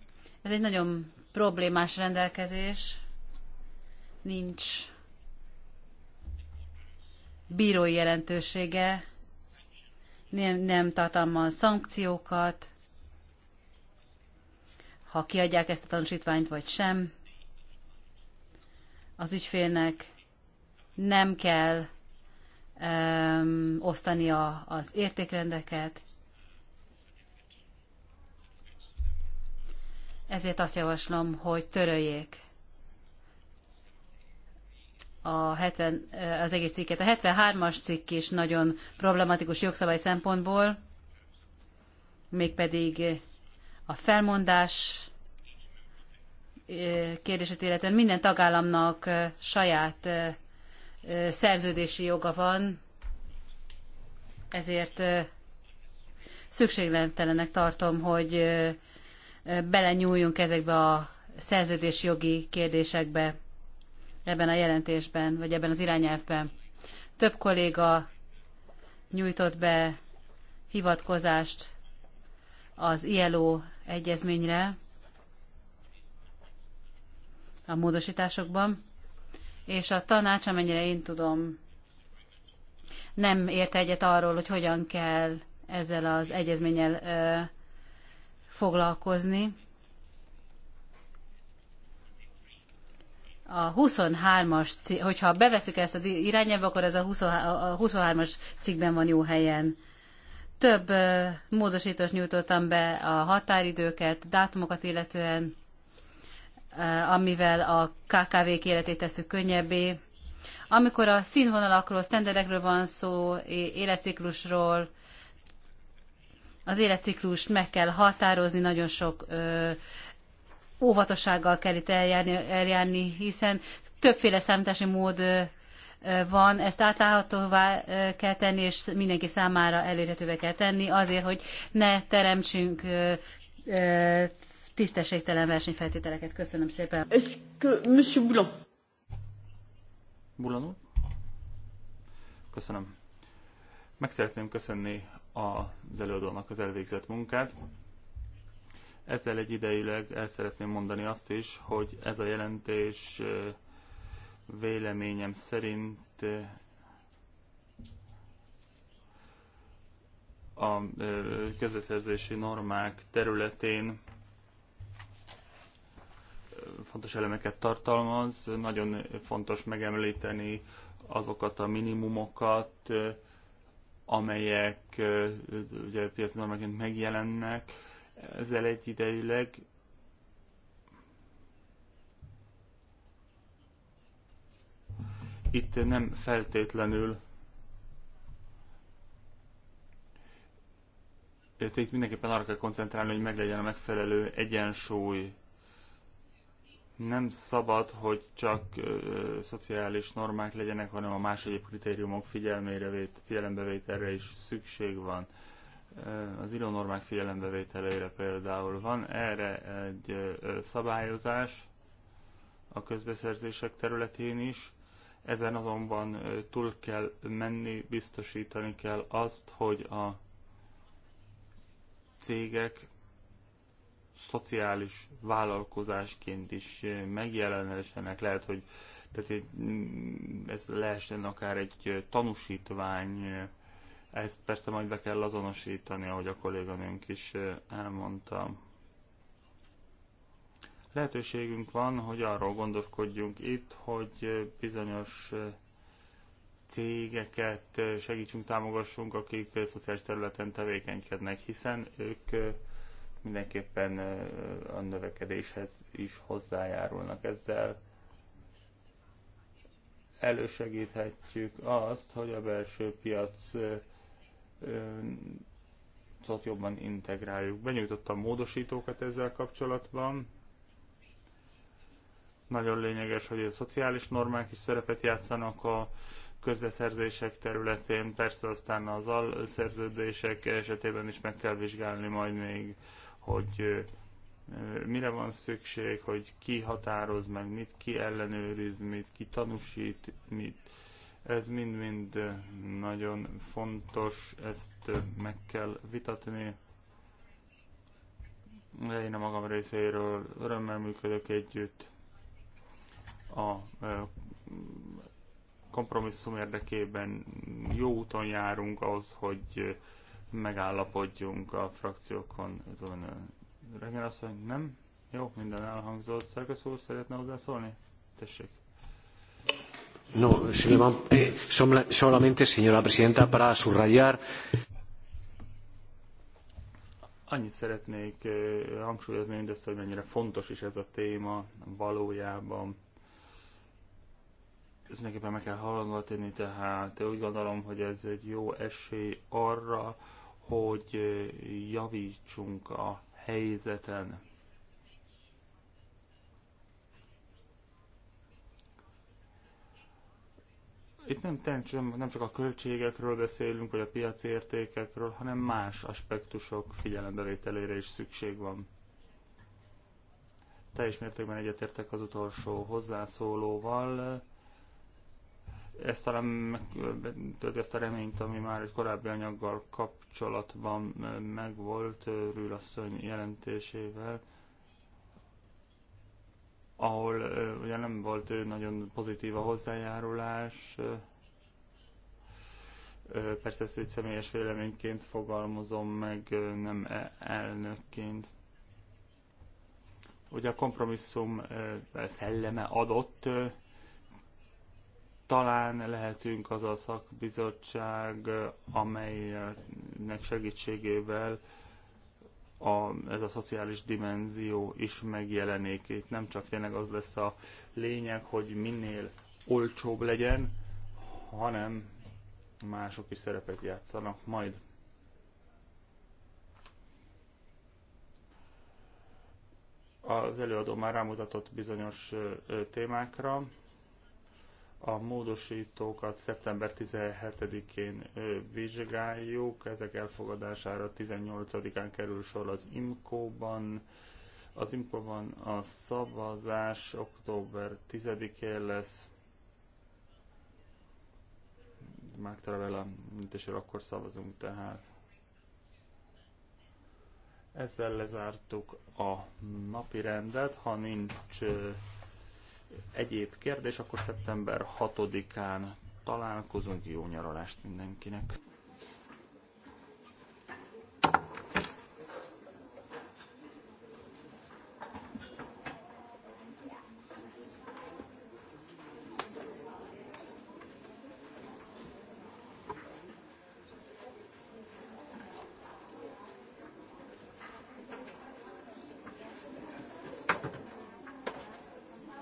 Ez egy nagyon problémás rendelkezés. Nincs bírói jelentősége, nem, nem tartalmaz szankciókat, ha kiadják ezt a tanúsítványt vagy sem. Az ügyfélnek nem kell um, osztani a, az értékrendeket. Ezért azt javaslom, hogy töröljék a 70, az egész cikket. A 73-as cikk is nagyon problematikus jogszabály szempontból, mégpedig a felmondás eh, kérdését illetően minden tagállamnak eh, saját eh, szerződési joga van, ezért szükségtelenek tartom, hogy belenyúljunk ezekbe a szerződési jogi kérdésekbe ebben a jelentésben, vagy ebben az irányelvben. Több kolléga nyújtott be hivatkozást az ILO egyezményre a módosításokban és a tanács, amennyire én tudom, nem ért egyet arról, hogy hogyan kell ezzel az egyezménnyel ö, foglalkozni. A 23-as, hogyha beveszük ezt a irányába, akkor ez a 23-as cikkben van jó helyen. Több ö, módosítást nyújtottam be a határidőket, dátumokat illetően Eh, amivel a KKV-k életét tesszük könnyebbé. Amikor a színvonalakról, sztenderekről van szó, életciklusról, az életciklust meg kell határozni, nagyon sok ö, óvatossággal kell itt eljárni, eljárni hiszen többféle számítási mód ö, van, ezt átláthatóvá kell tenni, és mindenki számára elérhetővé kell tenni, azért, hogy ne teremtsünk ö, ö, tisztességtelen versenyfeltételeket. Köszönöm szépen. Est-ce que Monsieur Boulan? Boulan úr? Köszönöm. Meg szeretném köszönni az előadónak az elvégzett munkát. Ezzel egyidejűleg el szeretném mondani azt is, hogy ez a jelentés véleményem szerint a közbeszerzési normák területén fontos elemeket tartalmaz. Nagyon fontos megemlíteni azokat a minimumokat, amelyek ugye piacnormaként megjelennek. Ezzel egyidejűleg itt nem feltétlenül itt mindenképpen arra kell koncentrálni, hogy meglegyen a megfelelő egyensúly nem szabad, hogy csak ö, szociális normák legyenek, hanem a más egyéb kritériumok figyelmére vét, figyelembevételre is szükség van. Az illónormák figyelembevételére például van erre egy ö, szabályozás a közbeszerzések területén is, ezen azonban ö, túl kell menni, biztosítani kell azt, hogy a cégek szociális vállalkozásként is megjelenhessenek. Lehet, hogy tehát mm, ez lehessen akár egy tanúsítvány, ezt persze majd be kell azonosítani, ahogy a kolléganőnk is elmondta. Lehetőségünk van, hogy arról gondoskodjunk itt, hogy bizonyos cégeket segítsünk, támogassunk, akik szociális területen tevékenykednek, hiszen ők mindenképpen a növekedéshez is hozzájárulnak ezzel. Elősegíthetjük azt, hogy a belső piac ott jobban integráljuk. Benyújtottam módosítókat ezzel kapcsolatban. Nagyon lényeges, hogy a szociális normák is szerepet játszanak a közbeszerzések területén, persze aztán az alszerződések esetében is meg kell vizsgálni majd még hogy mire van szükség, hogy ki határoz meg, mit ki ellenőriz, mit ki tanúsít, mit. Ez mind-mind nagyon fontos, ezt meg kell vitatni. De én a magam részéről örömmel működök együtt a kompromisszum érdekében jó úton járunk az, hogy megállapodjunk a frakciókon. azt mondja, nem? Jó, minden elhangzott. Szerkesz úr, szeretne hozzászólni? Tessék. No, eh, solamente, señora presidenta, para subrayar. Annyit szeretnék eh, hangsúlyozni mindezt, hogy mennyire fontos is ez a téma valójában. Ez mindenképpen meg kell hallgatni, tehát úgy gondolom, hogy ez egy jó esély arra, hogy javítsunk a helyzeten. Itt nem, nem csak a költségekről beszélünk, vagy a piaci értékekről, hanem más aspektusok figyelembevételére is szükség van. Teljes mértékben egyetértek az utolsó hozzászólóval ez talán megtölti ezt a reményt, ami már egy korábbi anyaggal kapcsolatban megvolt Rülasszony jelentésével, ahol ugye nem volt nagyon pozitív a hozzájárulás, persze ezt egy személyes véleményként fogalmazom meg, nem e-, elnökként. Ugye a kompromisszum szelleme adott, talán lehetünk az a szakbizottság, amelynek segítségével a, ez a szociális dimenzió is megjelenik. Itt nem csak tényleg az lesz a lényeg, hogy minél olcsóbb legyen, hanem mások is szerepet játszanak majd. Az előadó már rámutatott bizonyos témákra, a módosítókat szeptember 17-én vizsgáljuk, ezek elfogadására 18-án kerül sor az IMCO-ban. Az IMCO-ban a szavazás október 10-én lesz. Magtaravella döntésről akkor szavazunk tehát. Ezzel lezártuk a napi rendet, ha nincs egyéb kérdés, akkor szeptember 6-án találkozunk. Jó nyaralást mindenkinek!